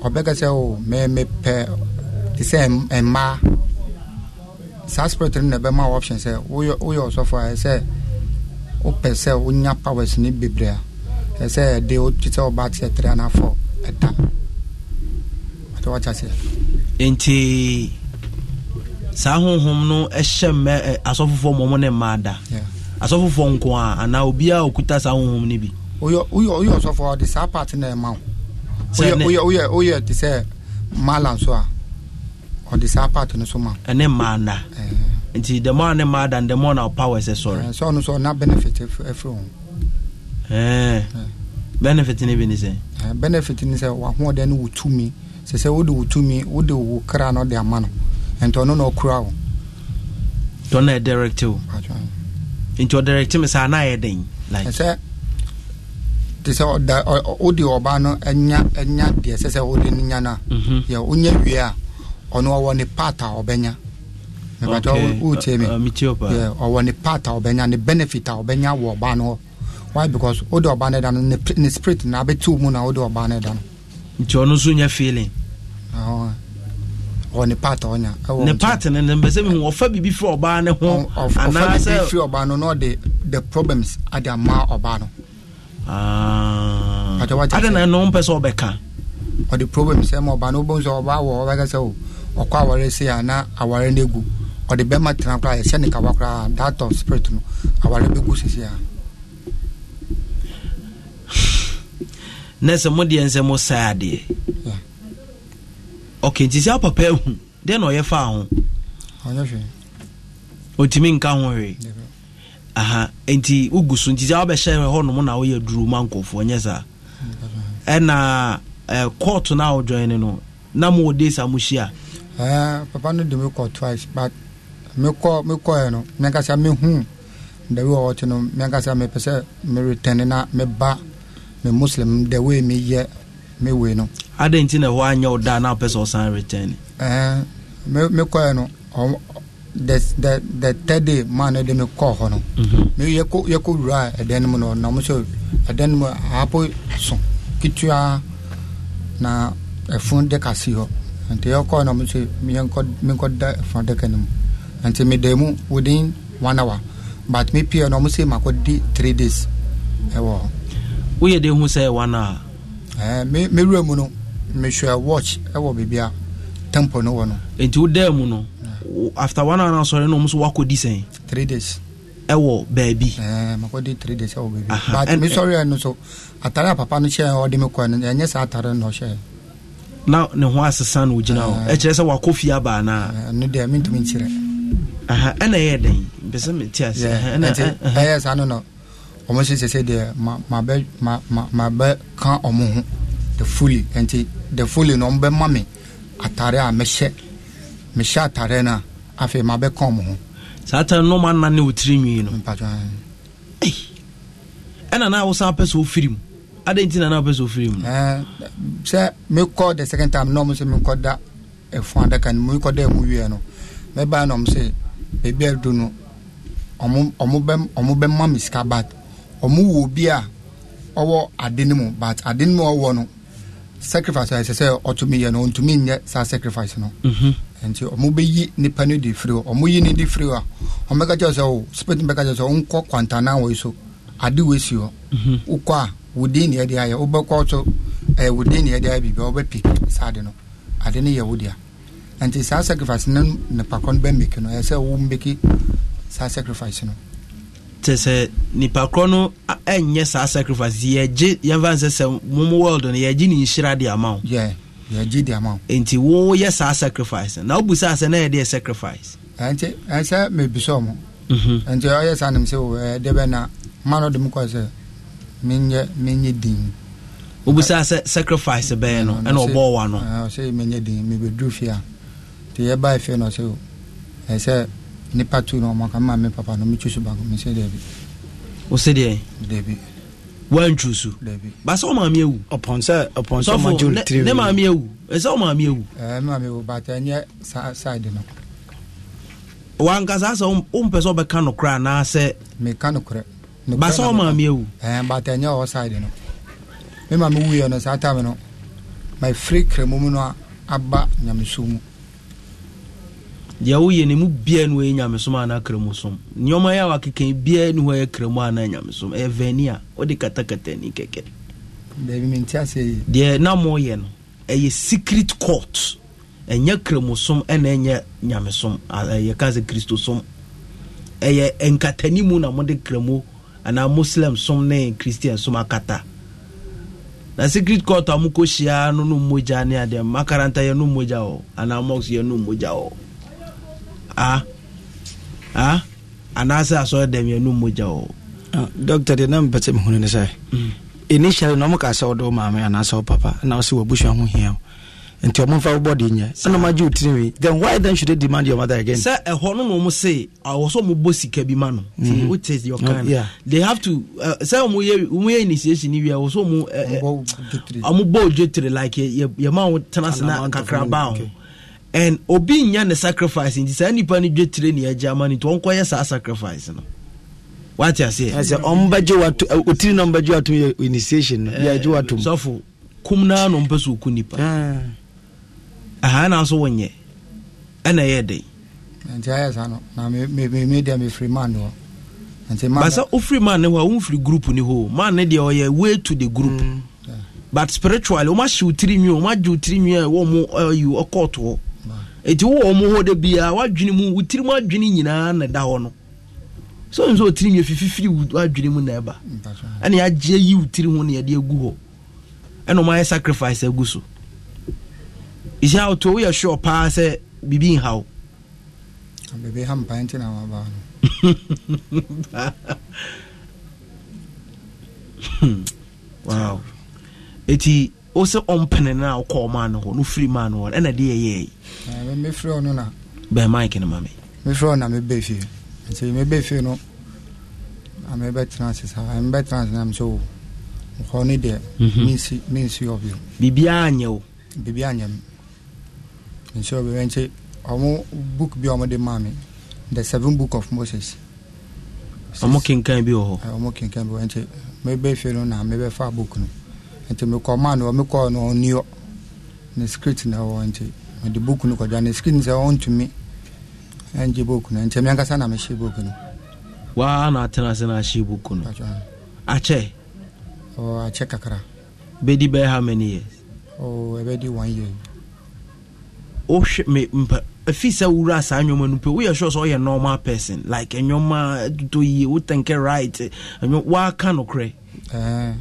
ɔbɛka sɛ o memepɛ te sɛ mmaa saa spirit no na ɛbɛma wo option sɛ woyɛ ɔsɔfo a ɛsɛ wopɛ sɛ wonya powers ne bebree a ɛsɛ ɛde wokye sɛ wobate ɛtrɛ anaa fɔ ɛnti saa honhom no ɛhyɛ mmɛ asɔfofoɔ mmɔmo ne mmaa da asɔfofoɔ nko a anaa obiaa ɔkuta saa honhom no bi woyɛ ɔsɔfoɔ ɔde saa part na ɛma wo woyɛ te sɛ mala nso a ɔde saa part no so ma ɛne mmaa nda eh. nti the more ne mmaa da the more na power sɛ sɔre eh, sɛ ɔno so ɔna benefit benefit ni bi ne sɛ eh, benefit ne sɛ wahoɔden no wo tumi sɛ sɛ wode wo tumi wode wo kra no de ama no ɛnti ɔno na ɔkura wo tɔ na ɛdirect wo nti ɔdirect me saa na ayɛ den sɛ te sɛ wode ɔba no ɛnya ɛnya deɛ sɛ sɛ wode no nya no a mhm. yɛ wonya wie a ɔno ɔwɔ ne part a ɔbɛnya mebatɛ wotie me ɔwɔ ne part a ɔbɛnya ne benefit a ɔbɛnya wɔ ɔba no why because wode ɔba no da no ne spirit na abɛtiw mu na wode ɔba no da no nti ɔno nso nya feeling ɔ ne part ɔnya ne part no no mpɛ sɛ ɔfa biribi firi ɔbaa no ho anaasɛ firi ɔbaa no na ɔde the problems ade ama ɔbaa no ah. ade na ɛno mpɛ sɛ ɔbɛka ɔde problems ɛma eh, no wɔ ɔbɛka sɛ ɔkɔ a na aware no agu ɔde bɛma tena koraa yɛhyɛ ne kawa koraa that of spirit no aware bɛgu sesie a na sɛ modeɛ nsɛ mo saa adeɛ ok nti sɛ apapa ahu deɛ na ɔyɛ faa ho ɔtumi nka ho hwee aha nti wogu so nti sɛ wobɛhyɛ hɔnom na woyɛ duro ma nkɔfoɔ nyɛ saa mm, ɛna court no a wodwɔne no na mowɔ days a papa no de twice but mekɔ mekɔɛ no mehu no mepɛ sɛ meretɛne na meba me muslim the way meyɛ me wei no adɛn nti na ɛhɔ anyɛ wo da na wopɛ ɔsan return eh, mekɔɛ no the the the third day maa no de mi kɔ hɔ no mi mhm. yɛ ko yɛ ko wura ɛdɛn mu no na mo sɛ ɛdɛn mu aapo so ketewa na ɛfun de ka si hɔ nti yɛ kɔ na mo mi yɛ nkɔ mi nkɔ da ɛfun de ka ne mu nti mi dɛm within one hour but mi pie na mo sɛ ma kɔ di three days ɛwɔ hɔ woyɛ de hu sɛ ɛwa no a mewura mu no mehwɛ watch ɛwɔ biribia temple no wɔ no enti wodaa mu no after one hour asɔre no ɔmo so wakɔdi sɛn three days ɛwɔ baabi makɔdi three days ɛwɔ baabi but mesɔre no so atare a papa no hyɛ ɔde me kɔ no ɛnyɛ saa atare na ɔhyɛ na ne ho asesa na ogyina hɔ ɛkyerɛ sɛ wakɔ fie aba anaa no deɛ mentumi nkyerɛ ɛna ɛyɛ dɛn mpɛ sɛ mete ase ɛyɛ saa no no wɔn sɛ sɛ deɛ ma ma bɛ ma ma ma bɛ ka wɔn ho the fully nti the fully na wɔn bɛ ma mi atare a mɛhyɛ mɛhyɛ atare na afei ma bɛ ka wɔn ho. saa atare no ma nane o tiri nwi no. ɛna eh. na awosan apɛ so ofiri mu adan ti na na apɛ so ofiri mu. ɛɛ sɛ mi kɔ the second time na wɔn sɛ mi kɔ da ɛfun adaka ni mi kɔ da ɛmu wiɛ e no mɛ ba na wɔn sɛ beebi ɛdu e no ɔmo ɔmo bɛ ɔmo bɛ ma mi sika baati ɔmo wɔ obi a ɔwɔ ade no mu but ade no mu ɔwɔ no sacrifice ɛsɛ sɛ ɔtumi yɛ no ɔntumi nyɛ saa sacrifice no mhm. nti ɔmo bɛyi nipa no de firi hɔ ɔmo yi ne de firi hɔ a ɔmo bɛka kyerɛ sɛ o spirit bɛka kyerɛ sɛ ɔnkɔ kwantana wɔ yi so ade wɔ esi hɔ mhm. wokɔ a wodin ne yɛde ayɛ wobɛkɔ so ɛɛ wodin ne yɛde ayɛ biribi ɔbɛpi saa ade no ade ne yɛ wodia nti saa sacrifice no nipa kɔ no bɛ mbeki no ɛsɛ wo mbeki saa sacrifice no te sɛ nipa korɔ no ɛnyɛ saa sacrifice yɛgye yɛmfa nsɛ sɛ mom world no yɛgye ne nhyira de ama wo nti woyɛ saa sacrifice na wobu saa sɛ na yɛdeɛ sacrifice ɛnti ɛsɛ mebisɛ mo mhm. nti ɔyɛ saa nem sɛ ɛde bɛ na ma no de m kɔ sɛ menyɛ menyɛ din wobusaa sɛ sacrifice bɛyɛ no ɛna ɔbɔɔ wa no sɛ menyɛ din mebɛduru fie a nti yɛbae fie no sɛ ɛsɛ nipa tu na ɔmo kan maa mi papa na ɔmo tusu baako mi sɛ dɛbi. o se deɛ. dɛbi. wọn tusu. dɛbi. baasa o maami ewu. ɔpɔnsɛ ɔpɔnsɛ ɔmo jo tiri. ne maami ewu ɛsɛ e o maami ewu. ɛɛ eh, maami ewu bata n yɛ saa saa de na. wankasa sɛ o mpɛ sɛ ɔbɛka no koraa anaasɛ. mi ka no korɛ. baasa o maami ewu. ɛɛ eh, bata n yɛ ɔwɔ saa de na. mi maami wu yɛ no saa taami no my free kirimu mu no aba nyamusu mu deɛ woyɛ ne mu biaa no ɛyɛ nyamesom anaa kramusom nneɔma yɛ a wakekan biaa ne hɔ yɛ kramu anaa nyamesom ɛyɛ vani a wode katakatani kɛkɛ deɛ na moyɛ no ɛyɛ secret court ɛnyɛ kramusom ɛna ɛnyɛ nyamesom yɛka sɛ kristosom ɛyɛ nkatani mu na mode kramu anaa muslim som ne christian som akata na secret court a mokɔhyiaa no no mmogya ne adeɛ makaranta yɛ no mmogya hɔ anaa mox yɛ no mmogya hɔ a a anaasɛ asɔre dɛm yɛ no mogya o doctor deɛ na mpɛ sɛ mehunu ne sɛ mm. initially na ɔmoka sɛ wode wo maame anaasɛ wo papa na wo sɛ wɔabusua ho hia nti ɔmo mfa wo bɔde nyɛ ɛna magye wo tirinwi then why then should they demand your mother again sɛ ɛhɔ no na ɔmo se ɔwɔ sɛ ɔmo bɔ sika bi ma no nti mm-hmm. wote yɛ oh, they have to sɛ ɔmo yɛ ɔmo yɛ initiation ni wie ɔwɔ sɛ ɔmo ɔmo odwetire like yɛ yɛ ma wo tena sena kakraba ho and obi nya ne sacrifice nti saa nipa no dwe tire ne agye ama no nti ɔnkɔyɛ saa sacrifice no wate aseɛ sɛ ɔmbɛgye wato ɔtiri na ɔmbɛgye wato yɛ initiation no yɛagye eh, wato mu sɔfo kum naa no mpɛ sɛ ɔku nipa ah. aha na so nso wonyɛ ɛna ɛyɛ dɛn nti ayɛ saa no na me deɛ mefiri ma no basa wofiri ma ne hɔ a womfiri group ni hɔ ma ne deɛ ɔyɛ way to the group mm. but spiritually wɔmahye wo tiri nwi wɔmagye wo tiri nwi a wɔmo ɔkɔɔtoɔ uh, ɛti wowɔ mo hɔ da biaa woadwene mu wo tirim adwene nyinaa na da hɔ no so nsɛ ɔtirim yɛ fififiri woadwene mu na ɛba mm, ɛne agye yi o tiri ho ne yɛde agu hɔ ɛna ɔmayɛ sacrifice agu so ɛsi a o woyɛ sure paa sɛ biribi nha wo wow ɛti wo sɛ ɔmpene no a wokɔɔ maa no hɔ no firi maa no hɔ ɛna deɛ ɛyɛi mefrɛ no na bɛ mike no ma me mefrɛ na mebɛ fie nti mebɛ fie no na mebɛtena ase saa mebɛtena ase na mesɛ o hɔ no deɛ mhm. mensi hɔ bio biribiaa nyɛ wo biribiaa nyɛ m mensi hɔ bio nti ɔmo book bi a ɔmode maa me the seven book of moses ɔmo kenkan bi wɔ hɔ ɔmo kenkan bi wɔ nti mebɛ fie no na mebɛfa book no nti mekɔma no mekɔɔ no ɔnniɔ ne script na wɔ nti mede book no kɔdwa ne script sɛ ɔntumi ɛngye book no nti meankasa na mehye book no waa na atena ase na ahye book no akyɛ oh, akyɛ kakra bɛdi bɛyɛ how many years oh, ɛbɛdi e one year wohwɛ me mpa ɛfii e sɛ wura saa nnwoma no pɛ woyɛ sure sɛ woyɛ normal person like e nnwoma dodɔ yie wotɛnkɛ right woaka nokorɛ eh.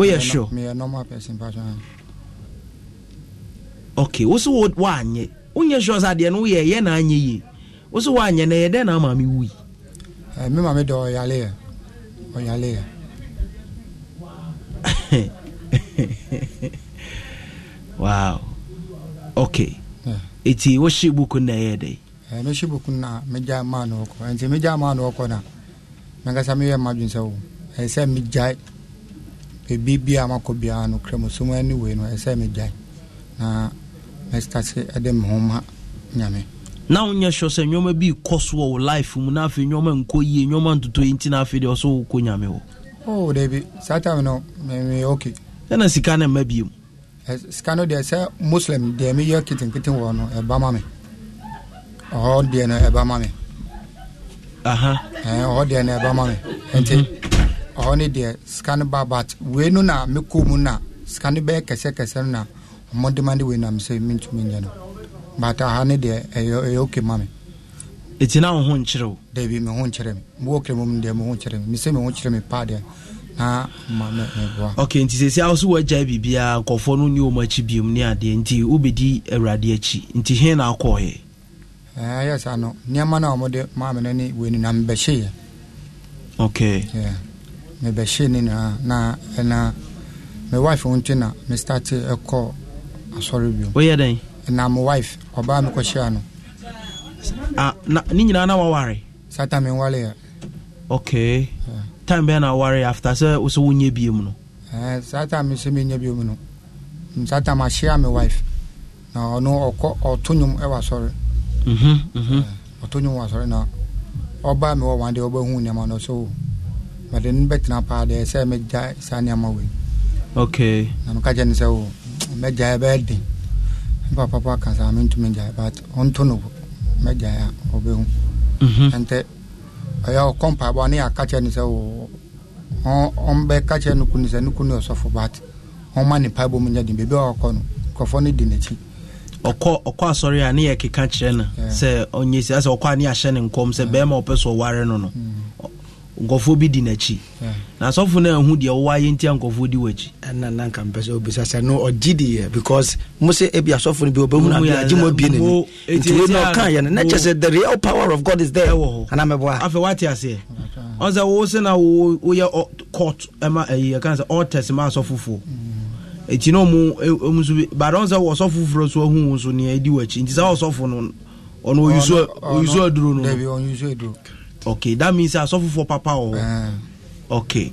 woyɛ sure meyɛ normal person passion okay wo so woanyɛ wonyɛ sure sɛ adeɛ no woyɛ yɛ na anyɛ yie wo so woanyɛ na ɛyɛ dɛn na ama me wui me ma me dɛ ɔyaleɛ ɔyaleɛ wow okay ɛti wohye buku na ɛyɛ dɛn mehye buku na megya maa no wɔkɔ ɛnti megya maa no wɔkɔ na menkasa meyɛ ma dwensɛ wo ɛɛ sɛ megyae ebi makɔ biara no kramusom ani wei no ɛɛ megyae na mɛsta se ɛde me nyame na wonyɛ sɛ sɛ nnwɔma bi kɔ so wɔ wo life mu na afei nnwɔma nkɔ yie nnwɔma ntoto yi nti na afei deɛ ɔsɛ wokɔ nyame dabi saa time no ɛna sika no mma biom sika no deɛ sɛ muslim deɛ meyɛ ketenketen wɔ no e ɛba ma me ɔhɔ deɛ no ɛba e ma me ɔhɔ deɛ no ɛba e ma me ɔhɔ deɛ sika no ba but wei no na mekɔ mu na sika no bɛyɛ kɛsɛkɛsɛ no na ɔmɔ demande wei nam sɛ mentumi nyɛ no but aha ne deɛ ɛyɛ oke ma me ɛti na wo ho nkyerɛ wo dabi me ho nkyerɛ me mewɔ kra mu deɛ me ho nkyerɛ me mesɛ me ho kyerɛ me deɛ ma ok nti sɛsi awo so woagyae biribiaa nkɔfoɔ no ne ɔm biom ne adeɛ nti wobɛdi awurade akyi nti he na akɔɔyɛ ɛyɛ eh, saa no nneɛma no a ɔmɔde maa ne wei na mebɛhyeeɛ yeah. mebɛhyɛ ne nyinaa na ɛna me wife wo nti na mestarte ɛkɔ asɔre bio woyɛ na wife ɔbaa mekɔhyia no ne nyinaa na waware saa time menwareɛ ok yeah. time bɛɛ na waware after sɛ wo sɛ wonyɛ no eh, saa sɛ menyɛ bie no mm, me wife na ɔno ɔkɔ ɔto nwom ɛwɔ asɔre mhm, mhm. Eh, ɔto nwom wɔ asɔre na ɔbaa me wɔ wande ɔbɛhu nneɛma no sɛ mɛde no bɛtena paa deɛ sɛ mɛgya saa nneɛma wei ok na meka e kyɛ no sɛ mm. o mɛgyae bɛyɛ den mpapa ka saa mentumi gyae but ɔnto no a ɔbɛhu ɛntɛ ne yɛaka kyɛ o ɔmbɛka kyɛ no sɛ no but ɔma ne mu den baabi a ɔkɔ no nkurɔfoɔ no di n'akyi ɔkɔ ɔkɔ asɔre a ne yɛ keka kyerɛ no sɛ ɔnyɛ si ɔkɔ a ne yɛahyɛ ne nkɔm nkɔfoɔ bi di n'akyi na asɔfo no ɛhu deɛ wɔwɔ ayɛ nti a nkɔfoɔ di w'akyi ɛna na nka mpɛ sɛ obisa sɛ no ɔgye deɛ because mo sɛ ebi asɔfo no bi ɔbɛhu no agye mu abie ne nti wei na ɔka yɛ no na kyɛ sɛ the real power of God is there ɛwɔ hɔ anamɛboa afɛ wate aseɛ mm. ɔn sɛ wo sɛ na woyɛ court ɛma ɛyi ɛka sɛ ɔtɛs ma asɔfofoɔ ɛti mm. na ɔmo ɛmu e- so bi but ɔn sɛ wɔsɔfo foforɔ so ahu wo so nea ɛdi w'akyi nti sɛ ɔsɔfo no ɔno ɔyusu aduro no okay that means asɔfo for papa o uh. okay.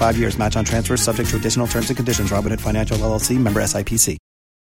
five years. Match on transfers subject to additional terms and conditions. Robinhood Financial LLC member SIPC.